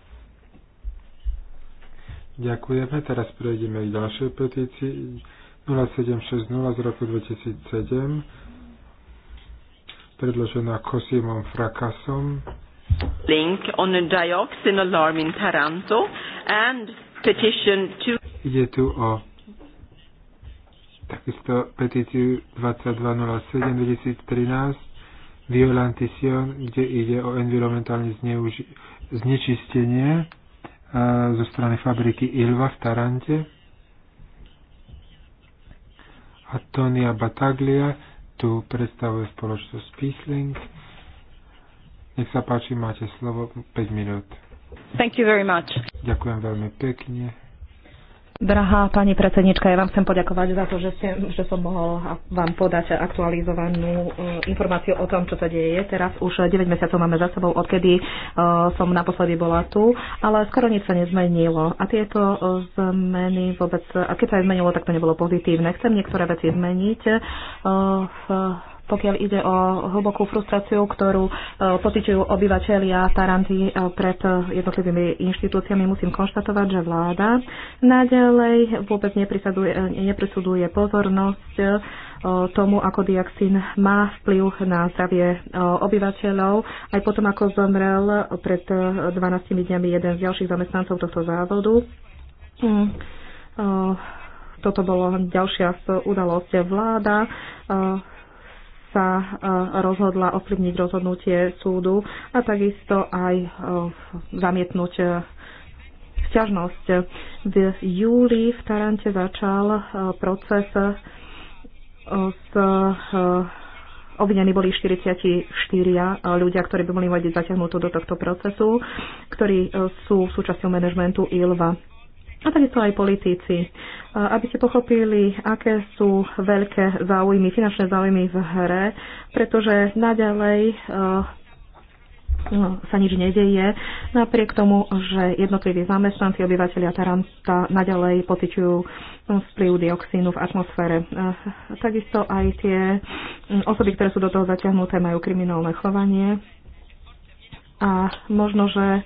Ďakujeme. Teraz prejdeme k ďalšej petícii 0760 z roku 2007 predložená Cosimom Fracasom. Link on a dioxin alarm in Taranto and petition to... Ide tu o takisto petíciu 2207-2013 Violantision, kde ide o environmentálne znečistenie zo strany fabriky Ilva v Tarante. A Tonia Bataglia tu predstavuje spoločnosť Peacelink. Nech sa páči, máte slovo 5 minút. Thank you very much. Ďakujem veľmi pekne. Drahá pani predsednička, ja vám chcem poďakovať za to, že, ste, že som mohol vám podať aktualizovanú eh, informáciu o tom, čo sa deje. Teraz už 9 mesiacov máme za sebou, odkedy eh, som naposledy bola tu, ale skoro nič sa nezmenilo. A tieto eh, zmeny vôbec, a keď sa aj zmenilo, tak to nebolo pozitívne. Chcem niektoré veci zmeniť. v, pokiaľ ide o hlbokú frustráciu, ktorú e, pociťujú obyvateľia Taranty e, pred e, jednotlivými inštitúciami, musím konštatovať, že vláda naďalej vôbec neprisuduje pozornosť tomu, ako dioxín má vplyv na zdravie obyvateľov. Aj potom, ako zomrel pred 12 dňami jeden z ďalších zamestnancov tohto závodu. Mm, toto bolo ďalšia udalosť vláda sa e, rozhodla ovplyvniť rozhodnutie súdu a takisto aj e, zamietnúť e, sťažnosť. V júli v Tarante začal proces s Obvinení boli 44 ľudia, ktorí by boli mať zaťahnutú do tohto procesu, ktorí sú súčasťou manažmentu ILVA a takisto aj politici. E, aby ste pochopili, aké sú veľké záujmy, finančné záujmy v hre, pretože naďalej e, no, sa nič nedeje, napriek tomu, že jednotliví zamestnanci, obyvateľia Taranta naďalej pociťujú vplyv dioxínu v atmosfére. E, takisto aj tie osoby, ktoré sú do toho zaťahnuté, majú kriminálne chovanie a možno, že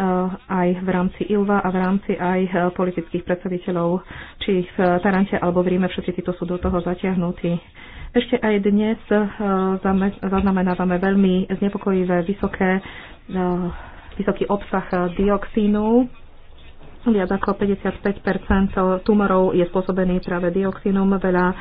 Eh, aj v rámci ILVA a v rámci aj eh, politických predstaviteľov, či v Tarante alebo v Ríme, všetci títo sú do toho zatiahnutí. Ešte aj dnes eh, zaznamenávame veľmi znepokojivé vysoké, vysoký obsah dioxínu Viac ako 55 tumorov je spôsobený práve dioxinom. Veľa uh,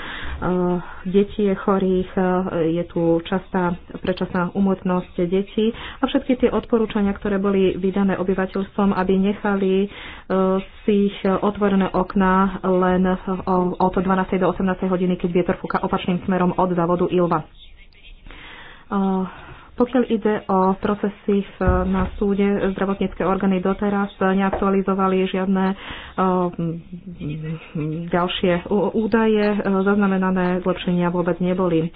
detí je chorých, uh, je tu častá predčasná umotnosť detí a všetky tie odporúčania, ktoré boli vydané obyvateľstvom, aby nechali uh, si ich otvorené okná len uh, od 12. do 18. hodiny, keď vietor fúka opačným smerom od závodu Ilva. Uh, pokiaľ ide o procesy na súde, zdravotnícke orgány doteraz neaktualizovali žiadne ďalšie údaje, e, zaznamenané zlepšenia vôbec neboli. E,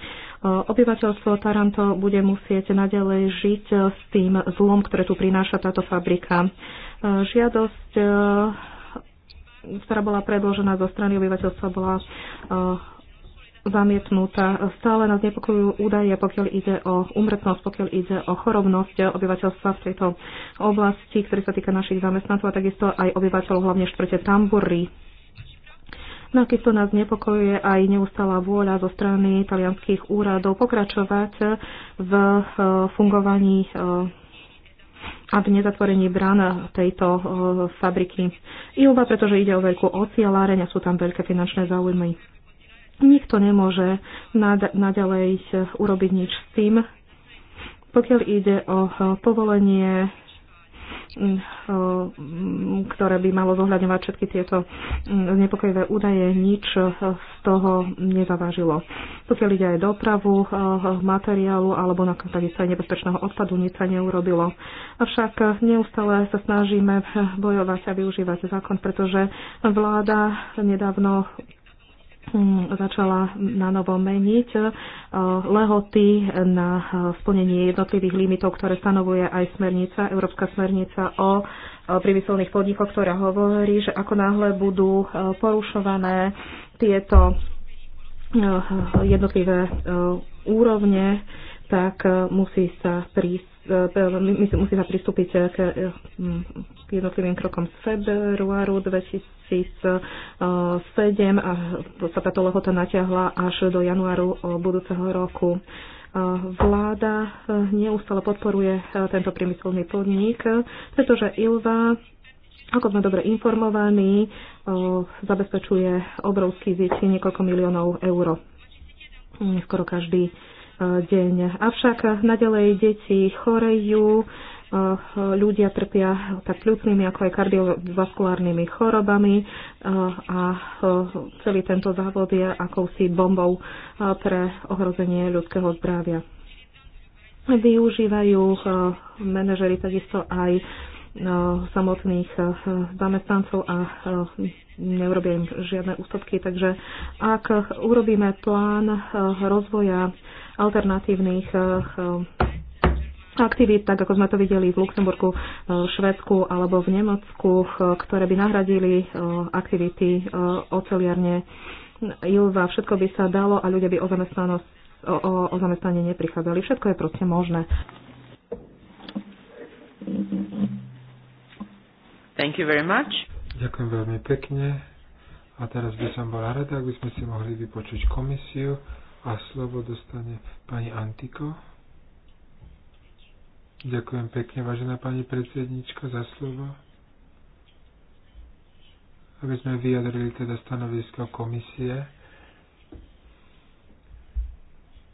obyvateľstvo Taranto bude musieť nadalej žiť s tým zlom, ktoré tu prináša táto fabrika. E, žiadosť ktorá bola predložená zo strany obyvateľstva, bola zamietnutá. Stále nás nepokojujú údaje, pokiaľ ide o umrtnosť, pokiaľ ide o chorobnosť obyvateľstva v tejto oblasti, ktorý sa týka našich zamestnancov a takisto aj obyvateľov hlavne štvrte Tambury. Takisto no nás nepokojuje aj neustála vôľa zo strany talianských úradov pokračovať v e, fungovaní e, a v nezatvorení brán tejto e, fabriky. I Iuba, pretože ide o veľkú ocieláreň a sú tam veľké finančné záujmy. Nikto nemôže naďalej urobiť nič s tým, pokiaľ ide o eh, povolenie mm, eh, mm, ktoré by malo zohľadňovať všetky tieto mm, nepokojivé údaje, nič eh, z toho nezavážilo. Pokiaľ ide aj dopravu materiálu alebo nakoniec aj nebezpečného odpadu, nič sa neurobilo. Avšak neustále sa snažíme bojovať a využívať zákon, pretože vláda nedávno Mm, začala na novo meniť eh, lehoty na eh, splnenie jednotlivých limitov, ktoré stanovuje aj smernica, Európska smernica o eh, priemyselných podnikoch, ktorá hovorí, že ako náhle budú porušované tieto jednotlivé úrovne, tak musí sa prísť my musíme pristúpiť k jednotlivým krokom z februáru 2007 a sa táto lehota natiahla až do januáru budúceho roku. Vláda neustále podporuje tento priemyselný podnik, pretože ILVA ako sme dobre informovaní, zabezpečuje obrovský zisk niekoľko miliónov eur. Skoro každý deň. Avšak naďalej deti chorejú, eh, ľudia trpia tak ľudnými, ako aj kardiovaskulárnymi chorobami eh, a eh, celý tento závod je akousi bombou pre ohrozenie ľudského zdravia. Využívajú manažery takisto aj samotných zamestnancov a neurobia im žiadne ústupky. Takže ak urobíme plán rozvoja alternatívnych eh, eh, aktivít, tak ako sme to videli v Luxemburgu, eh, Švedsku alebo v Nemecku, ktoré by nahradili aktivity oceliarne Ilva, všetko by sa dalo a ľudia by o, o, o, o zamestnanie neprichádzali. Všetko je proste možné. Thank you very much. Ďakujem veľmi pekne. A teraz by som bola rada, ak by sme si mohli vypočuť komisiu. A slovo dostane pani Antiko. Ďakujem pekne, vážená pani predsednička, za slovo. Aby sme vyjadrili teda stanovisko komisie,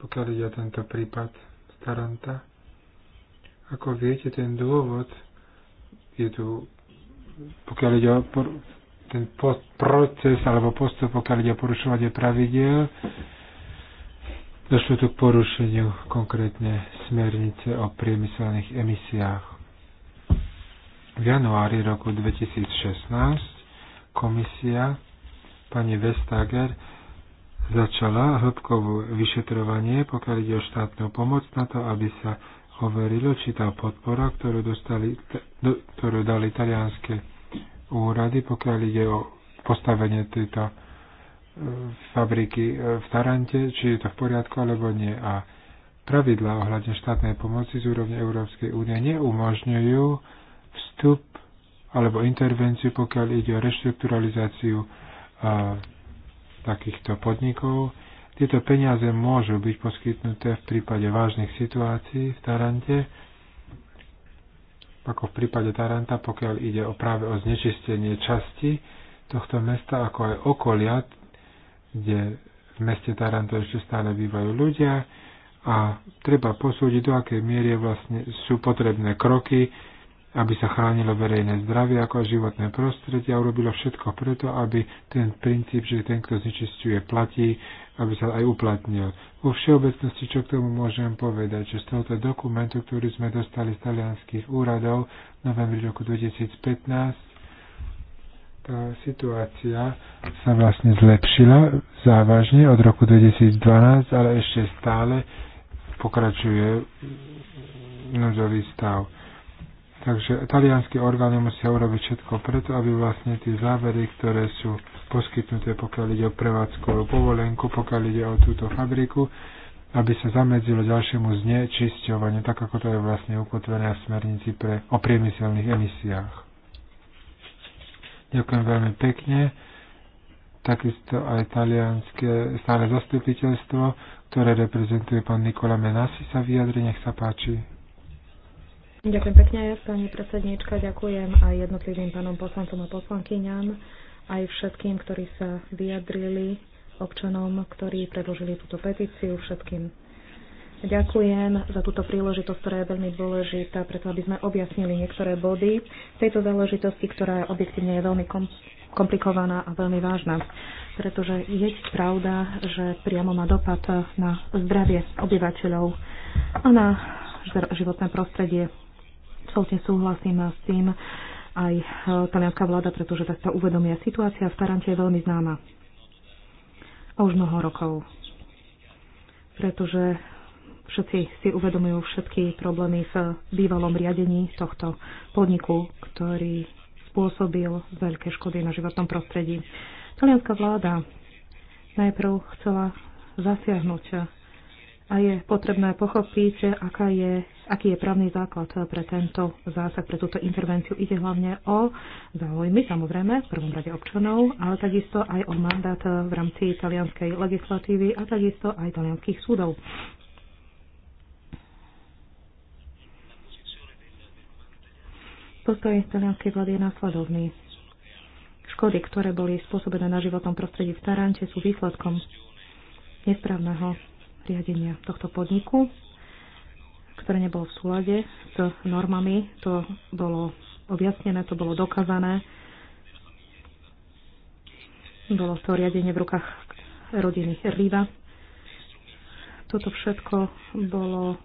pokiaľ ide o tento prípad Staranta. Ako viete, ten dôvod je tu, pokiaľ ide o ten proces alebo postup, pokiaľ ide o porušovanie pravidel, došlo tu k porušeniu konkrétne smernice o priemyselných emisiách. V januári roku 2016 komisia pani Vestager začala hĺbkovú vyšetrovanie, pokiaľ ide o štátnu pomoc, na to, aby sa overilo, či tá podpora, ktorú, dostali, ktorú dali talianské úrady, pokiaľ ide o postavenie tejto fabriky e, v Tarante, či je to v poriadku alebo nie. A pravidlá ohľadne štátnej pomoci z úrovne Európskej únie neumožňujú vstup alebo intervenciu, pokiaľ ide o reštrukturalizáciu e, takýchto podnikov. Tieto peniaze môžu byť poskytnuté v prípade vážnych situácií v Tarante, ako v prípade Taranta, pokiaľ ide o práve o znečistenie časti tohto mesta, ako aj okolia kde v meste Taranto ešte stále bývajú ľudia a treba posúdiť, do akej miery vlastne sú potrebné kroky, aby sa chránilo verejné zdravie ako aj životné prostredie a urobilo všetko preto, aby ten princíp, že ten, kto znečistuje, platí, aby sa aj uplatnil. Vo všeobecnosti, čo k tomu môžem povedať, že z tohoto dokumentu, ktorý sme dostali z talianských úradov v novembri roku 2015, tá situácia sa vlastne zlepšila závažne od roku 2012, ale ešte stále pokračuje núdzový stav. Takže talianské orgány musia urobiť všetko preto, aby vlastne tie závery, ktoré sú poskytnuté, pokiaľ ide o prevádzkovú povolenku, pokiaľ ide o túto fabriku, aby sa zamedzilo ďalšiemu znečisťovaniu, tak ako to je vlastne ukotvené v smernici pre, o priemyselných emisiách. Ďakujem veľmi pekne. Takisto aj talianské stále zastupiteľstvo, ktoré reprezentuje pán Nikola Menasi, sa vyjadri. Nech sa páči. Ďakujem pekne, pani predsedníčka, ďakujem aj jednotlivým pánom poslancom a poslankyňam, aj všetkým, ktorí sa vyjadrili, občanom, ktorí predložili túto petíciu, všetkým Ďakujem za túto príležitosť, ktorá je veľmi dôležitá, preto aby sme objasnili niektoré body tejto záležitosti, ktorá objektívne je veľmi komplikovaná a veľmi vážna. Pretože je pravda, že priamo má dopad na zdravie obyvateľov a na životné prostredie. Absolutne súhlasím s tým aj e, talianská vláda, pretože tak uvedomia. Situácia v Tarante je veľmi známa. A už mnoho rokov. Pretože všetci si uvedomujú všetky problémy v bývalom riadení tohto podniku, ktorý spôsobil veľké škody na životnom prostredí. Talianská vláda najprv chcela zasiahnuť a je potrebné pochopiť, aká je, aký je právny základ pre tento zásah, pre túto intervenciu. Ide hlavne o záujmy, samozrejme, v prvom rade občanov, ale takisto aj o mandát v rámci talianskej legislatívy a takisto aj talianských súdov. Postoj italianskej vlády je následovný. Škody, ktoré boli spôsobené na životnom prostredí v Tarante, sú výsledkom nesprávneho riadenia tohto podniku, ktoré nebolo v súlade s normami. To bolo objasnené, to bolo dokázané. Bolo to riadenie v rukách rodiny Riva. Toto všetko bolo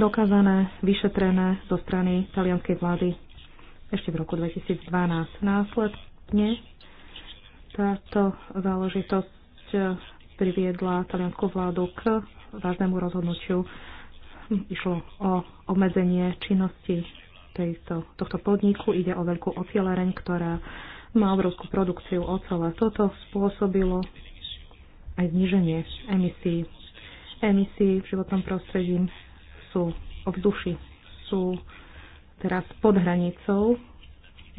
dokázané, vyšetrené zo strany talianskej vlády ešte v roku 2012. Následne táto záležitosť priviedla talianskú vládu k vážnemu rozhodnutiu. Išlo o obmedzenie činnosti tejto, tohto podniku. Ide o veľkú ocielareň, ktorá má obrovskú produkciu ocele. Toto spôsobilo aj zniženie emisí, emisí v životnom prostredí sú ovzduši, sú teraz pod hranicou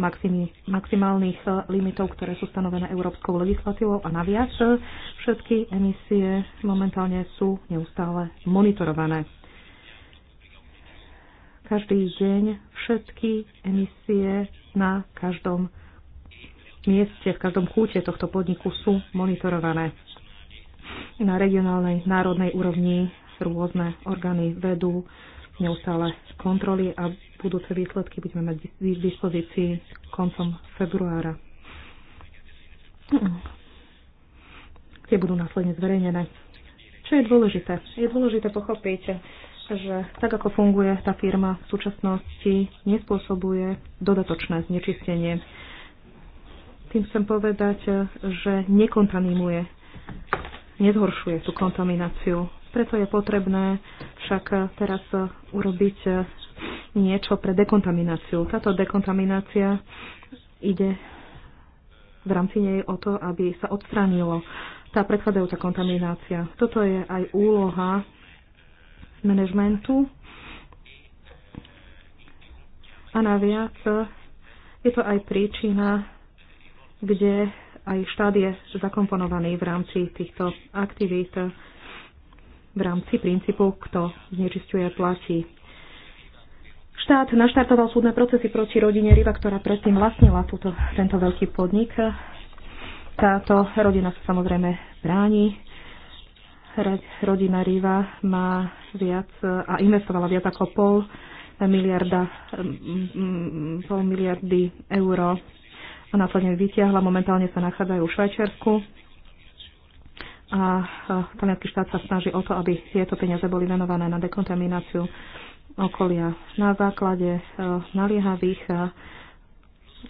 maxim, maximálnych eh, limitov, ktoré sú stanovené európskou legislatívou a naviac eh, všetky emisie momentálne sú neustále monitorované. Každý deň všetky emisie na každom mieste, v každom kúte tohto podniku sú monitorované. Na regionálnej, národnej úrovni rôzne orgány vedú neustále kontroly a budúce výsledky budeme mať k dispozícii koncom februára. Tie budú následne zverejnené. Čo je dôležité? Je dôležité pochopiť, že tak, ako funguje tá firma v súčasnosti, nespôsobuje dodatočné znečistenie. Tým chcem povedať, že nekontaminuje, nezhoršuje tú kontamináciu preto je potrebné však teraz urobiť niečo pre dekontamináciu. Táto dekontaminácia ide v rámci nej o to, aby sa odstránilo tá predchádzajúca kontaminácia. Toto je aj úloha manažmentu a naviac je to aj príčina, kde aj štát je zakomponovaný v rámci týchto aktivít v rámci princípu, kto znečistuje, platí. Štát naštartoval súdne procesy proti rodine Riva, ktorá predtým vlastnila túto, tento veľký podnik. Táto rodina sa samozrejme bráni. Rodina Riva má viac a investovala viac ako pol miliarda, pol miliardy eur a následne vytiahla. Momentálne sa nachádzajú v Švajčiarsku a talianský štát sa snaží o to, aby tieto peniaze boli venované na dekontamináciu okolia. Na základe e, naliehavých e,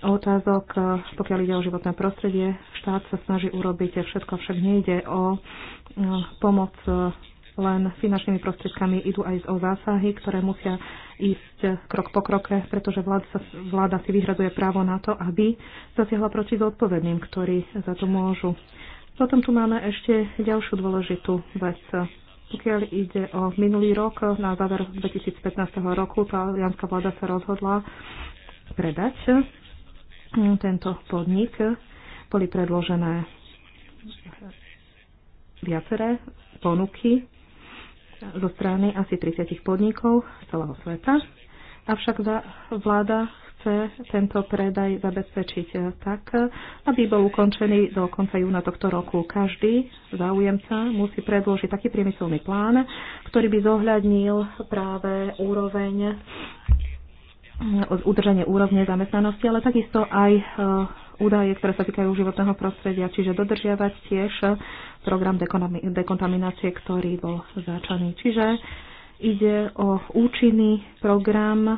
otázok, e, pokiaľ ide o životné prostredie, štát sa snaží urobiť všetko, však nejde o pomoc len finančnými prostriedkami idú aj o zásahy, ktoré musia ísť krok po kroke, pretože vláda, sa, vláda si vyhraduje právo na to, aby zasiahla proti zodpovedným, ktorí za to môžu. Potom tu máme ešte ďalšiu dôležitú vec. Pokiaľ ide o minulý rok, na záver 2015 roku, talianská vláda sa rozhodla predať tento podnik. Boli predložené viaceré ponuky zo strany asi 30 podnikov celého sveta. Avšak vláda chce tento predaj zabezpečiť eh, tak, aby bol ukončený do konca júna tohto roku. Každý záujemca musí predložiť taký priemyselný plán, ktorý by zohľadnil práve úroveň eh, udržanie úrovne zamestnanosti, ale takisto aj eh, údaje, ktoré sa týkajú životného prostredia, čiže dodržiavať tiež program dekontaminácie, ktorý bol začaný. Čiže ide o účinný program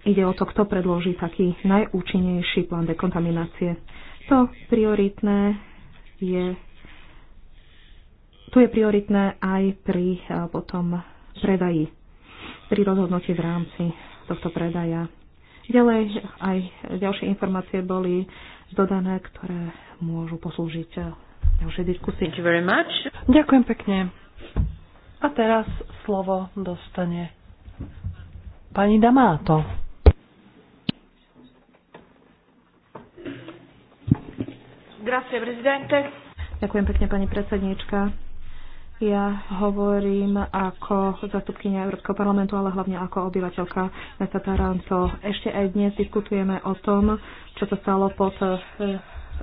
Ide o to, kto predloží taký najúčinnejší plán dekontaminácie. To prioritné je, tu je prioritné aj pri potom predaji, pri rozhodnutí v rámci tohto predaja. Ďalej aj ďalšie informácie boli dodané, ktoré môžu poslúžiť ďalšej diskusie. Ďakujem pekne. A teraz slovo dostane pani Damáto. Grazie, prezidente. Ďakujem pekne, pani predsedníčka. Ja hovorím ako zastupkynia Európskeho parlamentu, ale hlavne ako obyvateľka mesta Taranto. Ešte aj dnes diskutujeme o tom, čo sa stalo pod eh,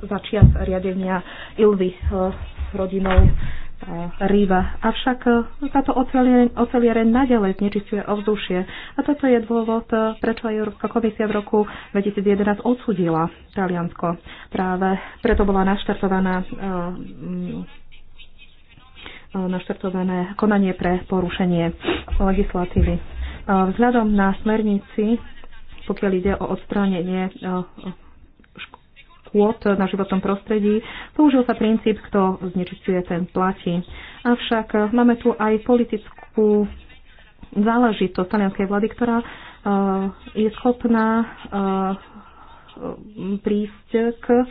začiat riadenia Ilvy eh, s rodinou rýva. Avšak e, táto oceliare naďalej znečistuje ovzdušie a toto je dôvod, e, prečo aj Európska komisia v roku 2011 odsudila Taliansko. Práve preto bola naštartovaná e, naštartované konanie pre porušenie legislatívy. Vzhľadom na smernici, pokiaľ ide o odstránenie škôd na životnom prostredí, použil sa princíp, kto znečistuje, ten platí. Avšak máme tu aj politickú záležitosť talianskej vlády, ktorá eh, je schopná eh, prísť k eh,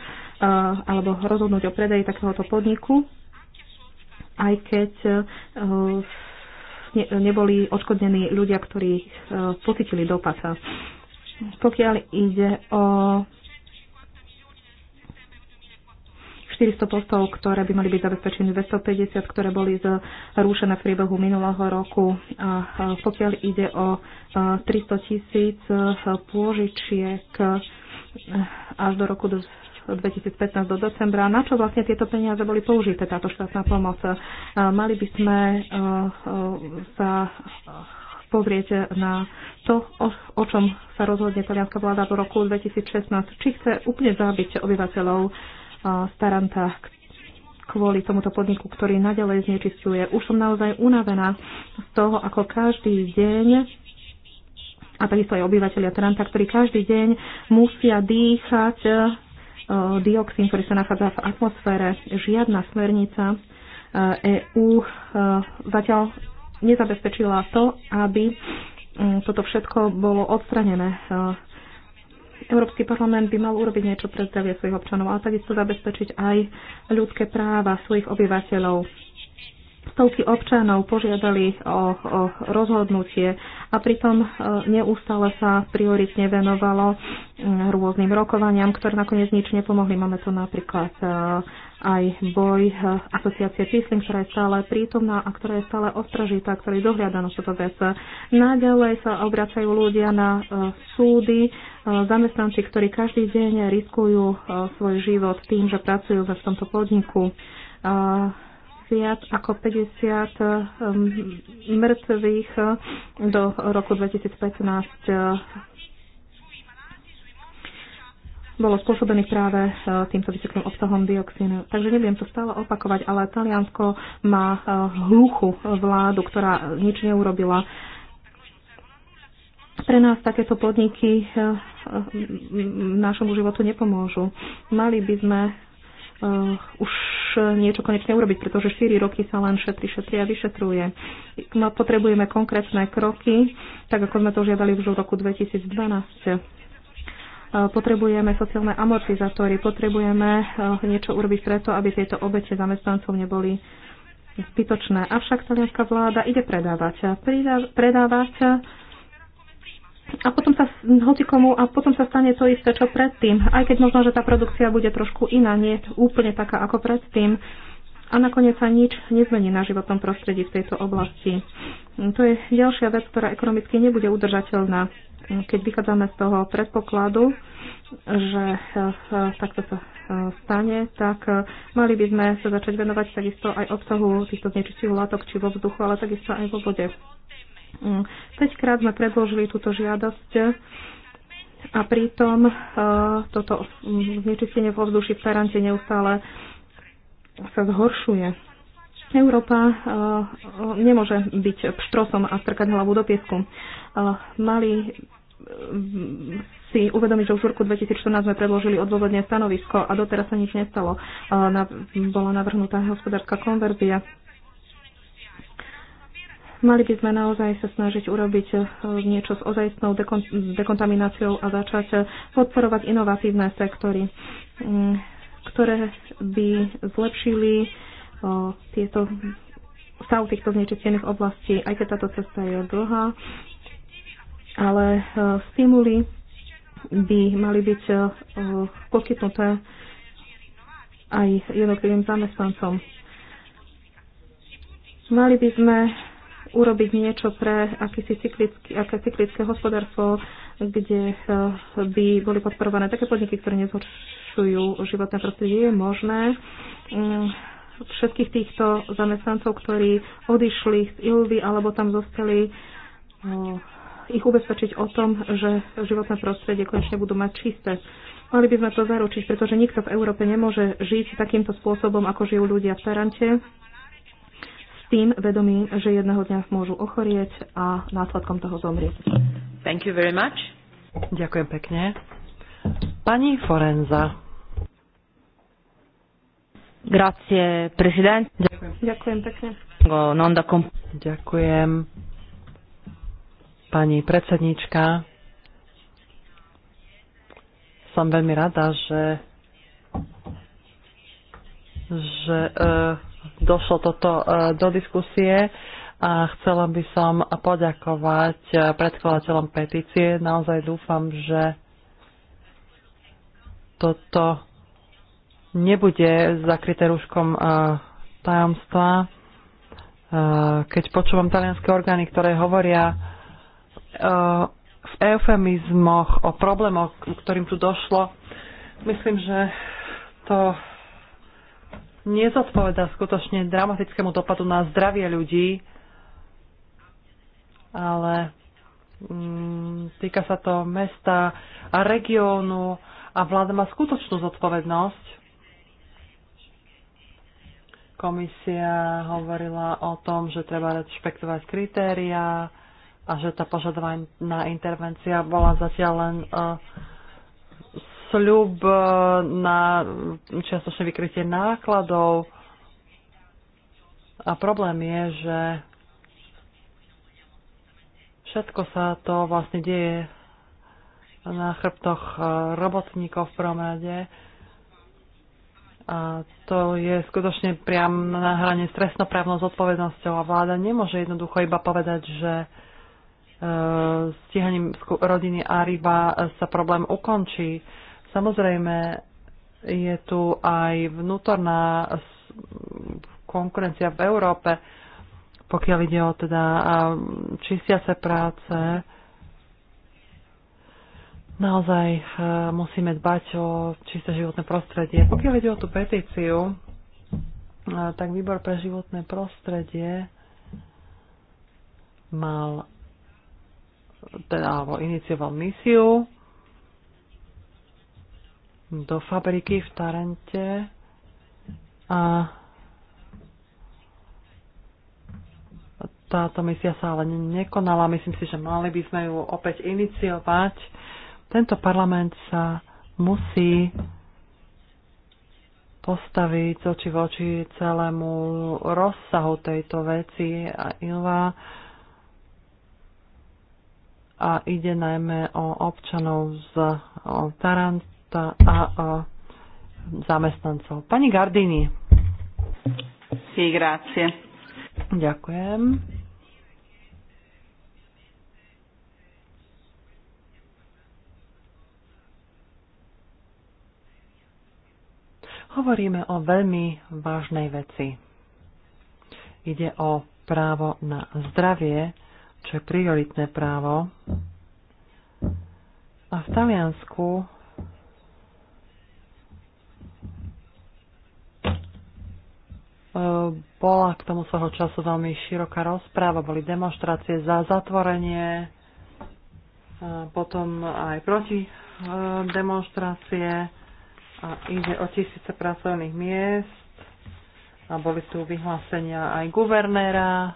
alebo rozhodnúť o predaji takéhoto podniku, aj keď neboli odškodnení ľudia, ktorí pocitili dopad. Pokiaľ ide o 400 postov, ktoré by mali byť zabezpečené, 250, ktoré boli zrušené v priebehu minulého roku. A pokiaľ ide o 300 tisíc pôžičiek až do roku 2015 do decembra, na čo vlastne tieto peniaze boli použité, táto štátna pomoc. Mali by sme sa pozrieť na to, o, o čom sa rozhodne talianská vláda v roku 2016, či chce úplne zabiť obyvateľov staranta kvôli tomuto podniku, ktorý nadalej znečistuje. Už som naozaj unavená z toho, ako každý deň a takisto aj obyvateľia Taranta, ktorí každý deň musia dýchať e, dioxín, ktorý sa nachádza v atmosfére. Žiadna smernica EÚ e e, zatiaľ nezabezpečila to, aby mm, toto všetko bolo odstranené Európsky parlament by mal urobiť niečo pre zdravie svojich občanov, ale takisto zabezpečiť aj ľudské práva svojich obyvateľov Stovky občanov požiadali o, o rozhodnutie a pritom e, neustále sa prioritne venovalo mm, rôznym rokovaniam, ktoré nakoniec nič nepomohli. Máme tu napríklad e, aj boj e, asociácie Číslim, ktorá je stále prítomná a ktorá je stále ostražitá, ktorý dohľadá na toto vec. Naďalej sa obracajú ľudia na súdy, zamestnanci, ktorí každý deň riskujú svoj život tým, že pracujú v tomto podniku viac ako 50 mŕtvych do roku 2015 bolo spôsobených práve týmto vysokým obsahom dioxínu. Takže neviem, to stále opakovať, ale Taliansko má hluchú vládu, ktorá nič neurobila. Pre nás takéto podniky našomu životu nepomôžu. Mali by sme uh, už niečo konečne urobiť, pretože 4 roky sa len šetri, šetri a vyšetruje. No, potrebujeme konkrétne kroky, tak ako sme to žiadali už v roku 2012. Eh, potrebujeme sociálne amortizátory, potrebujeme eh, niečo urobiť preto, aby tieto obete zamestnancov neboli zbytočné. Avšak talianská vláda ide predávať. Predávať a potom sa hoci komu, a potom sa stane to isté, čo predtým. Aj keď možno, že tá produkcia bude trošku iná, nie úplne taká ako predtým. A nakoniec sa nič nezmení na životnom prostredí v tejto oblasti. To je ďalšia vec, ktorá ekonomicky nebude udržateľná. Keď vychádzame z toho predpokladu, že e, e, takto sa e, stane, tak mali by sme sa začať venovať takisto aj obsahu týchto znečistých látok či vo vzduchu, ale takisto aj vo vode. Mm. Peťkrát sme predložili túto žiadosť a pritom e, toto znečistenie v ovzduší v Tarante neustále sa zhoršuje. Európa e, nemôže byť pštrosom a strkať hlavu do piesku. E, mali si uvedomiť, že už v roku 2014 sme predložili odôvodne stanovisko a doteraz sa nič nestalo. Bola navrhnutá hospodárska konverzia Mali by sme naozaj sa snažiť urobiť eh, niečo s ozajstnou dekontamináciou a začať eh, podporovať inovatívne sektory, mm, ktoré by zlepšili eh, tieto stav týchto znečistených oblastí, aj keď táto cesta je dlhá, ale stimuly by mali byť poskytnuté aj jednotlivým zamestnancom. Mali by sme urobiť niečo pre akýsi cyklický, aké cyklické hospodárstvo, kde eh, by boli podporované také podniky, ktoré nezhoršujú životné prostredie. Je možné mm, všetkých týchto zamestnancov, ktorí odišli z Ilvy alebo tam zostali, eh, ich ubezpečiť o tom, že životné prostredie konečne budú mať čisté. Mali by sme to zaručiť, pretože nikto v Európe nemôže žiť takýmto spôsobom, ako žijú ľudia v Tarante tým vedomím, že jedného dňa môžu ochorieť a následkom toho zomrieť. Thank you very much. Ďakujem pekne. Pani Forenza. Grazie, prezident. Ďakujem. Ďakujem pekne. Ďakujem. Pani predsednička, som veľmi rada, že že uh, došlo toto e, do diskusie a chcela by som poďakovať e, predkladateľom petície. Naozaj dúfam, že toto nebude zakryté rúškom e, tajomstva. Keď počúvam talianské orgány, ktoré hovoria v eufemizmoch o problémoch, ktorým tu došlo, myslím, že to nezodpoveda skutočne dramatickému dopadu na zdravie ľudí, ale mm, týka sa to mesta a regiónu a vláda má skutočnú zodpovednosť. Komisia hovorila o tom, že treba rešpektovať kritériá a že tá požadovaná intervencia bola zatiaľ len uh, sľub e, na čiastočné vykrytie nákladov. A problém je, že všetko sa to vlastne deje na chrbtoch e, robotníkov v prvom rade. A to je skutočne priam na hrane s trestnoprávnou zodpovednosťou a vláda nemôže jednoducho iba povedať, že e, stíhaním rodiny Ariba sa problém ukončí. Samozrejme, je tu aj vnútorná konkurencia v Európe, pokiaľ ide o teda čistiace práce. Naozaj e, musíme dbať o čisté životné prostredie. Pokiaľ ide o tú petíciu, e, tak výbor pre životné prostredie mal teda, alebo inicioval misiu do fabriky v Tarente a táto misia sa ale nekonala. Myslím si, že mali by sme ju opäť iniciovať. Tento parlament sa musí postaviť oči voči celému rozsahu tejto veci a Ilva a ide najmä o občanov z o Tarant, života a a zamestnancov. Pani Gardini. Sí, grazie. Ďakujem. Hovoríme o veľmi vážnej veci. Ide o právo na zdravie, čo je prioritné právo. A v Taliansku bola k tomu svojho času veľmi široká rozpráva, boli demonstrácie za zatvorenie, potom aj proti e, demonstrácie a ide o tisíce pracovných miest a boli tu vyhlásenia aj guvernéra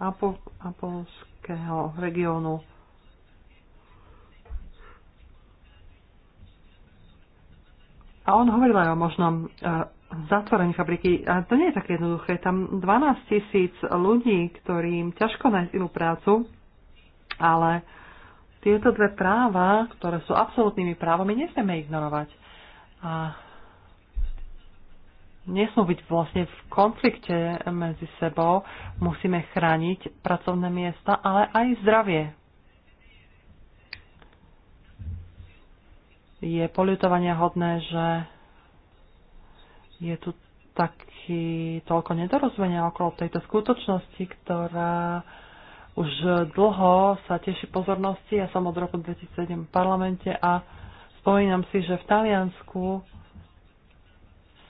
Apolského regiónu. A on hovoril aj o možnom e, zatvorení fabriky. A to nie je také jednoduché. Tam 12 tisíc ľudí, ktorým ťažko nájsť inú prácu, ale tieto dve práva, ktoré sú absolútnymi právami, nesmieme ignorovať. A nesmú byť vlastne v konflikte medzi sebou. Musíme chrániť pracovné miesta, ale aj zdravie. Je poľutovania hodné, že je tu taký toľko nedorozumenia okolo tejto skutočnosti, ktorá už dlho sa teší pozornosti. Ja som od roku 2007 v parlamente a spomínam si, že v Taliansku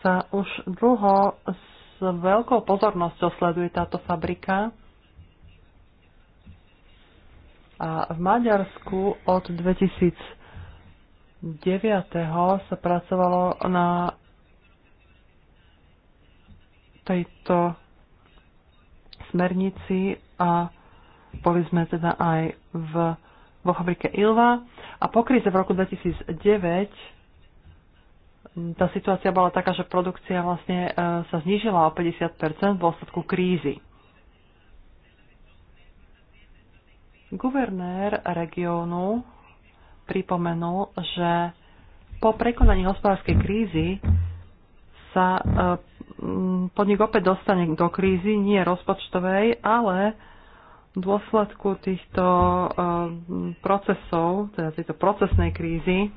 sa už dlho s veľkou pozornosťou sleduje táto fabrika. A v Maďarsku od 2009. sa pracovalo na tejto smernici a boli sme teda aj v, vo fabrike Ilva. A po kríze v roku 2009 tá situácia bola taká, že produkcia vlastne e, sa znížila o 50% v dôsledku krízy. Guvernér regiónu pripomenul, že po prekonaní hospodárskej krízy sa e, podnik opäť dostane do krízy, nie rozpočtovej, ale v dôsledku týchto e, procesov, teda tejto procesnej krízy,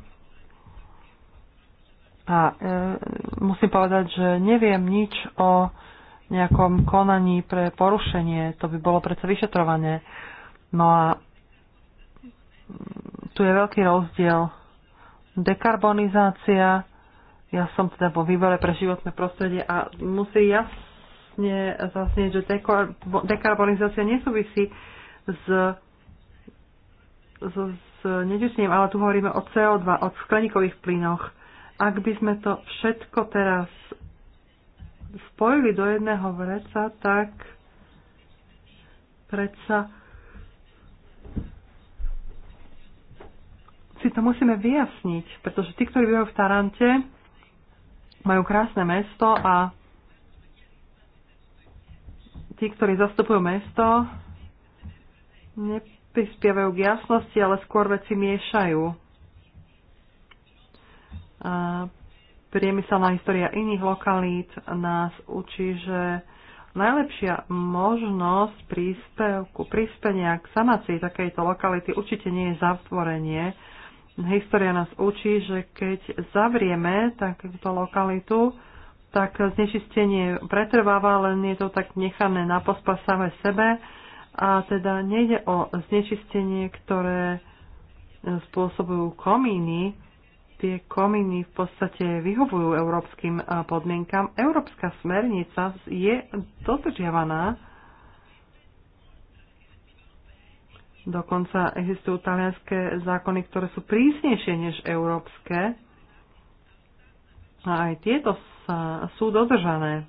a e, musím povedať, že neviem nič o nejakom konaní pre porušenie. To by bolo predsa vyšetrovanie. No a tu je veľký rozdiel. Dekarbonizácia ja som teda vo výbore pre životné prostredie a musí jasne zasnieť, že dekarbonizácia nesúvisí s, s, s nedusnením, ale tu hovoríme o CO2, o skleníkových plynoch. Ak by sme to všetko teraz spojili do jedného vreca, tak predsa si to musíme vyjasniť, pretože tí, ktorí bývajú v Tarante, majú krásne mesto a tí, ktorí zastupujú mesto, neprispievajú k jasnosti, ale skôr veci miešajú. A priemyselná história iných lokalít nás učí, že najlepšia možnosť príspevku, prispenia k sanácii takejto lokality určite nie je zatvorenie História nás učí, že keď zavrieme takúto lokalitu, tak znečistenie pretrváva, len je to tak nechané na pospa sebe a teda nejde o znečistenie, ktoré spôsobujú komíny. Tie komíny v podstate vyhovujú európskym podmienkam. Európska smernica je dodržiavaná Dokonca existujú talianské zákony, ktoré sú prísnejšie než európske. A aj tieto sa, sú dodržané.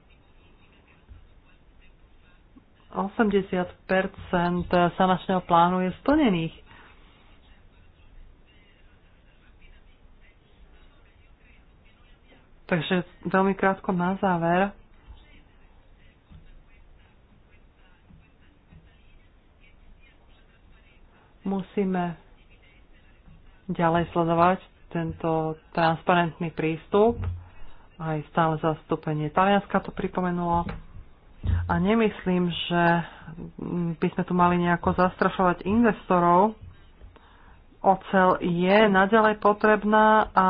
80 sanačného plánu je splnených. Takže veľmi krátko na záver. Musíme ďalej sledovať tento transparentný prístup. Aj stále zastúpenie Talianska to pripomenulo. A nemyslím, že by sme tu mali nejako zastrašovať investorov. Ocel je naďalej potrebná a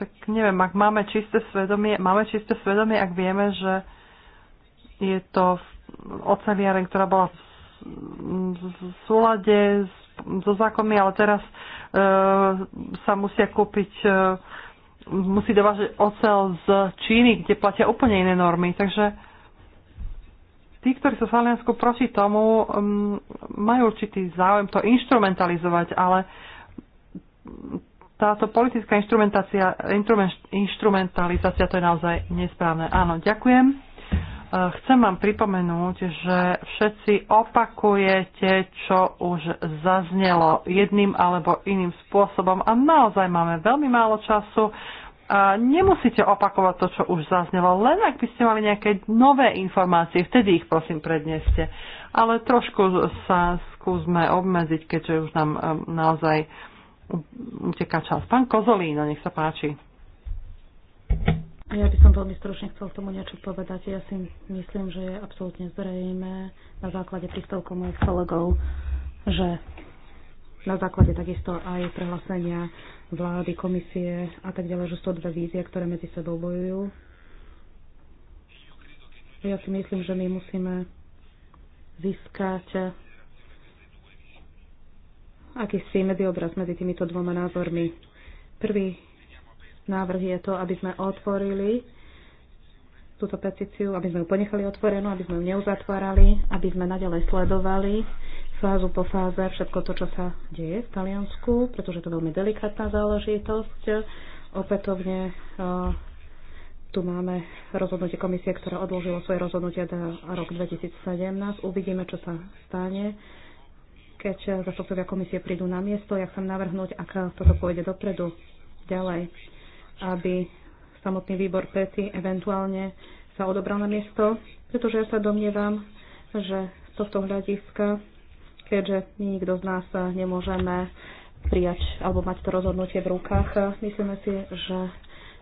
tak neviem, ak máme čisté svedomie, máme čisté svedomie, ak vieme, že je to oceliareň, ktorá bola v súlade s so zákonmi, ale teraz e, sa musia kúpiť, e, musí dovážať ocel z Číny, kde platia úplne iné normy. Takže tí, ktorí sú v Taliansku proti tomu, um, majú určitý záujem to instrumentalizovať, ale táto politická instrumentácia, instrumentalizácia to je naozaj nesprávne. Áno, ďakujem. Eh, chcem vám pripomenúť, že všetci opakujete, čo už zaznelo jedným alebo iným spôsobom a naozaj máme veľmi málo času. nemusíte opakovať to, čo už zaznelo, len ak by ste mali nejaké nové informácie, vtedy ich prosím predneste. Ale trošku sa skúsme obmedziť, keďže už nám eh, naozaj uteká čas. Pán Kozolíno, nech sa páči. A ja by som veľmi stručne chcel k tomu niečo povedať. Ja si myslím, že je absolútne zrejme na základe príspevkov mojich kolegov, že na základe takisto aj prehlásenia vlády, komisie a tak ďalej, že sú to dve vízie, ktoré medzi sebou bojujú. Ja si myslím, že my musíme získať akýsi medziobraz medzi týmito dvoma názormi. Prvý Návrh je to, aby sme otvorili túto petíciu, aby sme ju ponechali otvorenú, aby sme ju neuzatvárali, aby sme naďalej sledovali fázu po fáze všetko to, čo sa deje v Taliansku, pretože to je veľmi delikátna záležitosť. Opätovne e, tu máme rozhodnutie komisie, ktoré odložilo svoje rozhodnutie na rok 2017. Uvidíme, čo sa stane, keď zastupcovia komisie prídu na miesto, jak sa navrhnúť, ak toto pôjde dopredu ďalej aby samotný výbor PETI eventuálne sa odobral na miesto, pretože ja sa domnievam, že z tohto hľadiska, keďže my nikto z nás nemôžeme prijať alebo mať to rozhodnutie v rukách, myslíme si, že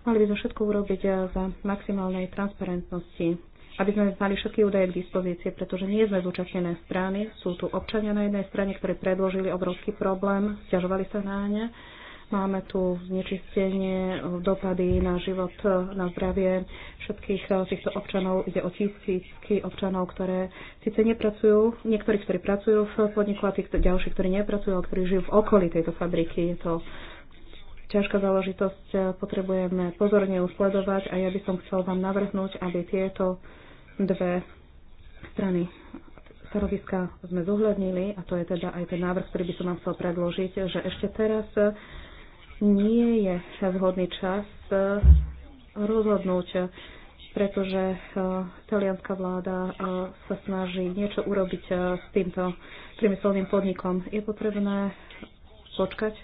mali by sme všetko urobiť za maximálnej transparentnosti, aby sme mali všetky údaje k dispozícii, pretože nie sme zúčastnené strany, sú tu občania na jednej strane, ktorí predložili obrovský problém, stiažovali sa na ne, Máme tu znečistenie, dopady na život, na zdravie všetkých eh, týchto občanov. Ide o tisícky občanov, ktoré síce nepracujú, niektorí, ktorí pracujú v podniku a tí ďalší, ktorí nepracujú, ale ktorí žijú v okolí tejto fabriky. Je to ťažká záležitosť, eh, potrebujeme pozorne usledovať a ja by som chcel vám navrhnúť, aby tieto dve strany stanoviska sme zohľadnili a to je teda aj ten návrh, ktorý by som vám chcel predložiť, že ešte teraz eh, nie je vhodný čas e, rozhodnúť, pretože e, talianská vláda e, sa snaží niečo urobiť s týmto priemyselným podnikom. Je potrebné počkať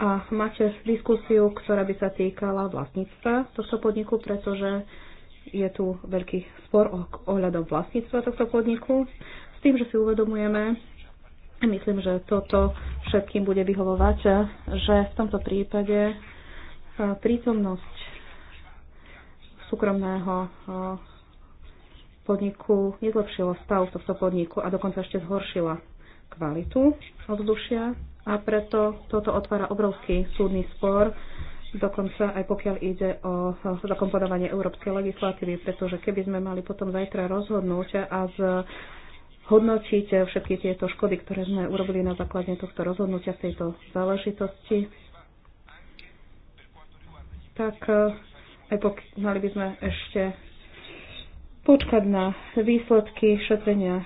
a máte diskusiu, ktorá by sa týkala vlastníctva tohto podniku, pretože je tu veľký spor ohľadom vlastníctva tohto podniku, s tým, že si uvedomujeme, Myslím, že toto všetkým bude vyhovovať, že v tomto prípade prítomnosť súkromného podniku nezlepšila stav tohto podniku a dokonca ešte zhoršila kvalitu ovzdušia a preto toto otvára obrovský súdny spor, dokonca aj pokiaľ ide o zakomponovanie európskej legislatívy, pretože keby sme mali potom zajtra rozhodnúť a z hodnotiť všetky tieto škody, ktoré sme urobili na základe tohto rozhodnutia v tejto záležitosti. Tak epok, mali by sme ešte počkať na výsledky šetrenia.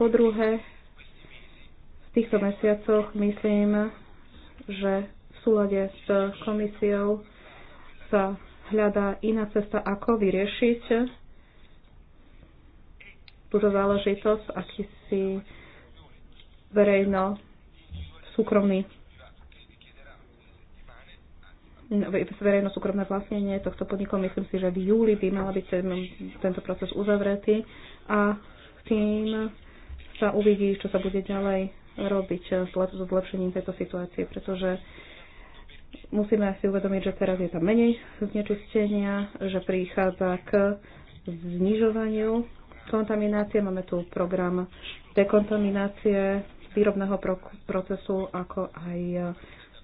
Po druhé, v týchto mesiacoch myslím, že v súlade s komisiou sa hľadá iná cesta, ako vyriešiť túto záležitosť, aký si verejno súkromný verejno-súkromné vlastnenie tohto podniku. Myslím si, že v júli by mala byť ten, tento proces uzavretý a tým sa uvidí, čo sa bude ďalej robiť so zlepšením tejto situácie, pretože musíme si uvedomiť, že teraz je tam menej znečistenia, že prichádza k znižovaniu kontaminácie, máme tu program dekontaminácie výrobného procesu, ako aj e,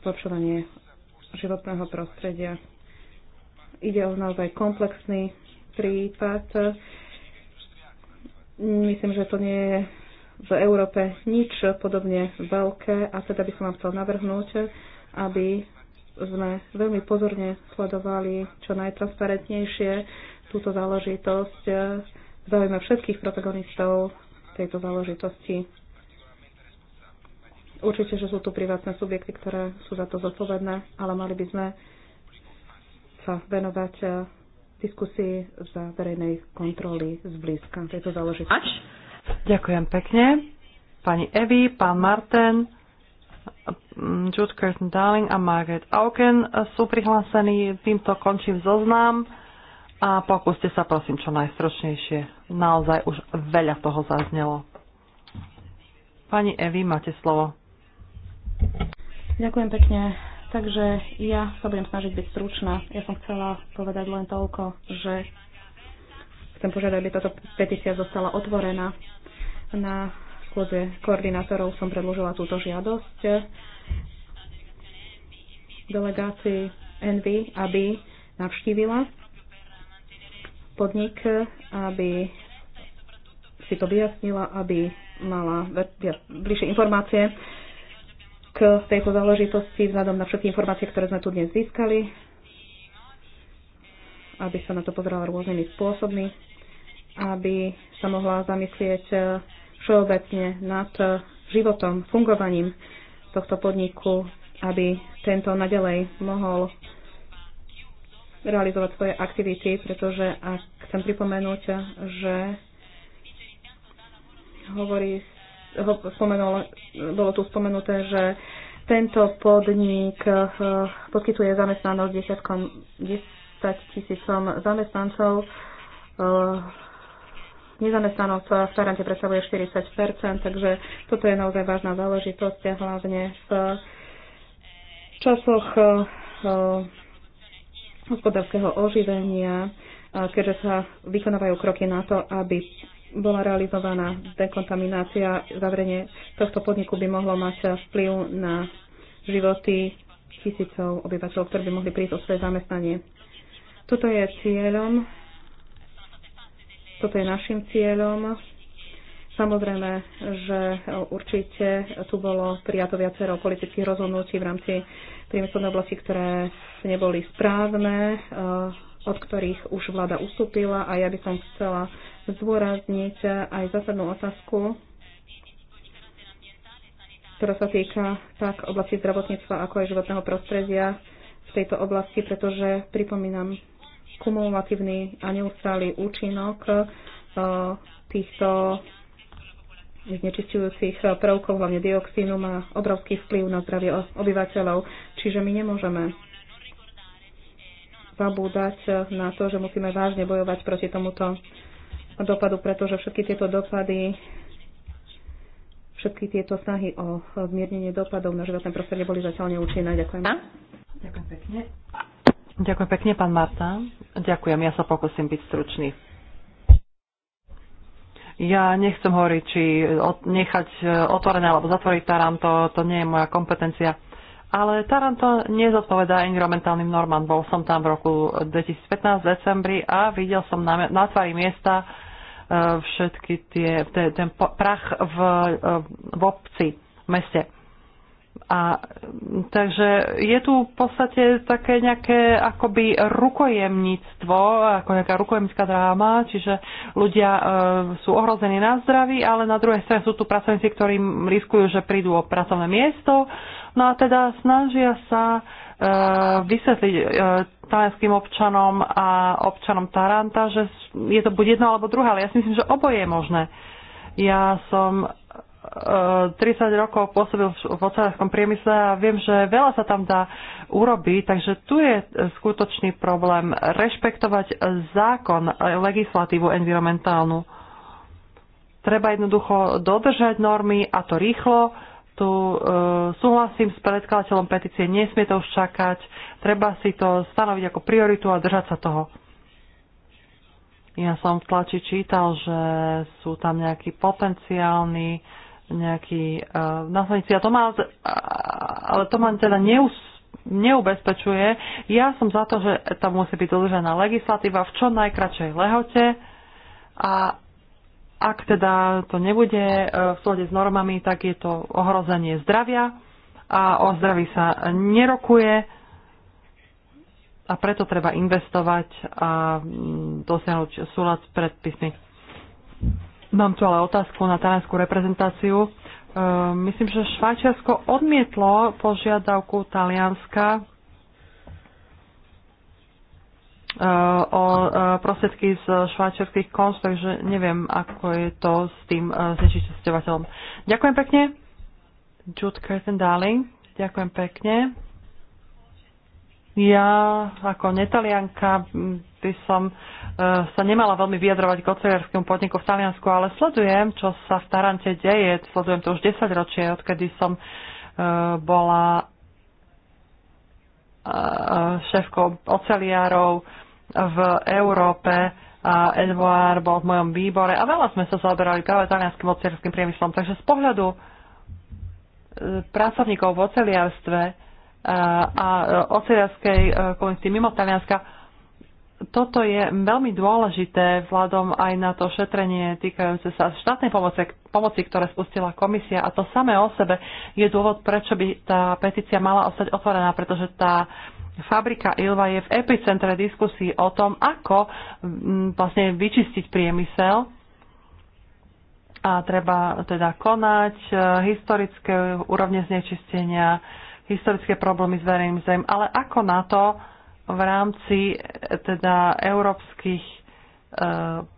zlepšovanie životného prostredia. Ide o naozaj komplexný prípad. Myslím, že to nie je v Európe nič podobne veľké a teda by som vám chcel navrhnúť, aby sme veľmi pozorne sledovali čo najtransparentnejšie túto záležitosť záujme všetkých protagonistov tejto záležitosti. Určite, že sú tu privátne subjekty, ktoré sú za to zodpovedné, ale mali by sme sa venovať eh, diskusii za verejnej kontroly zblízka tejto záležitosti. Ďakujem pekne. Pani Evi, pán Martin, mm, Jude Curtin Darling a Margaret Auken eh, sú prihlásení. Týmto končím zoznam a pokúste sa prosím čo najstročnejšie. Naozaj už veľa toho zaznelo. Pani Evi, máte slovo. Ďakujem pekne. Takže ja sa budem snažiť byť stručná. Ja som chcela povedať len toľko, že chcem požiadať, aby táto petícia zostala otvorená. Na schôdze koordinátorov som predložila túto žiadosť delegácii NV, aby navštívila podnik, aby si to vyjasnila, aby mala bližšie informácie k tejto záležitosti vzhľadom na všetky informácie, ktoré sme tu dnes získali, aby sa na to pozerala rôznymi spôsobmi, aby sa mohla zamyslieť eh, všeobecne nad eh, životom, fungovaním tohto podniku, aby tento nadalej mohol realizovať svoje aktivity, pretože a chcem pripomenúť, že hovorí, ho, spomenul, bolo tu spomenuté, že tento podnik eh, poskytuje zamestnanosť desiatkom, 10 tisícom zamestnancov. Eh, nezamestnanosť v Tarante predstavuje 40 takže toto je naozaj vážna záležitosť, hlavne v časoch eh, hospodárskeho oživenia, keďže sa vykonávajú kroky na to, aby bola realizovaná dekontaminácia, zavrenie tohto podniku by mohlo mať vplyv na životy tisícov obyvateľov, ktorí by mohli prísť o svoje zamestnanie. Toto je cieľom, toto je našim cieľom Samozrejme, že určite tu bolo prijato viacero politických rozhodnutí v rámci priemyselnej oblasti, ktoré neboli správne, eh, od ktorých už vláda ustúpila a ja by som chcela zdôrazniť aj zásadnú otázku, ktorá sa týka tak oblasti zdravotníctva, ako aj životného prostredia v tejto oblasti, pretože pripomínam kumulatívny a neustály účinok eh, týchto znečistujúcich prvkov, hlavne dioxínu, má obrovský vplyv na zdravie obyvateľov. Čiže my nemôžeme zabúdať na to, že musíme vážne bojovať proti tomuto dopadu, pretože všetky tieto dopady, všetky tieto snahy o zmiernenie dopadov na životné prostredie boli zatiaľ neúčinné. Ďakujem. Ďakujem pekne. Ďakujem pekne, pán Marta. Ďakujem, ja sa pokúsim byť stručný. Ja nechcem hovoriť, či nechať e, otvorené alebo zatvoriť Taranto, to nie je moja kompetencia. Ale Taranto nezodpovedá environmentálnym normám. Bol som tam v roku 2015 v decembri a videl som na, na tvári miesta e, všetky tie, ten prach v, e, v obci, v meste. A takže je tu v podstate také nejaké akoby rukojemníctvo, ako nejaká rukojemnická dráma, čiže ľudia e, sú ohrození na zdraví, ale na druhej strane sú tu pracovníci, ktorí riskujú, že prídu o pracovné miesto, no a teda snažia sa e, vysvetliť e, talianským občanom a občanom Taranta, že je to buď jedna alebo druhá, ale ja si myslím, že oboje je možné. Ja som 30 eh, rokov pôsobil v ocelárskom priemysle a viem, že veľa sa tam dá urobiť, takže tu je eh, skutočný problém rešpektovať zákon, eh, legislatívu environmentálnu. Treba jednoducho dodržať normy a to rýchlo. Tu e, súhlasím s predkladateľom petície, nesmie to už čakať, treba si to stanoviť ako prioritu a držať sa toho. Ja som v tlači čítal, že sú tam nejakí potenciálni nejaký uh, následníci. A to ma, ale to ma teda neus, neubezpečuje. Ja som za to, že tam musí byť dodržená legislatíva v čo najkračej lehote a ak teda to nebude e, v súlade s normami, tak je to ohrozenie zdravia a o zdraví sa nerokuje a preto treba investovať a mm, dosiahnuť súlad s predpismi. Mám tu ale otázku na talianskú reprezentáciu. E, myslím, že Švajčiarsko odmietlo požiadavku Talianska e, o e, prostriedky z švajčiarských konst, takže neviem, ako je to s tým znečisťovateľom. Ďakujem pekne. Jude Curtin Darling, ďakujem pekne. Ja ako netalianka vždy som e, sa nemala veľmi vyjadrovať k oceliarskému podniku v Taliansku, ale sledujem, čo sa v Tarante deje. Sledujem to už 10 ročie, odkedy som e, bola e, šéfkou oceliárov v Európe a Edward bol v mojom výbore a veľa sme sa zaoberali práve talianským oceliarským priemyslom. Takže z pohľadu pracovníkov v oceliarstve a oceliarskej komunity mimo Talianska toto je veľmi dôležité vzhľadom aj na to šetrenie týkajúce sa štátnej pomoci, pomoci, ktoré spustila komisia a to samé o sebe je dôvod, prečo by tá petícia mala ostať otvorená, pretože tá fabrika Ilva je v epicentre diskusí o tom, ako mm, vlastne vyčistiť priemysel a treba teda konať e, historické úrovne znečistenia, historické problémy s verejným zem, ale ako na to, v rámci e, teda európskych e,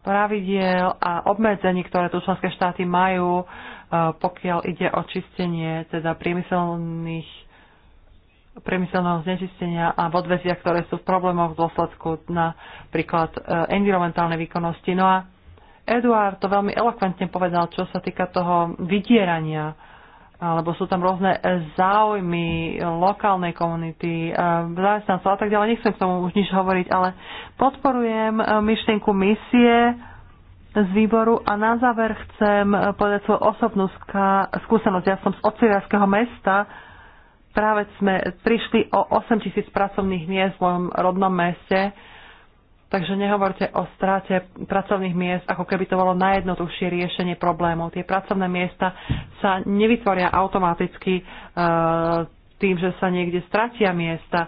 pravidiel a obmedzení, ktoré tu členské štáty majú, e, pokiaľ ide o čistenie teda priemyselných priemyselného znečistenia a v odveziach, ktoré sú v problémoch v dôsledku napríklad environmentálnej výkonnosti. No a Eduard to veľmi elokventne povedal, čo sa týka toho vydierania alebo sú tam rôzne záujmy lokálnej komunity, e, zamestnancov a tak ďalej. Nechcem k tomu už nič hovoriť, ale podporujem e, myšlienku misie z výboru a na záver chcem povedať svoju osobnú skúsenosť. Ja som z ocirárskeho mesta, práve sme prišli o 8 tisíc pracovných miest v mojom rodnom meste Takže nehovorte o stráte pracovných miest, ako keby to bolo najjednoduchšie riešenie problémov. Tie pracovné miesta sa nevytvoria automaticky e, tým, že sa niekde stratia miesta.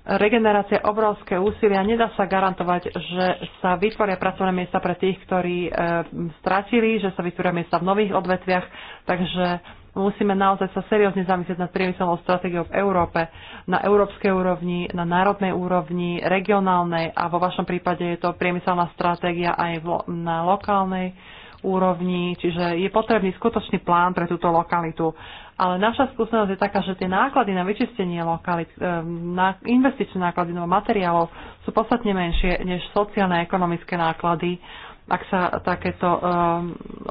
Regenerácia obrovské úsilia nedá sa garantovať, že sa vytvoria pracovné miesta pre tých, ktorí e, stratili, že sa vytvoria miesta v nových odvetviach. Takže musíme naozaj sa seriózne zamyslieť nad priemyselnou stratégiou v Európe, na európskej úrovni, na národnej úrovni, regionálnej a vo vašom prípade je to priemyselná stratégia aj na lokálnej úrovni, čiže je potrebný skutočný plán pre túto lokalitu. Ale naša skúsenosť je taká, že tie náklady na vyčistenie lokalit, eh, na investičné náklady nebo materiálov sú podstatne menšie než sociálne a ekonomické náklady, ak sa takéto um,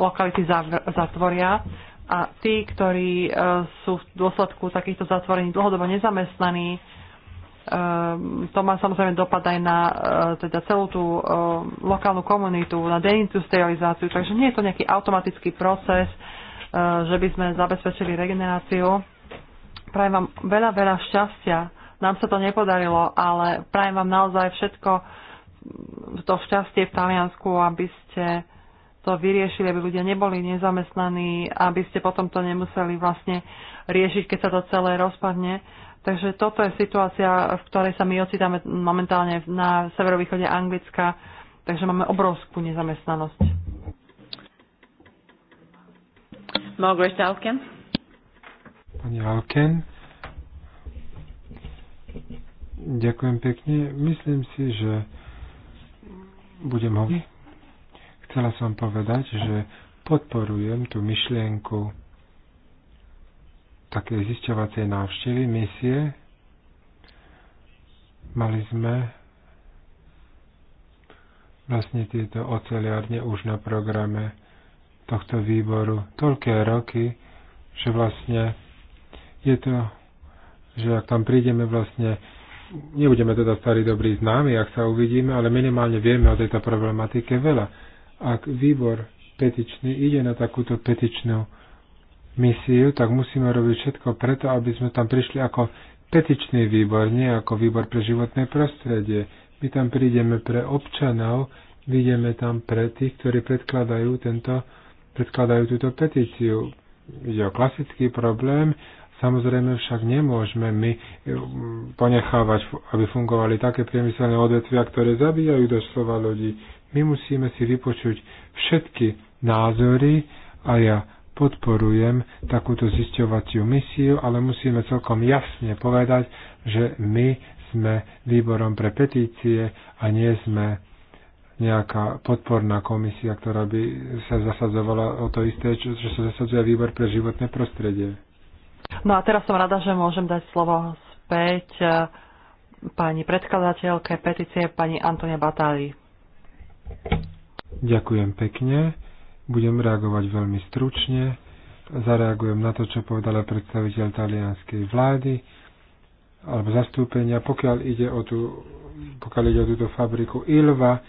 lokality zav- zatvoria a tí, ktorí e, sú v dôsledku takýchto zatvorení dlhodobo nezamestnaní, e, to má samozrejme dopad aj na e, teda celú tú lokálnu komunitu, na deindustrializáciu, takže nie je to nejaký automatický proces, že by sme zabezpečili regeneráciu. Prajem vám veľa, veľa šťastia. Nám sa to nepodarilo, ale prajem vám naozaj všetko to šťastie v Taliansku, aby ste to vyriešili, aby ľudia neboli nezamestnaní, aby ste potom to nemuseli vlastne riešiť, keď sa to celé rozpadne. Takže toto je situácia, v ktorej sa my ocitáme momentálne na severovýchode Anglicka, takže máme obrovskú nezamestnanosť. Margaret Alken. Pani Alken. Ďakujem pekne. Myslím si, že budem hovoriť Chcela som povedať, že podporujem tú myšlienku také zisťovacej návštevy, misie. Mali sme vlastne tieto oceliárne už na programe tohto výboru toľké roky, že vlastne je to, že ak tam prídeme vlastne, nebudeme teda starí dobrí známi, ak sa uvidíme, ale minimálne vieme o tejto problematike veľa ak výbor petičný ide na takúto petičnú misiu, tak musíme robiť všetko preto, aby sme tam prišli ako petičný výbor, nie ako výbor pre životné prostredie. My tam prídeme pre občanov, vidíme tam pre tých, ktorí predkladajú, tento, predkladajú túto petíciu. Ide o klasický problém, Samozrejme však nemôžeme my eh, ponechávať, aby fungovali také priemyselné odvetvia, ktoré zabíjajú doslova ľudí. My musíme si vypočuť všetky názory a ja podporujem takúto zisťovaciu misiu, ale musíme celkom jasne povedať, že my sme výborom pre petície a nie sme nejaká podporná komisia, ktorá by sa zasadzovala o to isté, čo, že sa zasadzuje výbor pre životné prostredie. No a teraz som rada, že môžem dať slovo späť eh, pani predkladateľke petície, pani Antonia Batári. Ďakujem pekne. Budem reagovať veľmi stručne. Zareagujem na to, čo povedala predstaviteľ talianskej vlády alebo zastúpenia, pokiaľ ide o, tú, pokiaľ ide o túto fabriku Ilva,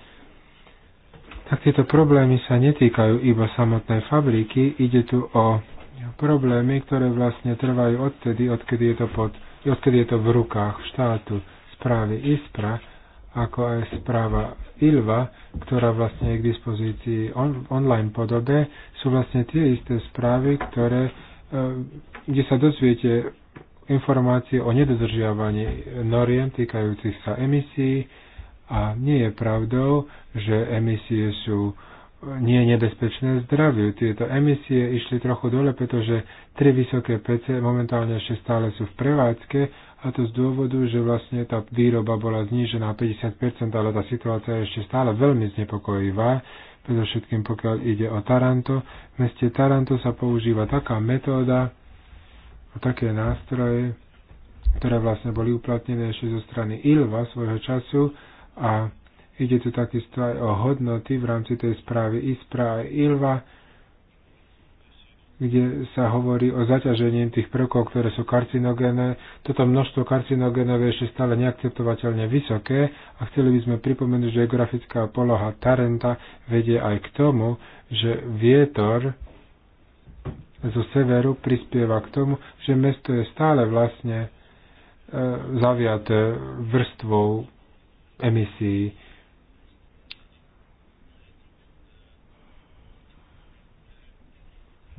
tak tieto problémy sa netýkajú iba samotnej fabriky, ide tu o problémy, ktoré vlastne trvajú odtedy, odkedy je to, pod, odkedy je to v rukách štátu správy ISPRA ako aj správa ILVA, ktorá vlastne je k dispozícii on, online podobe, sú vlastne tie isté správy, ktoré, e, kde sa dozviete informácie o nedodržiavaní noriem týkajúcich sa emisí a nie je pravdou, že emisie sú nie nebezpečné zdraviu. Tieto emisie išli trochu dole, pretože tri vysoké PC momentálne ešte stále sú v prevádzke a to z dôvodu, že vlastne tá výroba bola znížená 50%, ale tá situácia je ešte stále veľmi znepokojivá, predovšetkým pokiaľ ide o Taranto. V meste Taranto sa používa taká metóda a také nástroje, ktoré vlastne boli uplatnené ešte zo strany Ilva svojho času a ide tu takisto aj o hodnoty v rámci tej správy ISPRA a ILVA, kde sa hovorí o zaťažení tých prvkov, ktoré sú karcinogéne. Toto množstvo karcinogénov je ešte stále neakceptovateľne vysoké a chceli by sme pripomenúť, že geografická poloha Tarenta vedie aj k tomu, že vietor zo severu prispieva k tomu, že mesto je stále vlastne e, zaviaté vrstvou emisí.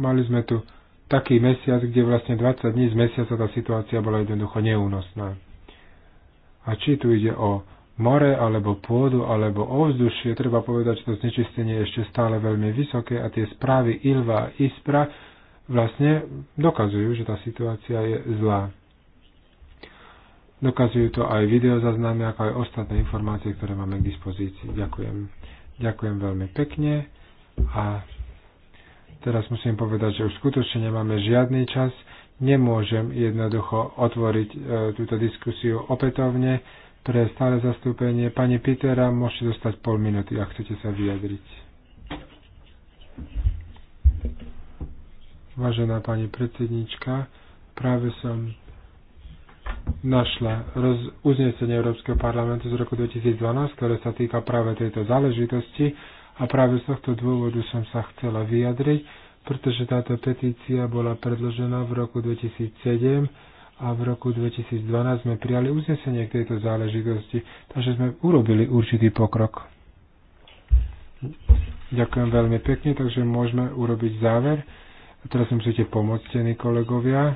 Mali sme tu taký mesiac, kde vlastne 20 dní z mesiaca tá situácia bola jednoducho neúnosná. A či tu ide o more, alebo pôdu, alebo ovzdušie, treba povedať, že to znečistenie je ešte stále veľmi vysoké a tie správy Ilva a Ispra vlastne dokazujú, že tá situácia je zlá. Dokazujú to aj videozaznámy, ako aj ostatné informácie, ktoré máme k dispozícii. Ďakujem. Ďakujem veľmi pekne a Teraz musím povedať, že už skutočne nemáme žiadny čas. Nemôžem jednoducho otvoriť e, túto diskusiu opätovne pre stále zastúpenie. Pani Pitera, môžete dostať pol minúty, ak chcete sa vyjadriť. Vážená pani predsednička, práve som našla roz, uznesenie Európskeho parlamentu z roku 2012, ktoré sa týka práve tejto záležitosti a práve z tohto dôvodu som sa chcela vyjadriť, pretože táto petícia bola predložená v roku 2007 a v roku 2012 sme prijali uznesenie k tejto záležitosti, takže sme urobili určitý pokrok. Ďakujem veľmi pekne, takže môžeme urobiť záver. A teraz mi musíte pomôcť, cení kolegovia.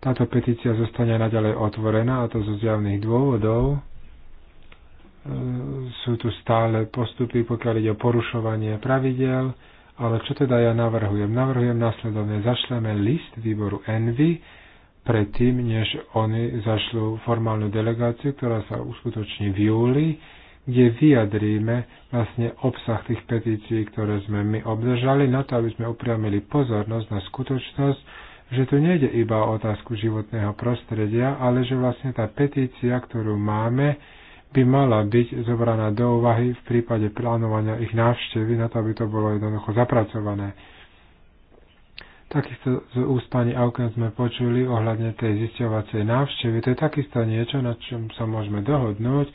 Táto petícia zostane naďalej otvorená, a to zo zjavných dôvodov, Ehm, sú tu stále postupy, pokiaľ ide o porušovanie pravidel, ale čo teda ja navrhujem? Navrhujem následovne, zašleme list výboru Envy predtým, než oni zašlú formálnu delegáciu, ktorá sa uskutoční v júli, kde vyjadríme vlastne obsah tých petícií, ktoré sme my obdržali, na to, aby sme upriamili pozornosť na skutočnosť, že tu nejde iba o otázku životného prostredia, ale že vlastne tá petícia, ktorú máme, by mala byť zobraná do úvahy v prípade plánovania ich návštevy, na to, aby to bolo jednoducho zapracované. Takisto z úst pani Auken sme počuli ohľadne tej zisťovacej návštevy. To je takisto niečo, na čom sa môžeme dohodnúť,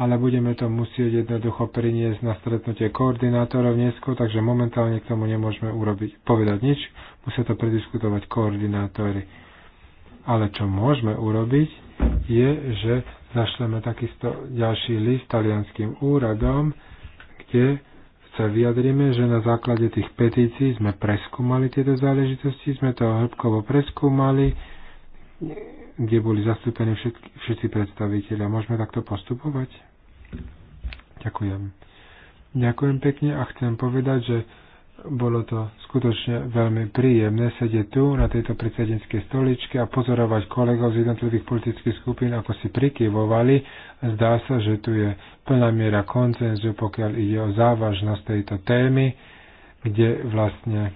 ale budeme to musieť jednoducho priniesť na stretnutie koordinátorov neskôr, takže momentálne k tomu nemôžeme urobiť, povedať nič, musia to prediskutovať koordinátory. Ale čo môžeme urobiť, je, že Zašleme takisto ďalší list talianským úradom, kde sa vyjadrime, že na základe tých petícií sme preskúmali tieto záležitosti, sme to hĺbkovo preskúmali, kde boli zastúpení všetky, všetci predstaviteľi. Môžeme takto postupovať? Ďakujem. Ďakujem pekne a chcem povedať, že bolo to skutočne veľmi príjemné sedieť tu na tejto predsedníckej stoličke a pozorovať kolegov z jednotlivých politických skupín, ako si prikyvovali. Zdá sa, že tu je plná miera koncenzu, pokiaľ ide o závažnosť tejto témy, kde vlastne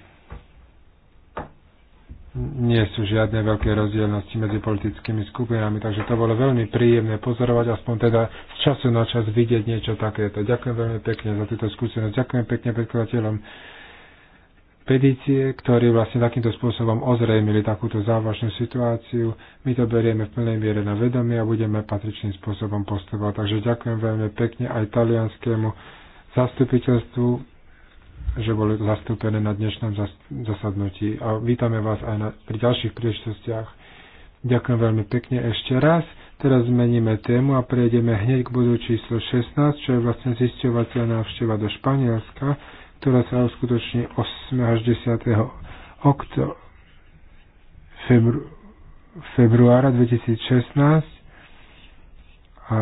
nie sú žiadne veľké rozdielnosti medzi politickými skupinami, takže to bolo veľmi príjemné pozorovať, aspoň teda z času na čas vidieť niečo takéto. Ďakujem veľmi pekne za túto skúsenosť, ďakujem pekne predkladateľom petície, ktorí vlastne takýmto spôsobom ozrejmili takúto závažnú situáciu. My to berieme v plnej miere na vedomie a budeme patričným spôsobom postupovať. Takže ďakujem veľmi pekne aj talianskému zastupiteľstvu, že boli zastúpené na dnešnom zasadnutí. A vítame vás aj na, pri ďalších príležitostiach. Ďakujem veľmi pekne ešte raz. Teraz zmeníme tému a prejdeme hneď k bodu číslo 16, čo je vlastne zisťovacia návšteva do Španielska ktorá sa uskutoční 8. až 10. Okto, febru, februára 2016 a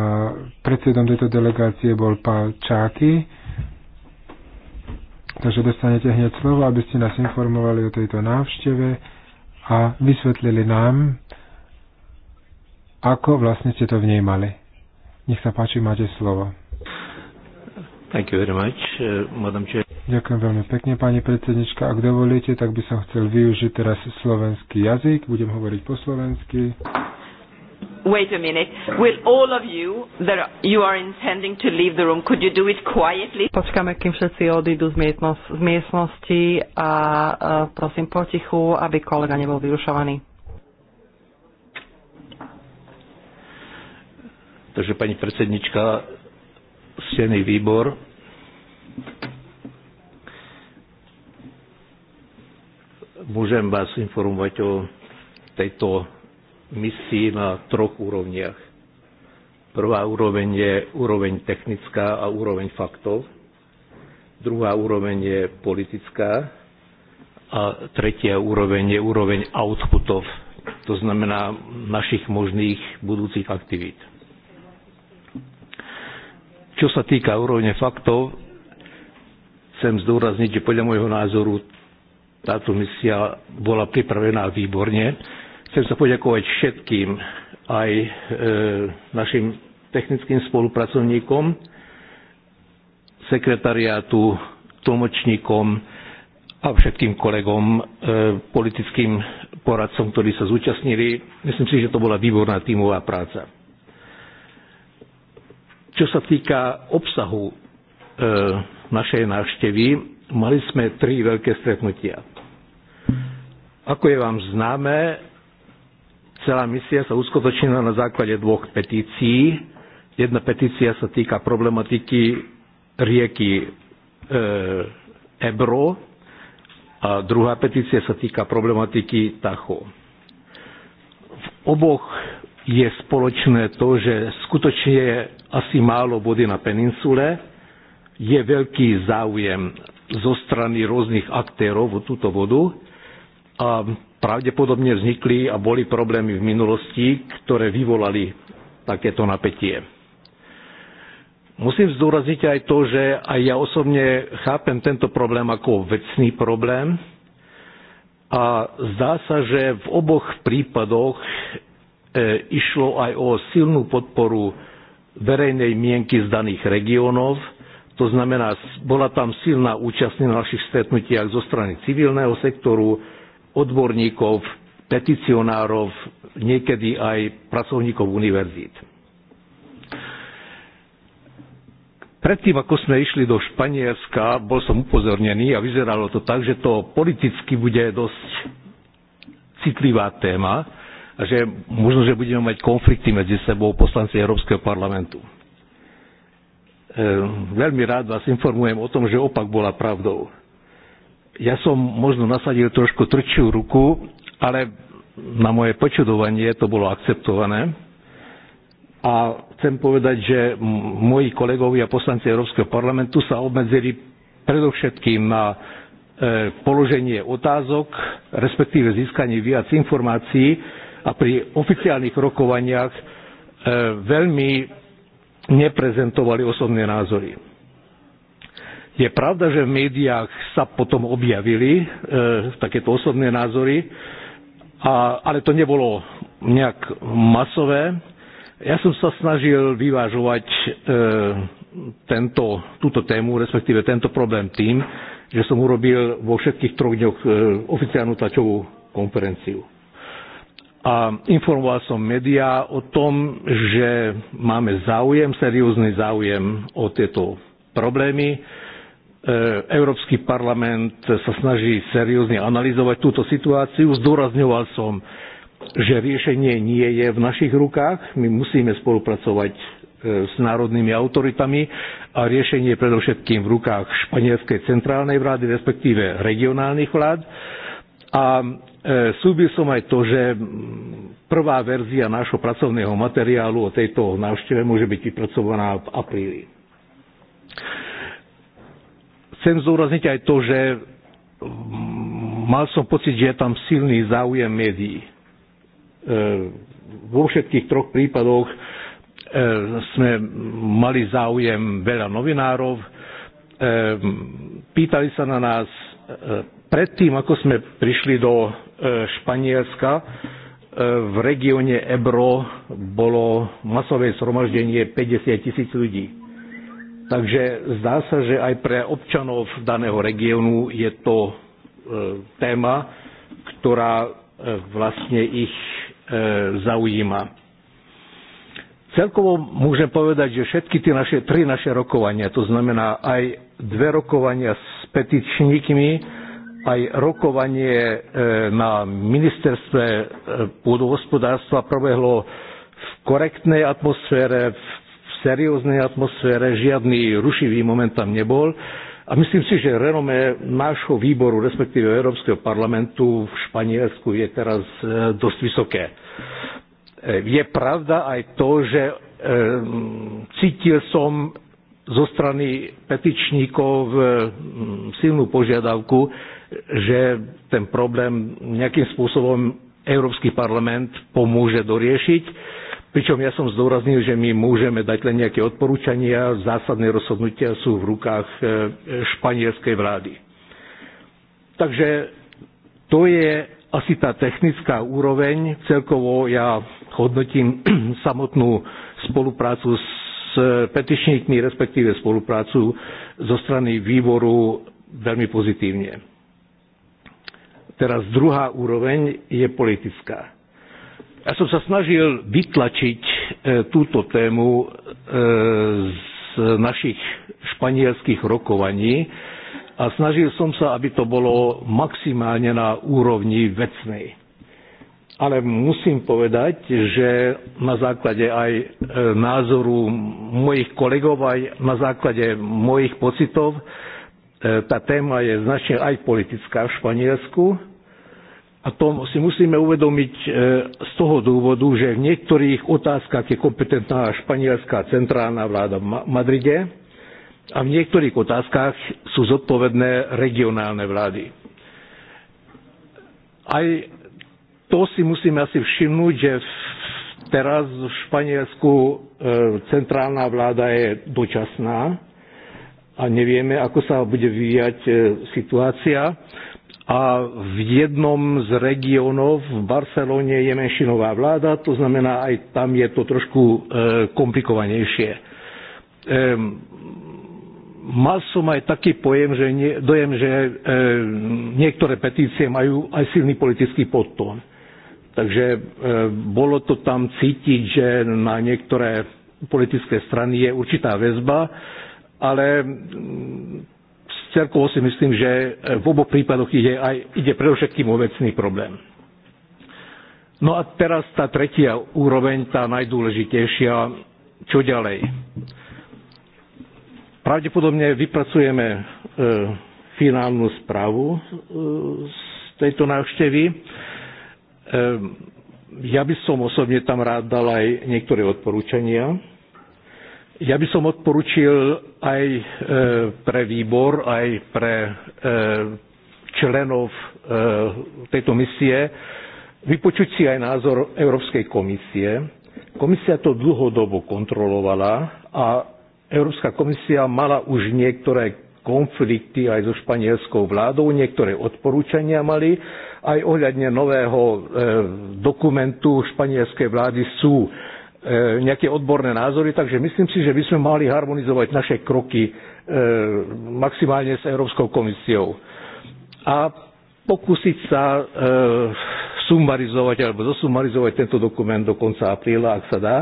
predsedom tejto delegácie bol pán Čáky. Takže dostanete hneď slovo, aby ste nás informovali o tejto návšteve a vysvetlili nám, ako vlastne ste to vnímali. Nech sa páči, máte slovo. Thank you very much, uh, Madam Chair. Ďakujem veľmi pekne, pani predsednička. Ak dovolíte, tak by som chcel využiť teraz slovenský jazyk. Budem hovoriť po slovensky. Wait a minute. Will all of you that you are intending to leave the room, could you do it quietly? Počkáme, kým všetci odídu z, miestnos- z miestnosti a uh, prosím potichu, aby kolega nebol vyrušovaný. Takže pani predsednička, stený výbor môžem vás informovať o tejto misii na troch úrovniach. Prvá úroveň je úroveň technická a úroveň faktov. Druhá úroveň je politická a tretia úroveň je úroveň outputov, to znamená našich možných budúcich aktivít. Čo sa týka úrovne faktov, chcem zdôrazniť, že podľa môjho názoru táto misia bola pripravená výborne. Chcem sa poďakovať všetkým, aj e, našim technickým spolupracovníkom, sekretariátu, tlmočníkom a všetkým kolegom, e, politickým poradcom, ktorí sa zúčastnili. Myslím si, že to bola výborná tímová práca. Čo sa týka obsahu e, našej návštevy, mali sme tri veľké stretnutia. Ako je vám známe, celá misia sa uskutočnila na základe dvoch petícií. Jedna petícia sa týka problematiky rieky e, Ebro a druhá petícia sa týka problematiky Tacho. V oboch je spoločné to, že skutočne je asi málo vody na peninsule, je veľký záujem zo strany rôznych aktérov o túto vodu a pravdepodobne vznikli a boli problémy v minulosti, ktoré vyvolali takéto napätie. Musím zdôrazniť aj to, že aj ja osobne chápem tento problém ako vecný problém a zdá sa, že v oboch prípadoch e, išlo aj o silnú podporu verejnej mienky z daných regiónov. To znamená, bola tam silná účasť na našich stretnutiach zo strany civilného sektoru, odborníkov, peticionárov, niekedy aj pracovníkov univerzít. Predtým, ako sme išli do Španielska, bol som upozornený a vyzeralo to tak, že to politicky bude dosť citlivá téma a že možno, že budeme mať konflikty medzi sebou poslanci Európskeho parlamentu. Ehm, veľmi rád vás informujem o tom, že opak bola pravdou ja som možno nasadil trošku trčiu ruku, ale na moje počudovanie to bolo akceptované. A chcem povedať, že moji kolegovia poslanci Európskeho parlamentu sa obmedzili predovšetkým na e, položenie otázok, respektíve získanie viac informácií a pri oficiálnych rokovaniach e, veľmi neprezentovali osobné názory. Je pravda, že v médiách sa potom objavili e, takéto osobné názory, a, ale to nebolo nejak masové. Ja som sa snažil vyvážovať e, tento, túto tému, respektíve tento problém tým, že som urobil vo všetkých troch dňoch e, oficiálnu tlačovú konferenciu. A informoval som médiá o tom, že máme záujem, seriózny záujem o tieto problémy E, Európsky parlament sa snaží seriózne analyzovať túto situáciu. Zdôrazňoval som, že riešenie nie je v našich rukách. My musíme spolupracovať e, s národnými autoritami a riešenie je predovšetkým v rukách španielskej centrálnej vlády, respektíve regionálnych vlád. A e, súbil som aj to, že prvá verzia nášho pracovného materiálu o tejto návšteve môže byť vypracovaná v apríli. Chcem zdôrazniť aj to, že mal som pocit, že je tam silný záujem médií. E, vo všetkých troch prípadoch e, sme mali záujem veľa novinárov, e, pýtali sa na nás predtým, ako sme prišli do Španielska, v regióne Ebro bolo masové zhromaždenie 50 tisíc ľudí. Takže zdá sa, že aj pre občanov daného regiónu je to e, téma, ktorá e, vlastne ich e, zaujíma. Celkovo môžem povedať, že všetky tie naše, tri naše rokovania, to znamená aj dve rokovania s petičníkmi, aj rokovanie na ministerstve pôdohospodárstva prebehlo v korektnej atmosfére, v serióznej atmosfére, žiadny rušivý moment tam nebol. A myslím si, že renome nášho výboru, respektíve Európskeho parlamentu v Španielsku je teraz e, dosť vysoké. E, je pravda aj to, že e, cítil som zo strany petičníkov silnú požiadavku, že ten problém nejakým spôsobom Európsky parlament pomôže doriešiť Pričom ja som zdôraznil, že my môžeme dať len nejaké odporúčania, zásadné rozhodnutia sú v rukách e, španielskej vlády. Takže to je asi tá technická úroveň. Celkovo ja hodnotím samotnú spoluprácu s petičníkmi, respektíve spoluprácu zo strany výboru veľmi pozitívne. Teraz druhá úroveň je politická. Ja som sa snažil vytlačiť e, túto tému e, z našich španielských rokovaní a snažil som sa, aby to bolo maximálne na úrovni vecnej. Ale musím povedať, že na základe aj e, názoru mojich kolegov, aj na základe mojich pocitov, tá téma je značne aj politická v Španielsku a to si musíme uvedomiť e, z toho dôvodu, že v niektorých otázkach je kompetentná španielská centrálna vláda v Madride a v niektorých otázkach sú zodpovedné regionálne vlády. Aj to si musíme asi všimnúť, že teraz v Španielsku e, centrálna vláda je dočasná a nevieme, ako sa bude vyvíjať e, situácia a v jednom z regiónov v Barcelone je menšinová vláda, to znamená, aj tam je to trošku e, komplikovanejšie. E, mal som aj taký pojem, že nie, dojem, že e, niektoré petície majú aj silný politický podtón. Takže e, bolo to tam cítiť, že na niektoré politické strany je určitá väzba, ale Celkovo si myslím, že e, v oboch prípadoch ide, aj, ide predovšetkým o vecný problém. No a teraz tá tretia úroveň, tá najdôležitejšia, čo ďalej. Pravdepodobne vypracujeme e, finálnu správu e, z tejto návštevy. Ja by som osobne tam rád dal aj niektoré odporúčania ja by som odporučil aj e, pre výbor, aj pre e, členov e, tejto misie vypočuť si aj názor Európskej komisie. Komisia to dlhodobo kontrolovala a Európska komisia mala už niektoré konflikty aj so španielskou vládou, niektoré odporúčania mali, aj ohľadne nového dokumentu španielskej vlády sú E, nejaké odborné názory, takže myslím si, že by sme mali harmonizovať naše kroky e, maximálne s Európskou komisiou a pokúsiť sa e, sumarizovať alebo zosumarizovať tento dokument do konca apríla, ak sa dá,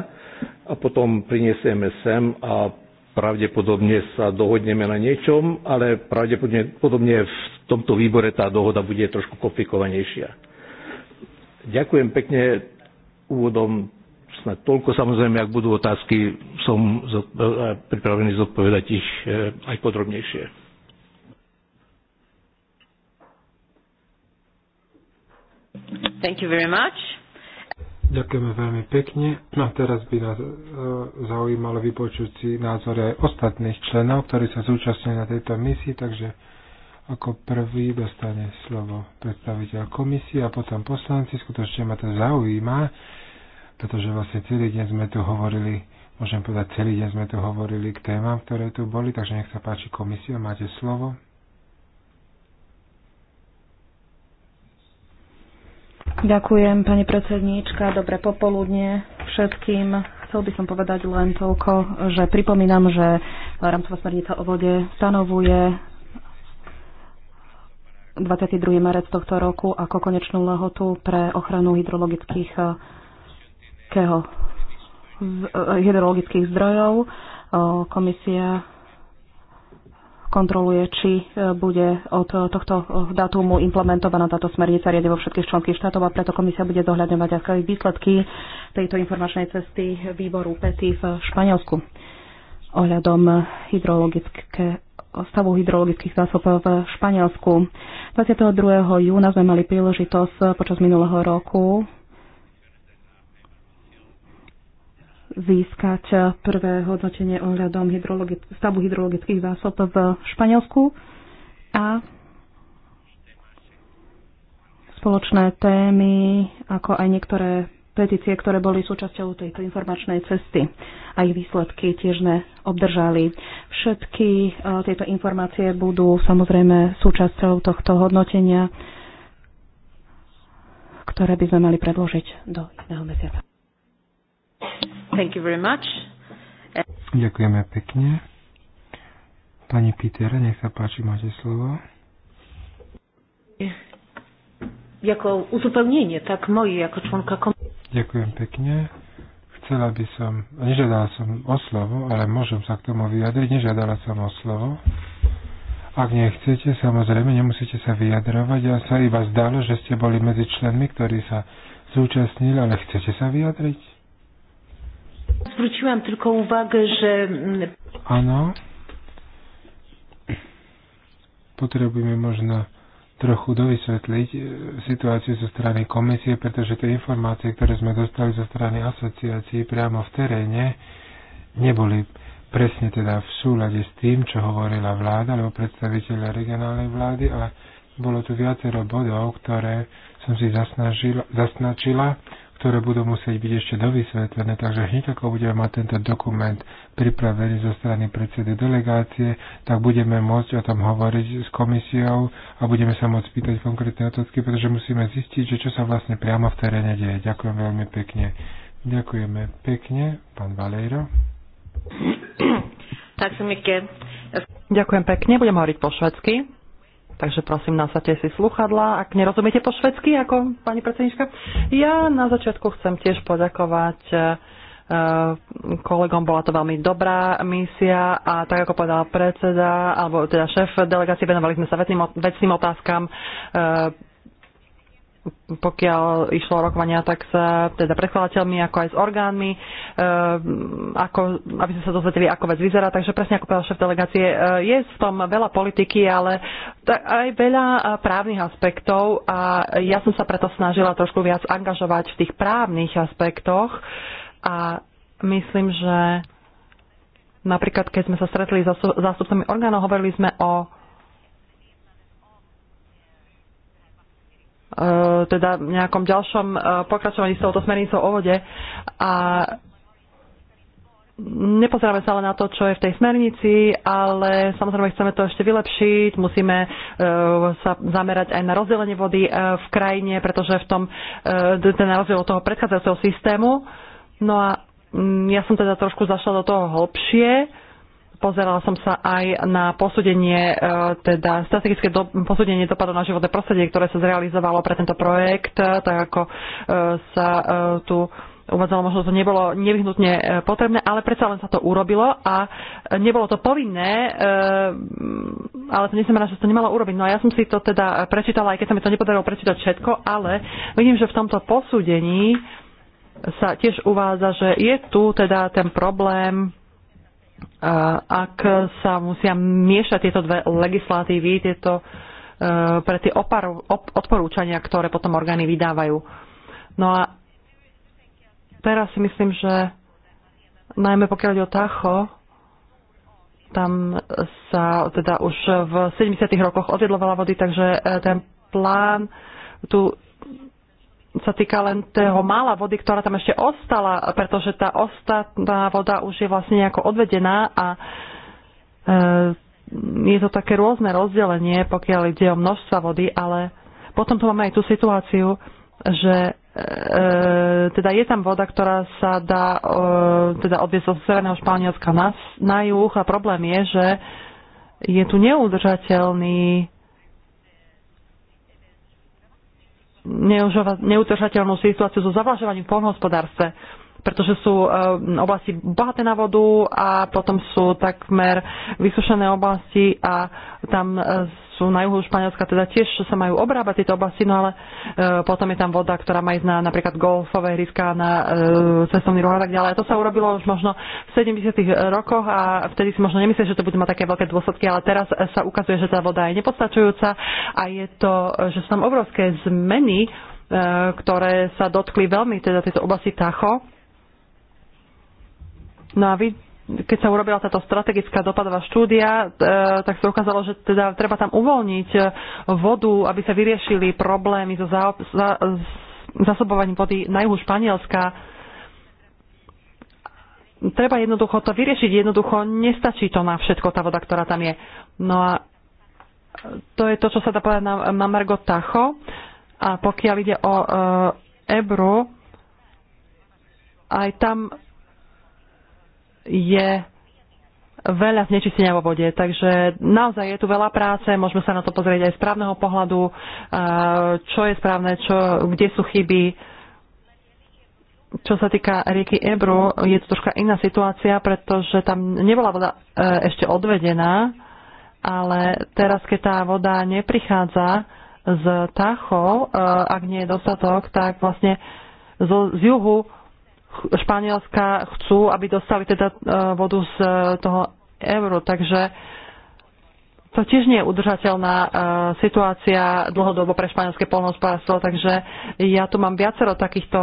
a potom prinesieme sem a pravdepodobne sa dohodneme na niečom, ale pravdepodobne v tomto výbore tá dohoda bude trošku komplikovanejšia. Ďakujem pekne úvodom Snad toľko samozrejme, ak budú otázky, som e, pripravený zodpovedať ich e, aj podrobnejšie. Thank you very much. Ďakujeme veľmi pekne. No a teraz by nás e, zaujímalo vypočuť si názory aj ostatných členov, ktorí sa zúčastnili na tejto misii, takže ako prvý dostane slovo predstaviteľ komisie a potom poslanci. Skutočne ma to zaujíma pretože vlastne celý deň sme tu hovorili, môžem povedať, celý deň sme tu hovorili k témam, ktoré tu boli, takže nech sa páči komisia, máte slovo. Ďakujem, pani predsedníčka. Dobré popoludne všetkým. Chcel by som povedať len toľko, že pripomínam, že rámcová smernica o vode stanovuje 22. marec tohto roku ako konečnú lehotu pre ochranu hydrologických hydrologického eh, hydrologických zdrojov. Eh, komisia kontroluje, či eh, bude od tohto dátumu implementovaná táto smernica riade vo všetkých členských štátov a preto komisia bude zohľadňovať aj výsledky tejto informačnej cesty výboru PETI v Španielsku ohľadom hydrologické stavu hydrologických zásob v Španielsku. 22. júna sme mali príležitosť počas minulého roku získať prvé hodnotenie ohľadom hydrologi- stavu hydrologických zásob v Španielsku a spoločné témy, ako aj niektoré petície, ktoré boli súčasťou tejto informačnej cesty a ich výsledky tiež sme obdržali. Všetky e, tieto informácie budú samozrejme súčasťou tohto hodnotenia, ktoré by sme mali predložiť do jedného mesiaca. Thank you very much. Ďakujeme pekne. Pani Peter, nech sa páči, máte slovo. Jako uzupełnienie, tak moje jako członka komisji. Ďakujem pekne. Chcela by som, nežiadala som o slovo, ale môžem sa k tomu vyjadriť, nežiadala som o slovo. Ak nechcete, samozrejme, nemusíte sa vyjadrovať. Ja sa iba zdalo, že ste boli medzi členmi, ktorí sa zúčastnili, ale chcete sa vyjadriť? Zwróciłam tylko uwagę, że... Mm, ano. Potrzebujemy možno trochu dovysvetliť e, situáciu zo strany komisie, pretože tie informácie, ktoré sme dostali zo strany asociácií priamo v teréne, neboli presne teda v súlade s tým, čo hovorila vláda alebo predstaviteľa regionálnej vlády, ale bolo tu viacero bodov, ktoré som si zasnažila, zasnačila ktoré budú musieť byť ešte dovysvetlené, takže hneď ako budeme mať tento dokument pripravený zo strany predsedy delegácie, tak budeme môcť o tom hovoriť s komisiou a budeme sa môcť pýtať konkrétne otázky, pretože musíme zistiť, že čo sa vlastne priamo v teréne deje. Ďakujem veľmi pekne. Ďakujeme pekne, pán Valero. Ďakujem pekne, budem hovoriť po švedsky. Takže prosím, nasadte si sluchadla, ak nerozumiete po švedsky, ako pani predsednička. Ja na začiatku chcem tiež poďakovať e, kolegom bola to veľmi dobrá misia a tak ako povedal predseda, alebo teda šéf delegácie, venovali sme sa vecným, vecným otázkam e, pokiaľ išlo rokovania, tak sa teda predkladateľmi, ako aj s orgánmi, e, ako, aby sme sa dozvedeli, ako vec vyzerá. Takže presne ako povedal šéf delegácie, e, je v tom veľa politiky, ale aj veľa e, právnych aspektov a ja som sa preto snažila trošku viac angažovať v tých právnych aspektoch a myslím, že napríklad keď sme sa stretli s zástupcami orgánov, hovorili sme o E, teda v nejakom ďalšom e, pokračovaní s touto smernicou o vode a nepozeráme sa ale na to, čo je v tej smernici, ale samozrejme chceme to ešte vylepšiť, musíme e, sa zamerať aj na rozdelenie vody v krajine, pretože v tom, ten rozdiel od toho predchádzajúceho systému. No a mm, ja som teda trošku zašla do toho hlbšie pozerala som sa aj na posúdenie, e, teda strategické do, posúdenie dopadov na životné prostredie, ktoré sa zrealizovalo pre tento projekt, tak ako e, sa e, tu uvádzalo, možno to nebolo nevyhnutne potrebné, ale predsa len sa to urobilo a nebolo to povinné, ale to neznamená, že sa to nemalo urobiť. No a ja som si to teda prečítala, aj keď sa mi to nepodarilo prečítať všetko, ale vidím, že v tomto posúdení sa tiež uvádza, že je tu teda ten problém ak sa musia miešať tieto dve legislatívy, tieto, e, pre tie oparu, op, odporúčania, ktoré potom orgány vydávajú. No a teraz si myslím, že najmä pokiaľ ide o Tacho, tam sa teda už v 70. rokoch odjedlo veľa vody, takže e, ten plán tu sa týka len toho mála vody, ktorá tam ešte ostala, pretože tá ostatná voda už je vlastne nejako odvedená a e, je to také rôzne rozdelenie, pokiaľ ide o množstva vody, ale potom tu máme aj tú situáciu, že e, e teda je tam voda, ktorá sa dá e, teda odviesť zo severného Španielska na, na juh a problém je, že je tu neudržateľný neutržateľnú situáciu so zavlažovaním v polnohospodárstve, pretože sú e, oblasti bohaté na vodu a potom sú takmer vysušené oblasti a tam e, sú na juhu Španielska, teda tiež sa majú obrábať tieto oblasti, no ale e, potom je tam voda, ktorá má ísť na napríklad golfové hryská, na e, cestovný ruch a tak ďalej. A to sa urobilo už možno v 70. rokoch a vtedy si možno nemyslíš, že to bude mať také veľké dôsledky, ale teraz sa ukazuje, že tá voda je nepostačujúca a je to, že sú tam obrovské zmeny, e, ktoré sa dotkli veľmi teda tejto oblasti Tacho. No a vy keď sa urobila táto strategická dopadová štúdia, e, tak sa ukázalo, že teda treba tam uvoľniť e, vodu, aby sa vyriešili problémy so za, za, zasobovaním vody na juhu Španielska. Treba jednoducho to vyriešiť, jednoducho nestačí to na všetko, tá voda, ktorá tam je. No a to je to, čo sa dá povedať na, na Tacho. A pokiaľ ide o uh, Ebru, aj tam je veľa znečistenia vo vode. Takže naozaj je tu veľa práce, môžeme sa na to pozrieť aj z právneho pohľadu, čo je správne, čo, kde sú chyby. Čo sa týka rieky Ebru, je to troška iná situácia, pretože tam nebola voda e, ešte odvedená, ale teraz, keď tá voda neprichádza z Tachov, e, ak nie je dostatok, tak vlastne z juhu Španielska chcú, aby dostali teda e, vodu z e, toho euro, takže to tiež nie je udržateľná e, situácia dlhodobo pre španielské polnohospodárstvo, takže ja tu mám viacero takýchto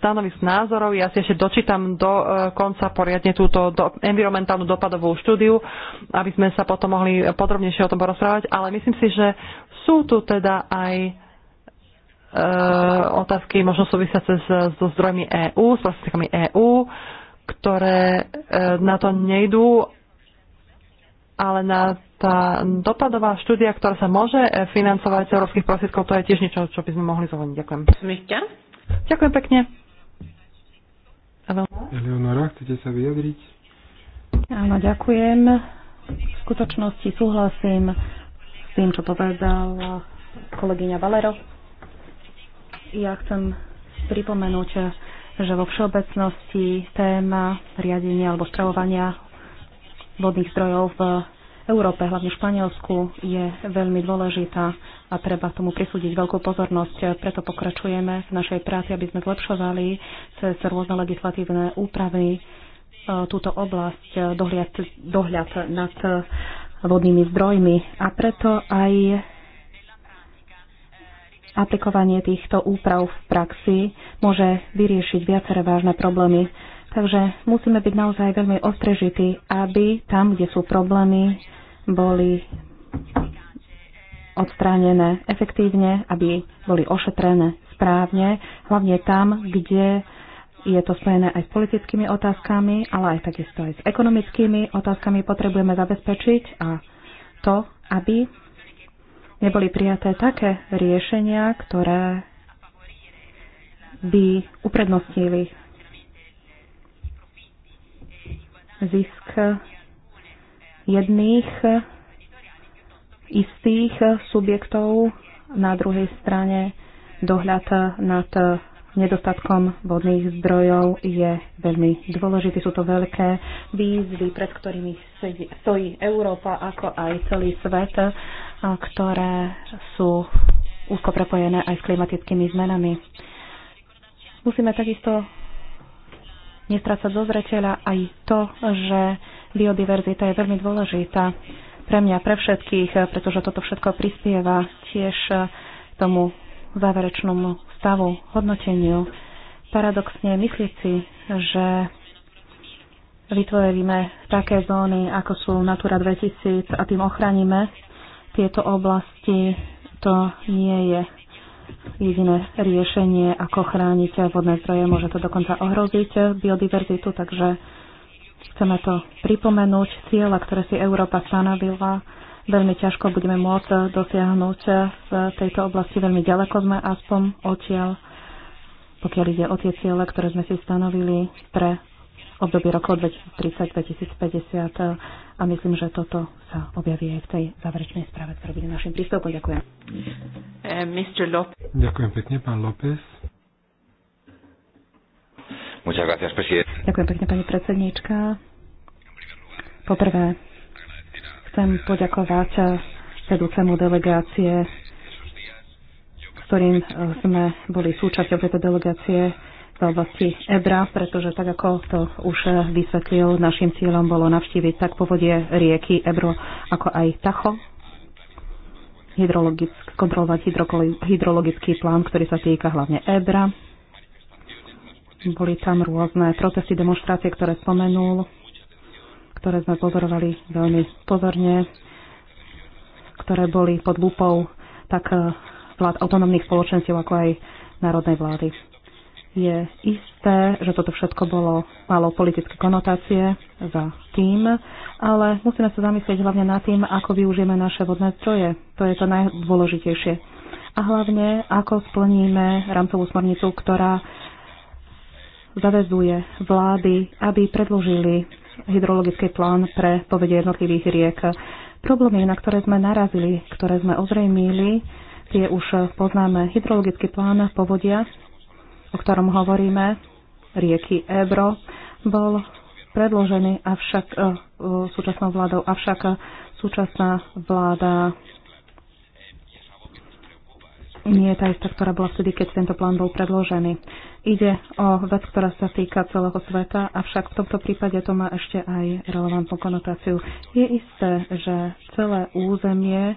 stanovisk názorov. Ja si ešte dočítam do konca poriadne túto environmentálnu dopadovú štúdiu, aby sme sa potom mohli podrobnejšie o tom porozprávať, ale myslím si, že sú tu teda aj Eh, otázky možno súvisiace so zdrojmi EÚ, s prostriedkami EÚ, ktoré eh, na to nejdú, ale na tá dopadová štúdia, ktorá sa môže eh, financovať z európskych prostriedkov, to je tiež niečo, čo by sme mohli zvoliť. Ďakujem. Smyťa. Ďakujem pekne. Eleonora, chcete sa vyjadriť? Áno, ďakujem. V skutočnosti súhlasím s tým, čo povedal kolegyňa Valero ja chcem pripomenúť, že vo všeobecnosti téma riadenia alebo spravovania vodných zdrojov v Európe, hlavne v Španielsku, je veľmi dôležitá a treba tomu prisúdiť veľkú pozornosť. Preto pokračujeme v našej práci, aby sme zlepšovali cez rôzne legislatívne úpravy e, túto oblasť, e, dohľad, dohľad nad vodnými zdrojmi. A preto aj aplikovanie týchto úprav v praxi môže vyriešiť viaceré vážne problémy. Takže musíme byť naozaj veľmi ostrežití, aby tam, kde sú problémy, boli odstránené efektívne, aby boli ošetrené správne, hlavne tam, kde je to spojené aj s politickými otázkami, ale aj takisto aj s ekonomickými otázkami potrebujeme zabezpečiť a to, aby neboli prijaté také riešenia, ktoré by uprednostnili zisk jedných istých subjektov, na druhej strane dohľad nad nedostatkom vodných zdrojov je veľmi dôležitý. Sú to veľké výzvy, pred ktorými stojí Európa, ako aj celý svet, ktoré sú úzko prepojené aj s klimatickými zmenami. Musíme takisto nestrácať zo zreteľa aj to, že biodiverzita je veľmi dôležitá pre mňa, pre všetkých, pretože toto všetko prispieva tiež tomu záverečnom stavu, hodnoteniu. Paradoxne myslieť si, že vytvoríme také zóny, ako sú Natura 2000 a tým ochránime tieto oblasti, to nie je jediné riešenie, ako chrániť vodné zdroje. Môže to dokonca ohroziť biodiverzitu, takže chceme to pripomenúť. Cieľa, ktoré si Európa stanovila, veľmi ťažko budeme môcť dosiahnuť v tejto oblasti. Veľmi ďaleko sme aspoň odtiaľ, pokiaľ ide o tie ciele, ktoré sme si stanovili pre obdobie rokov 2030-2050 a myslím, že toto sa objaví aj v tej záverečnej správe, ktorú bude našim prístupom. Ďakujem. Eh, Mr. Ďakujem pekne, pán López. Ďakujem pekne, pani predsedníčka. Poprvé, Chcem poďakovať eh, vedúcemu delegácie, ktorým eh, sme boli súčasťou tejto delegácie v oblasti Ebra, pretože tak ako to už eh, vysvetlil, našim cieľom bolo navštíviť tak povodie rieky Ebro ako aj Tacho, kontrolovať hydrologický plán, ktorý sa týka hlavne Ebra. Boli tam rôzne protesty, demonstrácie, ktoré spomenul ktoré sme pozorovali veľmi pozorne, ktoré boli pod lupou tak eh, vlád autonómnych spoločenstiev, ako aj národnej vlády. Je isté, že toto všetko bolo, malo politické konotácie za tým, ale musíme sa zamyslieť hlavne nad tým, ako využijeme naše vodné zdroje. To je to najdôležitejšie. A hlavne, ako splníme rámcovú smernicu, ktorá zavezuje vlády, aby predložili hydrologický plán pre povedie jednotlivých riek. Problémy, na ktoré sme narazili, ktoré sme ozrejmili, tie už poznáme. Hydrologický plán povodia, o ktorom hovoríme, rieky Ebro, bol predložený avšak e, e, súčasnou vládou, avšak e, súčasná vláda nie je tá istá, ktorá bola vtedy, keď tento plán bol predložený. Ide o vec, ktorá sa týka celého sveta, avšak v tomto prípade to má ešte aj relevantnú konotáciu. Je isté, že celé územie,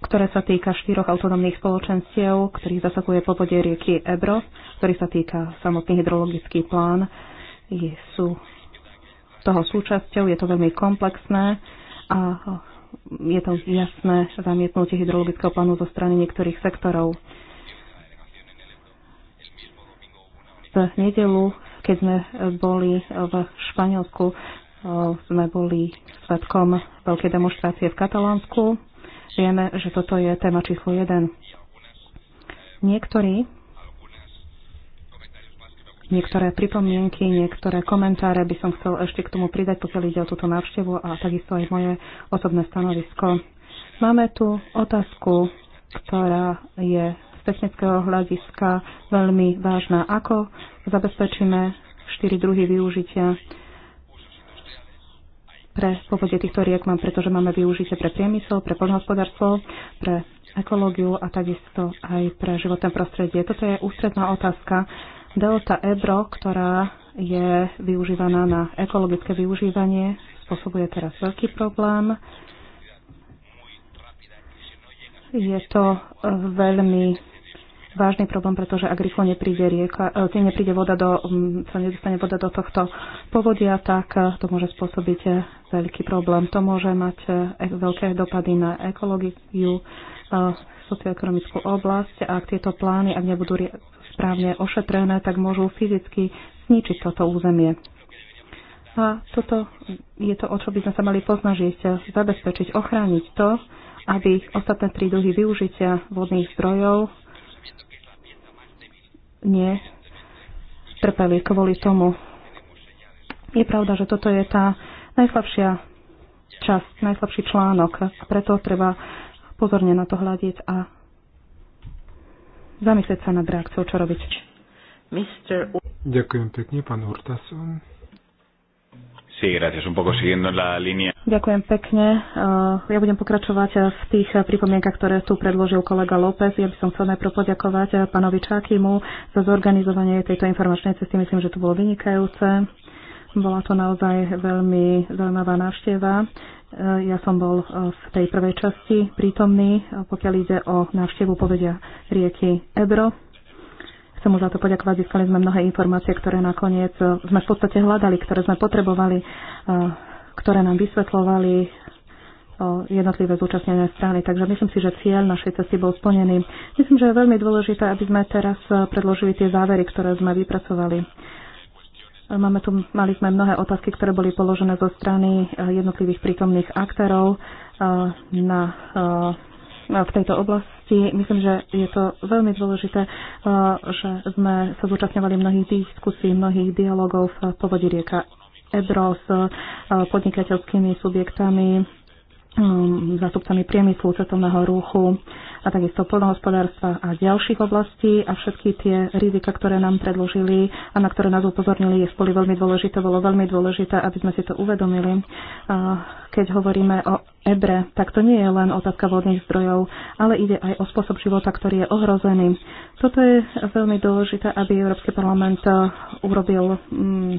ktoré sa týka štyroch autonómnych spoločenstiev, ktorých zasahuje pobodie rieky Ebro, ktorý sa týka samotný hydrologický plán, sú toho súčasťou, je to veľmi komplexné a je to jasné zamietnutie hydrologického plánu zo strany niektorých sektorov. V nedelu, keď sme boli v Španielsku, eh, sme boli svetkom veľkej demonstrácie v Katalánsku. Vieme, že toto je téma číslo 1. Niektorí niektoré pripomienky, niektoré komentáre by som chcel ešte k tomu pridať, pokiaľ ide o túto návštevu a takisto aj moje osobné stanovisko. Máme tu otázku, ktorá je z technického hľadiska veľmi vážna. Ako zabezpečíme štyri druhy využitia pre povode týchto riek mám, pretože máme využitie pre priemysel, pre poľnohospodárstvo, pre ekológiu a takisto aj pre životné prostredie. Toto je ústredná otázka, Delta Ebro, ktorá je využívaná na ekologické využívanie, spôsobuje teraz veľký problém. Je to e, veľmi vážny problém, pretože ak rýchlo nepríde, rieka, e, nepríde voda do, sa nedostane voda do tohto povodia, tak e, to môže spôsobiť veľký problém. To môže mať veľké dopady na ekológiu, socioekonomickú oblasť. Ak tieto plány, ak nebudú správne ošetrené, tak môžu fyzicky zničiť toto územie. A toto je to, o čo by sme sa mali poznažiť, zabezpečiť, ochrániť to, aby ostatné tri druhy využitia vodných zdrojov nie trpeli kvôli tomu. Je pravda, že toto je tá najslabšia časť, najslabší článok a preto treba pozorne na to hľadiť a zamyslieť sa nad reakciou, čo robiť. Mister... Ďakujem pekne, pán Urtasov. Sí, gracias. Un poco siguiendo la línea. Ďakujem pekne. Uh, ja budem pokračovať v tých uh, pripomienkach, ktoré tu predložil kolega López. Ja by som chcel najprv poďakovať uh, pánovi Čakimu za zorganizovanie tejto informačnej cesty. Myslím, že to bolo vynikajúce. Bola to naozaj veľmi zaujímavá návšteva Eh, ja som bol eh, v tej prvej časti prítomný, eh, pokiaľ ide o návštevu povedia rieky Ebro. Chcem už za to poďakovať, získali sme mnohé informácie, ktoré nakoniec sme v podstate hľadali, ktoré sme potrebovali, ktoré nám vysvetľovali jednotlivé zúčastnené strany. Takže myslím si, že cieľ našej cesty bol splnený. Myslím, že je veľmi dôležité, aby sme teraz predložili tie závery, ktoré sme vypracovali Máme tu, mali sme mnohé otázky, ktoré boli položené zo strany eh, jednotlivých prítomných aktérov eh, na, eh, na, v tejto oblasti. Myslím, že je to veľmi dôležité, že sme sa zúčastňovali mnohých diskusí, mnohých dialogov v povodí rieka Ebro s podnikateľskými subjektami, Um, zastupcami priemyslu, cestovného ruchu a takisto poľnohospodárstva a ďalších oblastí a všetky tie rizika, ktoré nám predložili a na ktoré nás upozornili, je boli veľmi dôležité, bolo veľmi dôležité, aby sme si to uvedomili. Keď hovoríme o EBRE, tak to nie je len otázka vodných zdrojov, ale ide aj o spôsob života, ktorý je ohrozený. Toto je veľmi dôležité, aby Európsky parlament uh, urobil mm,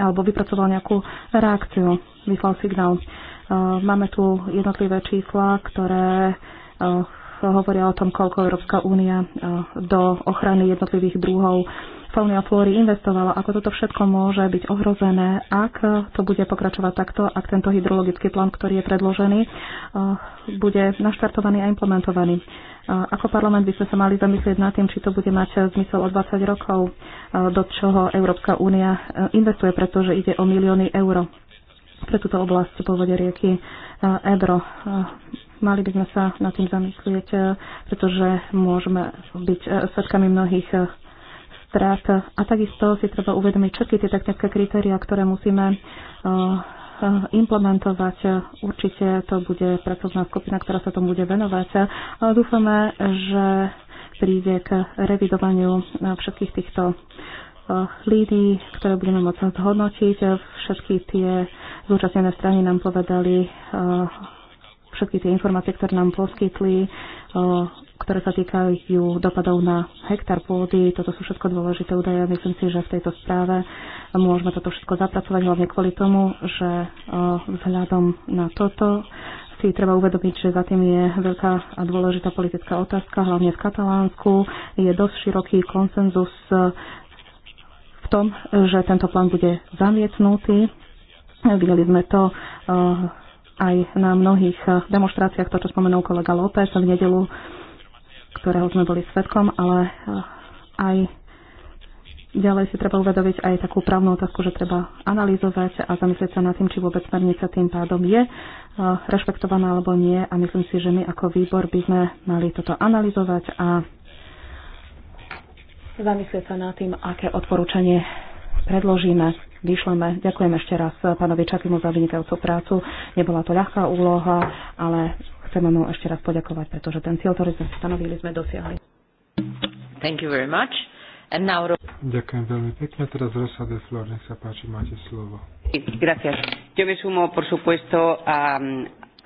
alebo vypracoval nejakú reakciu, vyslal signál. Eh, máme tu jednotlivé čísla, ktoré eh, hovoria o tom, koľko Európska únia eh, do ochrany jednotlivých druhov fauny a flóry investovala, ako toto všetko môže byť ohrozené, ak to bude pokračovať takto, ak tento hydrologický plán, ktorý je predložený, bude naštartovaný a implementovaný. Ako parlament by sme sa mali zamyslieť nad tým, či to bude mať zmysel o 20 rokov, do čoho Európska únia investuje, pretože ide o milióny eur pre túto oblasť po vode rieky e, Ebro. E, mali by sme sa nad tým zamyslieť, e, pretože môžeme byť svetkami mnohých strát. A takisto si treba uvedomiť všetky tie technické kritéria, ktoré musíme implementovať. Určite to bude pracovná skupina, ktorá sa tomu bude venovať. Dúfame, že príde k revidovaniu všetkých týchto lídí, ktoré budeme môcť zhodnotiť, všetky tie zúčastnené strany nám povedali eh, všetky tie informácie, ktoré nám poskytli, eh, ktoré sa týkajú dopadov na hektár pôdy. Toto sú všetko dôležité údaje. Myslím si, že v tejto správe môžeme toto všetko zapracovať, hlavne kvôli tomu, že eh, vzhľadom na toto si treba uvedomiť, že za tým je veľká a dôležitá politická otázka, hlavne v Katalánsku. Je dosť široký konsenzus v tom, že tento plán bude zamietnutý Videli sme to eh, aj na mnohých eh, demonstráciách, to, čo spomenul kolega López v nedelu, ktorého sme boli svetkom, ale eh, aj Ďalej si treba uvedoviť aj takú právnu otázku, že treba analyzovať a zamyslieť sa nad tým, či vôbec smernica tým pádom je rešpektovaná alebo nie. A myslím si, že my ako výbor by sme mali toto analyzovať a zamyslieť sa nad tým, aké odporúčanie predložíme vyšleme. Ďakujem ešte raz pánovi Čakimu za vynikajúcu prácu. Nebola to ľahká úloha, ale chceme mu ešte raz poďakovať, pretože ten cieľ, ktorý sme stanovili, sme dosiahli. Thank you very much. And now... Ďakujem veľmi pekne. Teraz Rosa de Flor, nech sa páči, máte slovo. Gracias. Yo me sumo, por supuesto, a,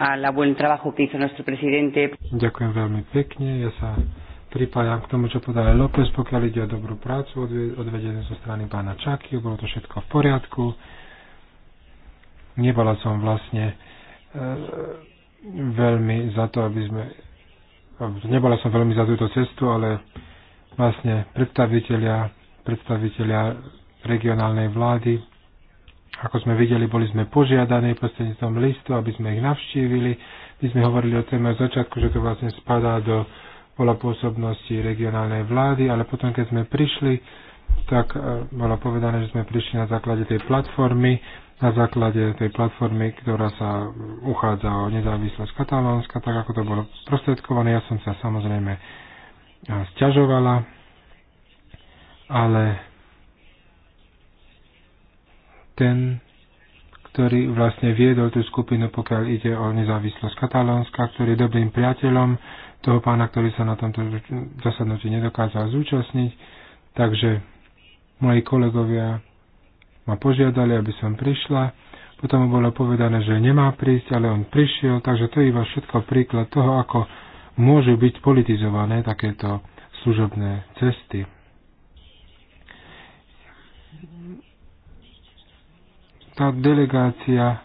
a la buen trabajo que hizo nuestro presidente. Ďakujem veľmi pekne. Ja sa pripájam k tomu, čo podal López, pokiaľ ide o dobrú prácu odvedenú zo strany pána Čaky, bolo to všetko v poriadku. Nebola som vlastne e, veľmi za to, aby sme... Nebola som veľmi za túto cestu, ale vlastne predstavitelia, predstavitelia regionálnej vlády, ako sme videli, boli sme požiadaní prostredníctvom listu, aby sme ich navštívili. My sme hovorili o téme od začiatku, že to vlastne spadá do bola pôsobnosti regionálnej vlády, ale potom, keď sme prišli, tak e, bolo povedané, že sme prišli na základe tej platformy, na základe tej platformy, ktorá sa uchádza o nezávislosť Katalónska, tak ako to bolo prostredkované. Ja som sa samozrejme e, sťažovala, ale ten, ktorý vlastne viedol tú skupinu, pokiaľ ide o nezávislosť Katalónska, ktorý je dobrým priateľom, toho pána, ktorý sa na tomto zasadnutí nedokázal zúčastniť. Takže moji kolegovia ma požiadali, aby som prišla. Potom mu bolo povedané, že nemá prísť, ale on prišiel. Takže to je iba všetko príklad toho, ako môžu byť politizované takéto služobné cesty. Tá delegácia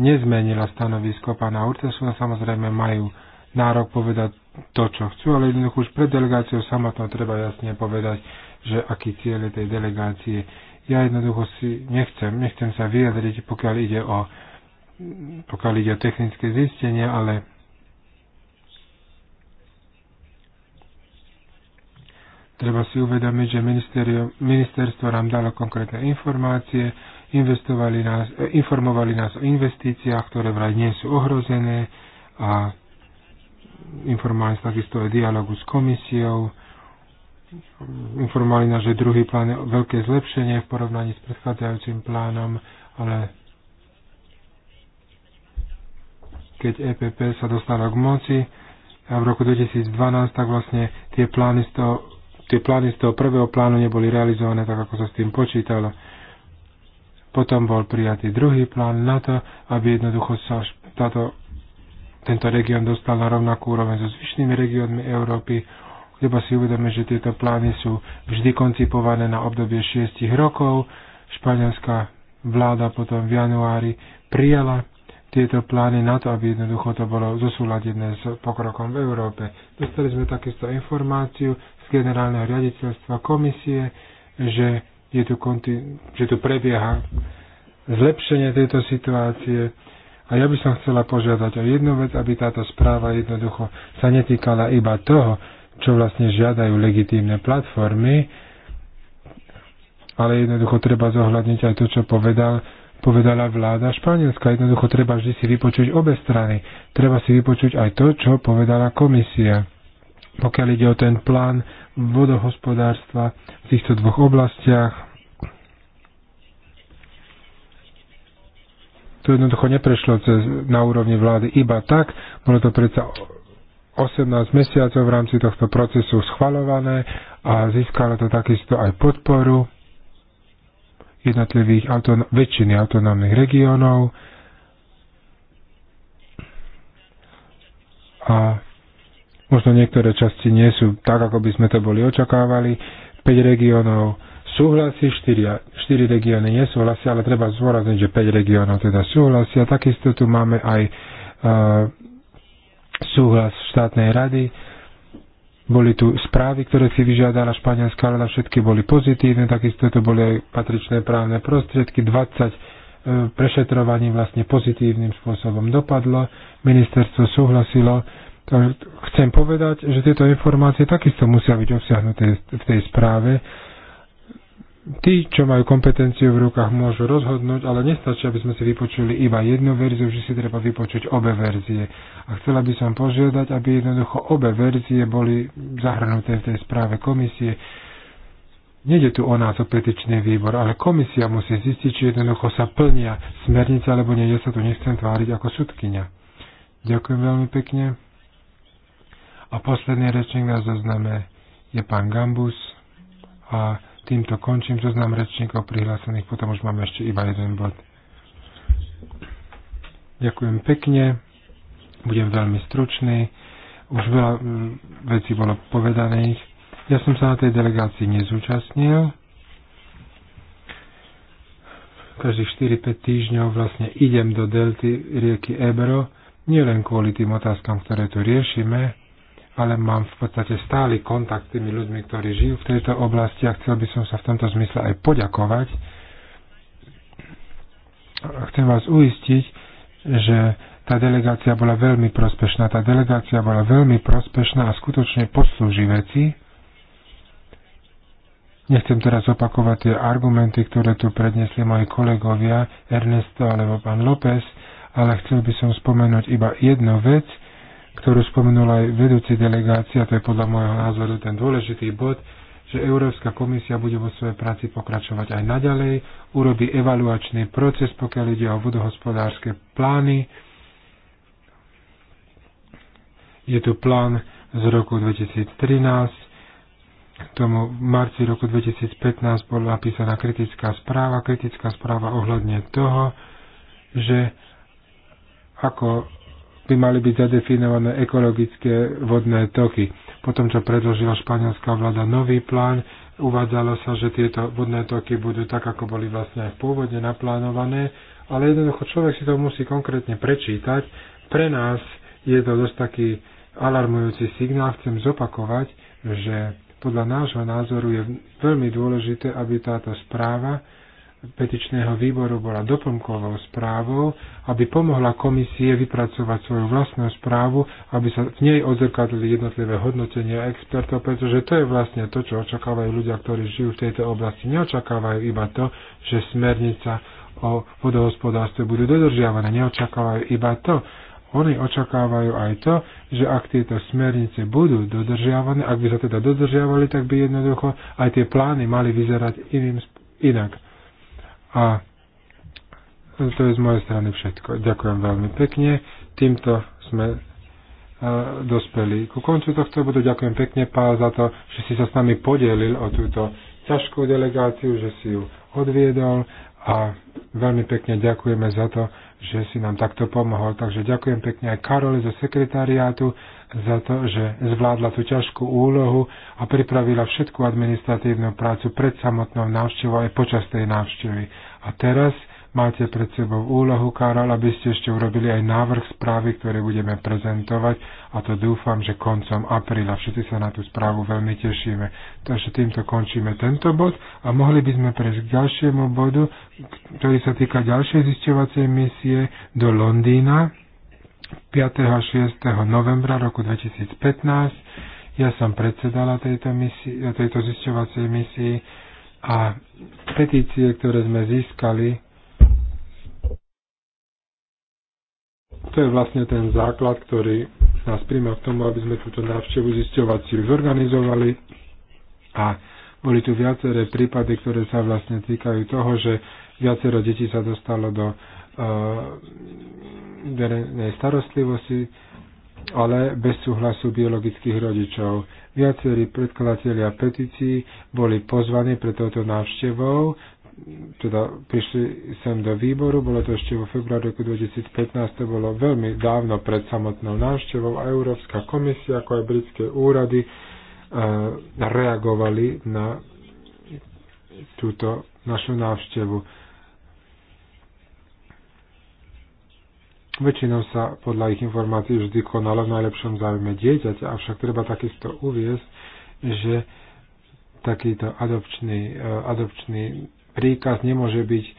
nezmenila stanovisko pána Urtasuna, samozrejme majú nárok povedať to, čo chcú, ale jednoducho už pred delegáciou samotnou treba jasne povedať, že aký cieľ je tej delegácie. Ja jednoducho si nechcem, nechcem sa vyjadriť, pokiaľ ide o, pokiaľ ide o technické zistenie, ale treba si uvedomiť, že ministerstvo nám dalo konkrétne informácie, investovali nás, e, informovali nás o investíciách, ktoré vraj nie sú ohrozené a informovali nás takisto o dialogu s komisiou, informovali nás, že druhý plán je veľké zlepšenie v porovnaní s predchádzajúcim plánom, ale keď EPP sa dostala k moci a v roku 2012, tak vlastne tie plány z toho, tie plány z toho prvého plánu neboli realizované tak, ako sa s tým počítalo potom bol prijatý druhý plán na to, aby jednoducho sa táto, tento región dostal na rovnakú úroveň so zvyšnými regiónmi Európy. lebo si uvedome, že tieto plány sú vždy koncipované na obdobie 6 rokov. Španielská vláda potom v januári prijala tieto plány na to, aby jednoducho to bolo zosúladené s pokrokom v Európe. Dostali sme takisto informáciu z generálneho riaditeľstva komisie, že je tu konti- že tu prebieha zlepšenie tejto situácie. A ja by som chcela požiadať o jednu vec, aby táto správa jednoducho sa netýkala iba toho, čo vlastne žiadajú legitímne platformy, ale jednoducho treba zohľadniť aj to, čo povedal, povedala vláda Španielska. Jednoducho treba vždy si vypočuť obe strany. Treba si vypočuť aj to, čo povedala komisia pokiaľ ide o ten plán vodohospodárstva v týchto dvoch oblastiach. To jednoducho neprešlo cez, na úrovni vlády iba tak, bolo to predsa 18 mesiacov v rámci tohto procesu schvalované a získalo to takisto aj podporu jednotlivých auton- väčšiny autonómnych regiónov a Možno niektoré časti nie sú tak, ako by sme to boli očakávali. 5 regiónov súhlasí, 4, 4 regióny nesúhlasia, ale treba zvorazniť, že 5 regiónov teda súhlasia. Takisto tu máme aj uh, súhlas štátnej rady. Boli tu správy, ktoré si vyžiadala španielská rada, všetky boli pozitívne, takisto tu boli aj patričné právne prostriedky, 20 e, prešetrovaní vlastne pozitívnym spôsobom dopadlo, ministerstvo súhlasilo Takže chcem povedať, že tieto informácie takisto musia byť obsiahnuté v tej správe. Tí, čo majú kompetenciu v rukách, môžu rozhodnúť, ale nestačí, aby sme si vypočuli iba jednu verziu, že si treba vypočuť obe verzie. A chcela by som požiadať, aby jednoducho obe verzie boli zahrnuté v tej správe komisie. Nede tu o nás o petičný výbor, ale komisia musí zistiť, či jednoducho sa plnia smernice, alebo nie, ja sa tu nechcem tváriť ako sudkynia. Ďakujem veľmi pekne. A posledný rečník na zozname je pán Gambus a týmto končím zoznam rečníkov prihlásených, potom už máme ešte iba jeden bod. Ďakujem pekne, budem veľmi stručný, už veľa vecí bolo povedaných. Ja som sa na tej delegácii nezúčastnil, každých 4-5 týždňov vlastne idem do delty rieky Ebro, nielen kvôli tým otázkam, ktoré tu riešime, ale mám v podstate stály kontakt s tými ľuďmi, ktorí žijú v tejto oblasti a chcel by som sa v tomto zmysle aj poďakovať. Chcem vás uistiť, že tá delegácia bola veľmi prospešná. Tá delegácia bola veľmi prospešná a skutočne poslúži veci. Nechcem teraz opakovať tie argumenty, ktoré tu prednesli moji kolegovia Ernesto alebo pán López, ale chcel by som spomenúť iba jednu vec, ktorú spomenul aj vedúci delegácia, to je podľa môjho názoru ten dôležitý bod, že Európska komisia bude vo svojej práci pokračovať aj naďalej, urobí evaluačný proces, pokiaľ ide o vodohospodárske plány. Je tu plán z roku 2013, tomu v marci roku 2015 bola napísaná kritická správa, kritická správa ohľadne toho, že ako by mali byť zadefinované ekologické vodné toky. Potom, čo predložila španielská vláda nový plán, uvádzalo sa, že tieto vodné toky budú tak, ako boli vlastne aj pôvodne naplánované, ale jednoducho človek si to musí konkrétne prečítať. Pre nás je to dosť taký alarmujúci signál. Chcem zopakovať, že podľa nášho názoru je veľmi dôležité, aby táto správa petičného výboru bola doplnkovou správou, aby pomohla komisie vypracovať svoju vlastnú správu, aby sa v nej odzrkadlili jednotlivé hodnotenia expertov, pretože to je vlastne to, čo očakávajú ľudia, ktorí žijú v tejto oblasti. Neočakávajú iba to, že smernica o vodohospodárstve budú dodržiavané. Neočakávajú iba to. Oni očakávajú aj to, že ak tieto smernice budú dodržiavané, ak by sa teda dodržiavali, tak by jednoducho aj tie plány mali vyzerať iným, inak a to je z mojej strany všetko. Ďakujem veľmi pekne. Týmto sme e, dospeli. Ku koncu tohto bodu ďakujem pekne, Pál, za to, že si sa s nami podielil o túto ťažkú delegáciu, že si ju odviedol a veľmi pekne ďakujeme za to, že si nám takto pomohol. Takže ďakujem pekne aj Karoli zo sekretariátu za to, že zvládla tú ťažkú úlohu a pripravila všetku administratívnu prácu pred samotnou návštevou aj počas tej návštevy. A teraz máte pred sebou úlohu, Karol, aby ste ešte urobili aj návrh správy, ktoré budeme prezentovať a to dúfam, že koncom apríla. Všetci sa na tú správu veľmi tešíme. Takže týmto končíme tento bod a mohli by sme prejsť k ďalšiemu bodu, ktorý sa týka ďalšej zisťovacej misie do Londýna 5. a 6. novembra roku 2015. Ja som predsedala tejto, misi- tejto zisťovacej misii a petície, ktoré sme získali, to je vlastne ten základ, ktorý nás príjme k tomu, aby sme túto návštevu zisťovaciu zorganizovali a boli tu viaceré prípady, ktoré sa vlastne týkajú toho, že viacero detí sa dostalo do uh, verejnej starostlivosti, ale bez súhlasu biologických rodičov. Viacerí predkladatelia petícií boli pozvaní pre touto návštevou, teda prišli sem do výboru, bolo to ešte vo februári roku 2015, to bolo veľmi dávno pred samotnou návštevou a Európska komisia, ako aj britské úrady e, reagovali na túto našu návštevu. Väčšinou sa podľa ich informácií vždy konalo v najlepšom záujme dieťaťa, avšak treba takisto uviesť, že takýto adopčný, e, adopčný príkaz nemôže byť e,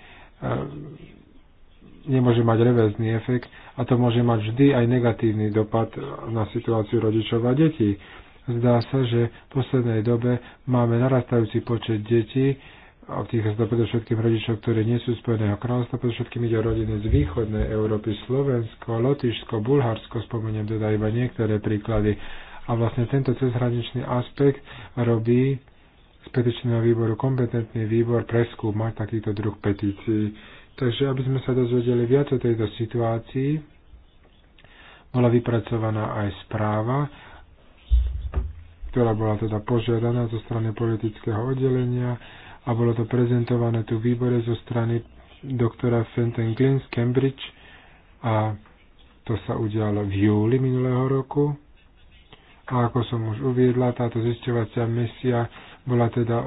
nemôže mať reverzný efekt a to môže mať vždy aj negatívny dopad na situáciu rodičov a detí. Zdá sa, že v poslednej dobe máme narastajúci počet detí, a tých sa to všetkým rodičov, ktorí nie sú Spojeného kráľovstva, všetkým ide o rodiny z východnej Európy, Slovensko, Lotyšsko, Bulharsko, spomeniem teda iba niektoré príklady. A vlastne tento cezhraničný aspekt robí z petičného výboru kompetentný výbor preskúmať takýto druh petícií. Takže aby sme sa dozvedeli viac o tejto situácii, bola vypracovaná aj správa, ktorá bola teda požiadaná zo strany politického oddelenia a bolo to prezentované tu v výbore zo strany doktora Fenton Glynn z Cambridge a to sa udialo v júli minulého roku. A ako som už uviedla, táto zisťovacia misia bola teda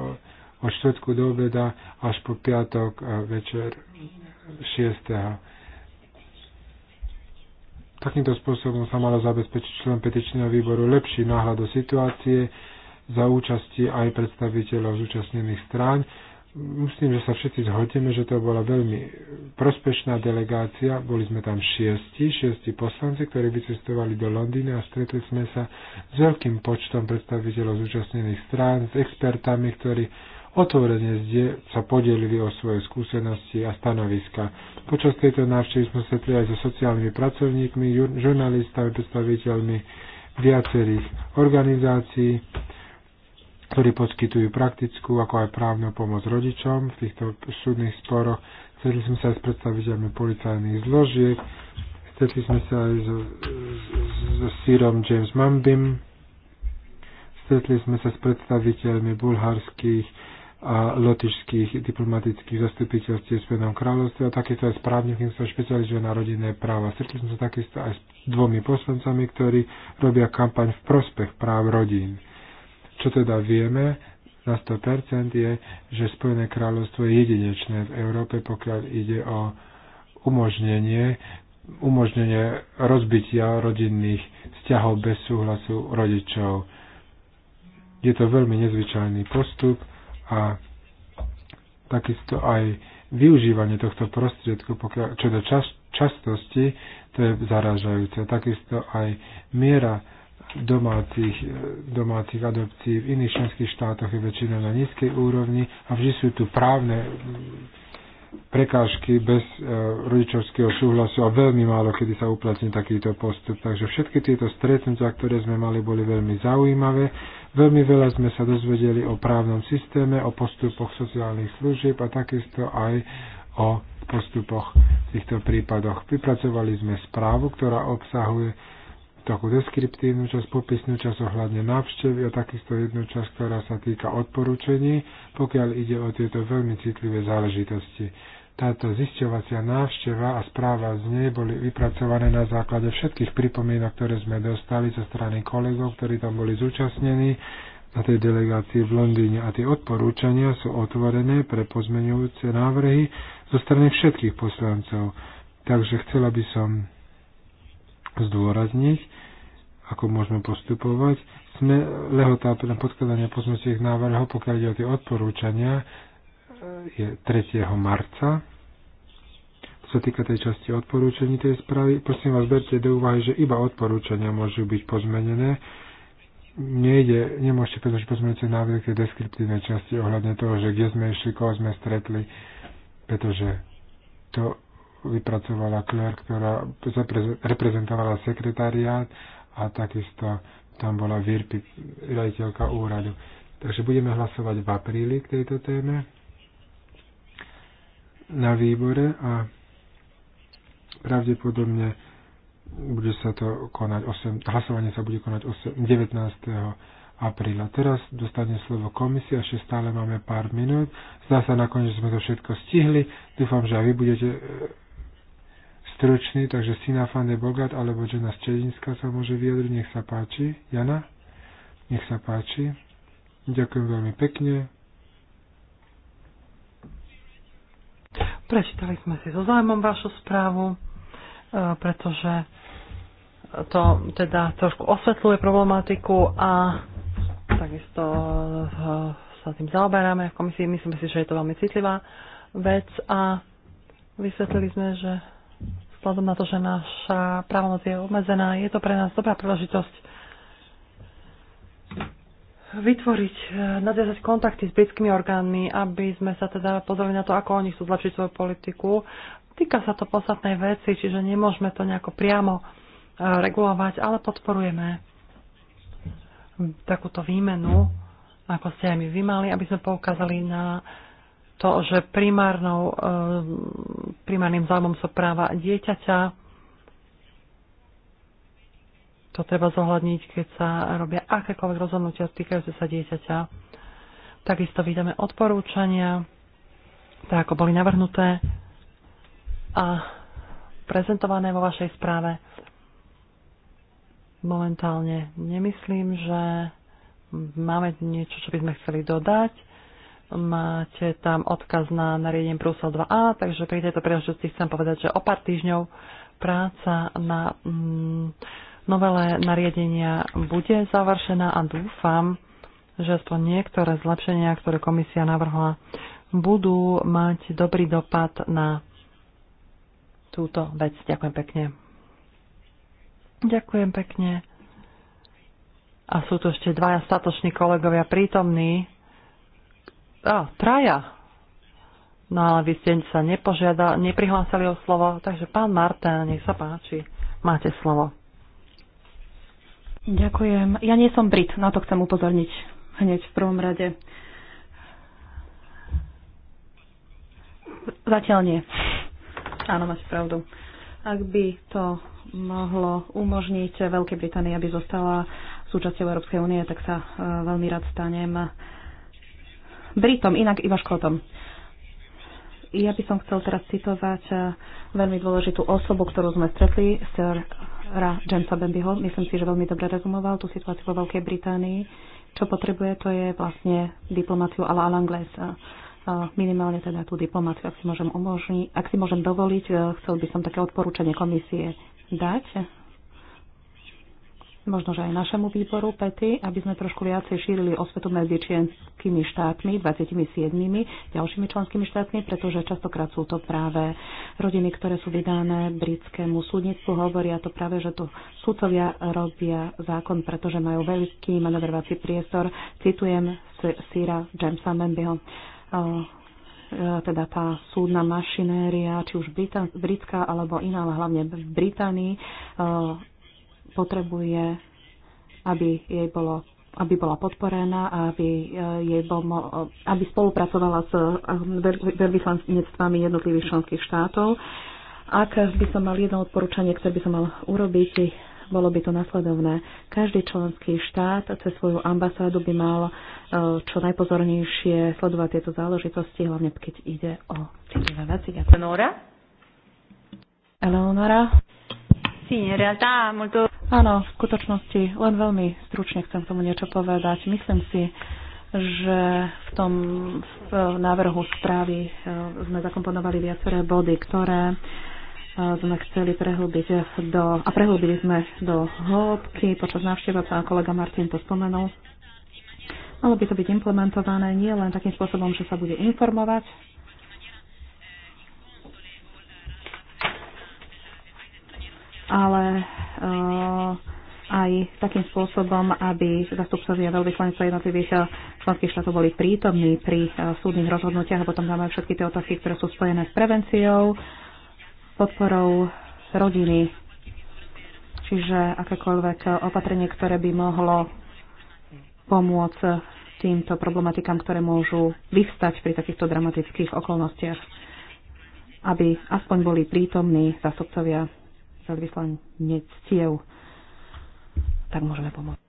od štvrtku do obeda až po piatok večer 6. Takýmto spôsobom sa malo zabezpečiť člen petičného výboru lepší náhľad do situácie za účasti aj predstaviteľov zúčastnených strán. Myslím, že sa všetci zhodneme, že to bola veľmi prospešná delegácia. Boli sme tam šiesti, šiesti poslanci, ktorí vycestovali do Londýna a stretli sme sa s veľkým počtom predstaviteľov zúčastnených strán, s expertami, ktorí otvorene sa podelili o svoje skúsenosti a stanoviska. Počas tejto návštevy sme stretli aj so sociálnymi pracovníkmi, žurnalistami, predstaviteľmi viacerých organizácií ktorí poskytujú praktickú ako aj právnu pomoc rodičom v týchto súdnych sporoch. Stretli sme sa aj s predstaviteľmi policajných zložiek, stretli sme sa aj so, so sírom James Mambim, stretli sme sa s predstaviteľmi bulharských a lotišských diplomatických zastupiteľstiev v Spojenom kráľovstve a takisto aj s právnikmi, ktorí špecializujú na rodinné práva. Stretli sme sa takisto aj s dvomi poslancami, ktorí robia kampaň v prospech práv rodín. Čo teda vieme na 100% je, že Spojené kráľovstvo je jedinečné v Európe, pokiaľ ide o umožnenie umožnenie rozbitia rodinných vzťahov bez súhlasu rodičov. Je to veľmi nezvyčajný postup a takisto aj využívanie tohto prostriedku, pokiaľ, čo do čas, častosti, to je zaražajúce. Takisto aj miera domácich, e, domácich adopcií v iných členských štátoch je väčšina na nízkej úrovni a vždy sú tu právne mm, prekážky bez e, rodičovského súhlasu a veľmi málo kedy sa uplatní takýto postup. Takže všetky tieto stretnutia, ktoré sme mali, boli veľmi zaujímavé. Veľmi veľa sme sa dozvedeli o právnom systéme, o postupoch sociálnych služieb a takisto aj o postupoch v týchto prípadoch. Vypracovali sme správu, ktorá obsahuje takú deskriptívnu časť, popisnú časť ohľadne návštevy a takisto jednu časť, ktorá sa týka odporúčení, pokiaľ ide o tieto veľmi citlivé záležitosti. Táto zisťovacia návšteva a správa z nej boli vypracované na základe všetkých pripomienok, ktoré sme dostali zo strany kolegov, ktorí tam boli zúčastnení na tej delegácii v Londýne a tie odporúčania sú otvorené pre pozmenujúce návrhy zo strany všetkých poslancov. Takže chcela by som zdôrazniť, ako môžeme postupovať. Sme lehotá pre podkladanie pozmeňujúcich návrhov, pokiaľ ide o tie odporúčania, e, je 3. marca. Čo sa týka tej časti odporúčaní tej správy, prosím vás, berte do úvahy, že iba odporúčania môžu byť pozmenené. Nejde, nemôžete predložiť pozmenujúce návrhy tej deskriptívnej časti ohľadne toho, že kde sme išli, koho sme stretli, pretože to vypracovala Claire, ktorá reprezentovala sekretariát a takisto tam bola Virpi, riaditeľka úradu. Takže budeme hlasovať v apríli k tejto téme na výbore a pravdepodobne bude sa to konať 8, hlasovanie sa bude konať 8, 19. apríla. Teraz dostane slovo komisia, ešte stále máme pár minút. Zdá sa nakoniec, že sme to všetko stihli. Dúfam, že aj vy budete stručný, takže Sina van de Bogat alebo Jana Stedinska sa môže vyjadriť, nech sa páči. Jana, nech sa páči. Ďakujem veľmi pekne. Prečítali sme si so zájmom vašu správu, e, pretože to teda trošku osvetľuje problematiku a takisto e, sa tým zaoberáme v komisii. Myslím si, že je to veľmi citlivá vec a vysvetlili sme, že vzhľadom na to, že naša právomoc je obmedzená, je to pre nás dobrá príležitosť vytvoriť, eh, nadviazať kontakty s britskými orgánmi, aby sme sa teda pozreli na to, ako oni chcú zlepšiť svoju politiku. Týka sa to podstatnej veci, čiže nemôžeme to nejako priamo eh, regulovať, ale podporujeme takúto výmenu, ako ste aj my vymali, mali, aby sme poukázali na to, že primárnou, eh, primárnym záujmom sú práva dieťaťa. To treba zohľadniť, keď sa robia akékoľvek rozhodnutia týkajúce sa dieťaťa. Takisto vydáme odporúčania, tak ako boli navrhnuté a prezentované vo vašej správe. Momentálne nemyslím, že máme niečo, čo by sme chceli dodať. Máte tam odkaz na nariadenie Brusel 2a, takže pri tejto príležitosti chcem povedať, že o pár týždňov práca na mm, novele nariadenia bude završená a dúfam, že aspoň niektoré zlepšenia, ktoré komisia navrhla, budú mať dobrý dopad na túto vec. Ďakujem pekne. Ďakujem pekne. A sú tu ešte dvaja statoční kolegovia prítomní. A, traja. No ale vy ste sa nepožiada, neprihlásali o slovo, takže pán Martin, nech sa páči, máte slovo. Ďakujem. Ja nie som Brit, na to chcem upozorniť hneď v prvom rade. Zatiaľ nie. Áno, máte pravdu. Ak by to mohlo umožniť Veľkej Británii, aby zostala súčasťou Európskej únie, tak sa e, veľmi rád stanem Britom, inak iba Škotom. Ja by som chcel teraz citovať eh, veľmi dôležitú osobu, ktorú sme stretli, Sir Ra Jamesa Bambiho. Myslím si, že veľmi dobre rezumoval tú situáciu vo Veľkej Británii. Čo potrebuje, to je vlastne diplomáciu a la eh, eh, minimálne teda tú diplomáciu, ak si môžem, umožni, ak si môžem dovoliť, chcel by som také odporúčanie komisie dať možno, že aj našemu výboru PETY, aby sme trošku viacej šírili osvetu medzi členskými štátmi, 27 ďalšími členskými štátmi, pretože častokrát sú to práve rodiny, ktoré sú vydané britskému súdnictvu. Hovoria to práve, že to súcovia robia zákon, pretože majú veľký manevrovací priestor. Citujem Sira Jamesa Membyho e, teda tá súdna mašinéria, či už britská alebo iná, ale hlavne v Británii, potrebuje, aby jej bolo aby bola podporená a aby, eh, jej bol, aby spolupracovala s eh, veľvyslanectvami jednotlivých členských štátov. Ak by som mal jedno odporúčanie, ktoré by som mal urobiť, bolo by to nasledovné. Každý členský štát cez svoju ambasádu by mal eh, čo najpozornejšie sledovať tieto záležitosti, hlavne keď ide o citlivé veci. Eleonora? Eleonora? realtà molto... Áno, v skutočnosti len veľmi stručne chcem tomu niečo povedať. Myslím si, že v tom v návrhu správy eh, sme zakomponovali viaceré body, ktoré eh, sme chceli prehlbiť do, a prehlbili sme do hĺbky počas návšteva, pán kolega Martin to spomenul. Malo by to byť implementované nie len takým spôsobom, že sa bude informovať ale eh, aj takým spôsobom, aby zastupcovia veľvyslanectva jednotlivých eh, členských štátov boli prítomní pri eh, súdnych rozhodnutiach a potom dáme všetky tie otázky, ktoré sú spojené s prevenciou, podporou rodiny, čiže akékoľvek opatrenie, ktoré by mohlo pomôcť týmto problematikám, ktoré môžu vyvstať pri takýchto dramatických okolnostiach, aby aspoň boli prítomní zastupcovia veľvyslanectiev, tak môžeme pomôcť.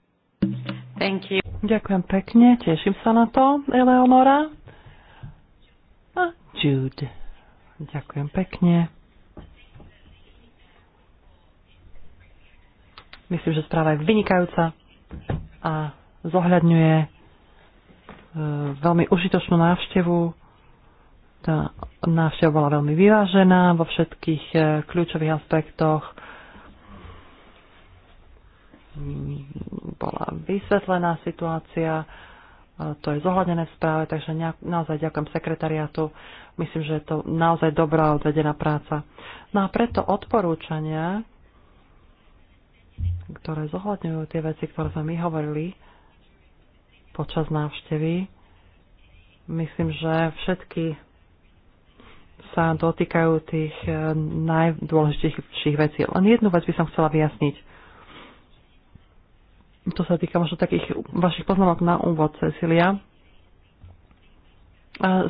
Thank you. Ďakujem pekne, teším sa na to, Eleonora. A Jude. Ďakujem pekne. Myslím, že správa je vynikajúca a zohľadňuje e, veľmi užitočnú návštevu tá návšteva bola veľmi vyvážená vo všetkých eh, kľúčových aspektoch. Bola vysvetlená situácia, to je zohľadené v správe, takže naozaj ďakujem sekretariátu. Myslím, že je to naozaj dobrá odvedená práca. No a preto odporúčania, ktoré zohľadňujú tie veci, ktoré sme my hovorili počas návštevy. Myslím, že všetky sa dotýkajú tých e, najdôležitejších vecí. Len jednu vec by som chcela vyjasniť. To sa týka možno takých vašich poznámok na úvod, Cecilia.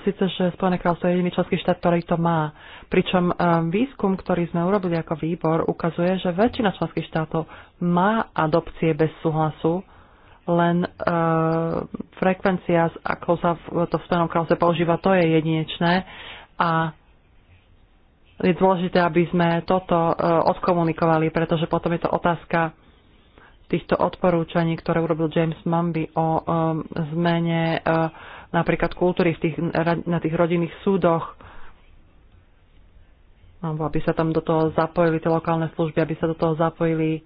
Sice, že Spojené kráľovstvo je jediný členský štát, ktorý to má. Pričom e, výskum, ktorý sme urobili ako výbor, ukazuje, že väčšina členských štátov má adopcie bez súhlasu, len uh, frekvencia, ako sa v, to v Spojenom kráľstve používa, to je jedinečné. A je dôležité, aby sme toto e, odkomunikovali, pretože potom je to otázka týchto odporúčaní, ktoré urobil James Mumby o e, zmene e, napríklad kultúry v tých, na tých rodinných súdoch, alebo aby sa tam do toho zapojili tie lokálne služby, aby sa do toho zapojili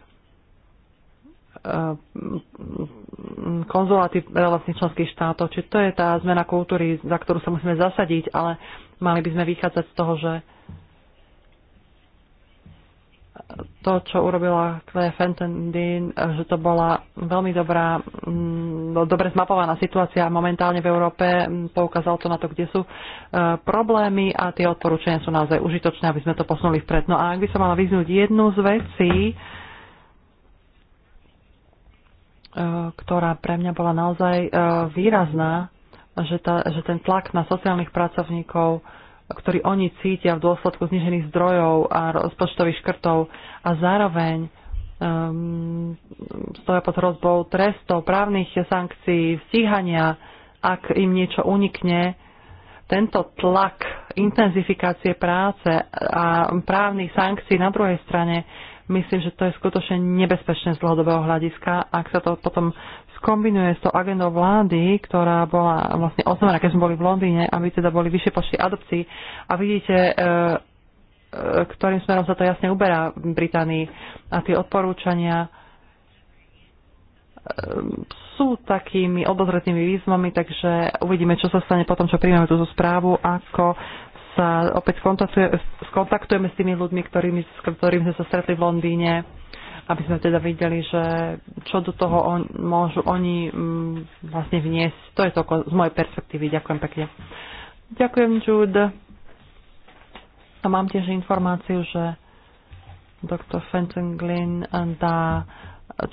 konzuláty relevantných členských štátov. Či to je tá zmena kultúry, za ktorú sa musíme zasadiť, ale mali by sme vychádzať z toho, že to, čo urobila Claire Dean, že to bola veľmi dobrá, mm, no, dobre zmapovaná situácia momentálne v Európe. Poukázalo to na to, kde sú e, problémy a tie odporúčania sú naozaj užitočné, aby sme to posunuli vpred. No a ak by som mala vyznúť jednu z vecí, e, ktorá pre mňa bola naozaj e, výrazná, že, tá, že ten tlak na sociálnych pracovníkov ktorý oni cítia v dôsledku znižených zdrojov a rozpočtových škrtov a zároveň um, stoja pod hrozbou trestov, právnych sankcií, stíhania, ak im niečo unikne. Tento tlak intenzifikácie práce a právnych sankcií na druhej strane, myslím, že to je skutočne nebezpečné z dlhodobého hľadiska, ak sa to potom kombinuje s tou agendou vlády, ktorá bola vlastne oznámená, keď sme boli v Londýne, aby teda boli vyššie počty adopcií. A vidíte, e, e, ktorým smerom sa to jasne uberá v Británii. A tie odporúčania e, sú takými obozretnými výzvami, takže uvidíme, čo sa stane potom, čo príjmeme túto správu, ako sa opäť skontaktujeme s tými ľuďmi, ktorými, s ktorými sme sa stretli v Londýne aby sme teda videli, že čo do toho on, môžu oni mm, vlastne vniesť. To je to z mojej perspektívy. Ďakujem pekne. Ďakujem, Jude. A mám tiež informáciu, že doktor Fenton Fentenglin dá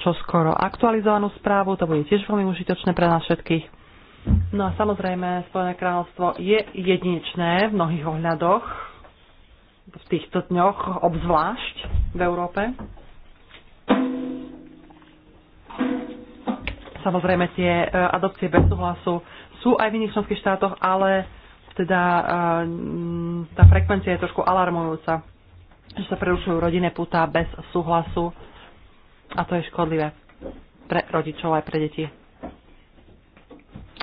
čo skoro aktualizovanú správu, to bude tiež veľmi užitočné pre nás všetkých. No a samozrejme, Spojené kráľovstvo je jedinečné v mnohých ohľadoch, v týchto dňoch obzvlášť v Európe. Samozrejme, tie e, adopcie bez súhlasu sú aj v iných členských štátoch, ale teda e, tá frekvencia je trošku alarmujúca, že sa prerušujú rodinné putá bez súhlasu a to je škodlivé pre rodičov aj pre deti.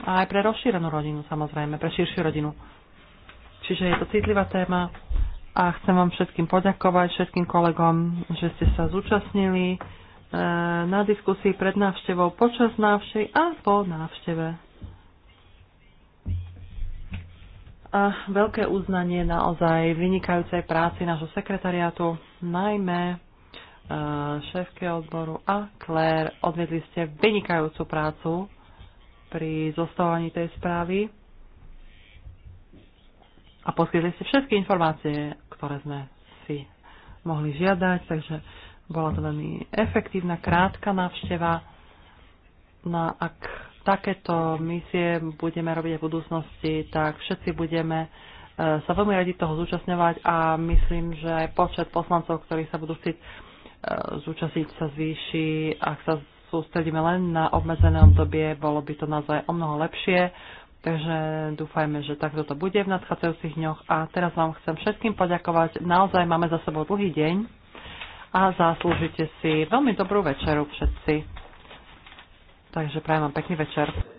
A aj pre rozšírenú rodinu, samozrejme, pre širšiu rodinu. Čiže je to citlivá téma a chcem vám všetkým poďakovať, všetkým kolegom, že ste sa zúčastnili e, na diskusii pred návštevou, počas návštevy a po návšteve. A veľké uznanie naozaj vynikajúcej práci nášho sekretariátu, najmä e, šéfke odboru a Claire. Odvedli ste vynikajúcu prácu pri zostávaní tej správy a poskytli ste všetky informácie ktoré sme si mohli žiadať, takže bola to veľmi efektívna, krátka návšteva. No ak takéto misie budeme robiť v budúcnosti, tak všetci budeme e, sa veľmi radi toho zúčastňovať a myslím, že aj počet poslancov, ktorí sa budú chcieť e, zúčastniť, sa zvýši, ak sa sústredíme len na obmedzené obdobie, bolo by to naozaj o mnoho lepšie Takže dúfajme, že takto to bude v nadchádzajúcich dňoch. A teraz vám chcem všetkým poďakovať. Naozaj máme za sebou dlhý deň a zaslúžite si veľmi dobrú večeru všetci. Takže prajem vám pekný večer.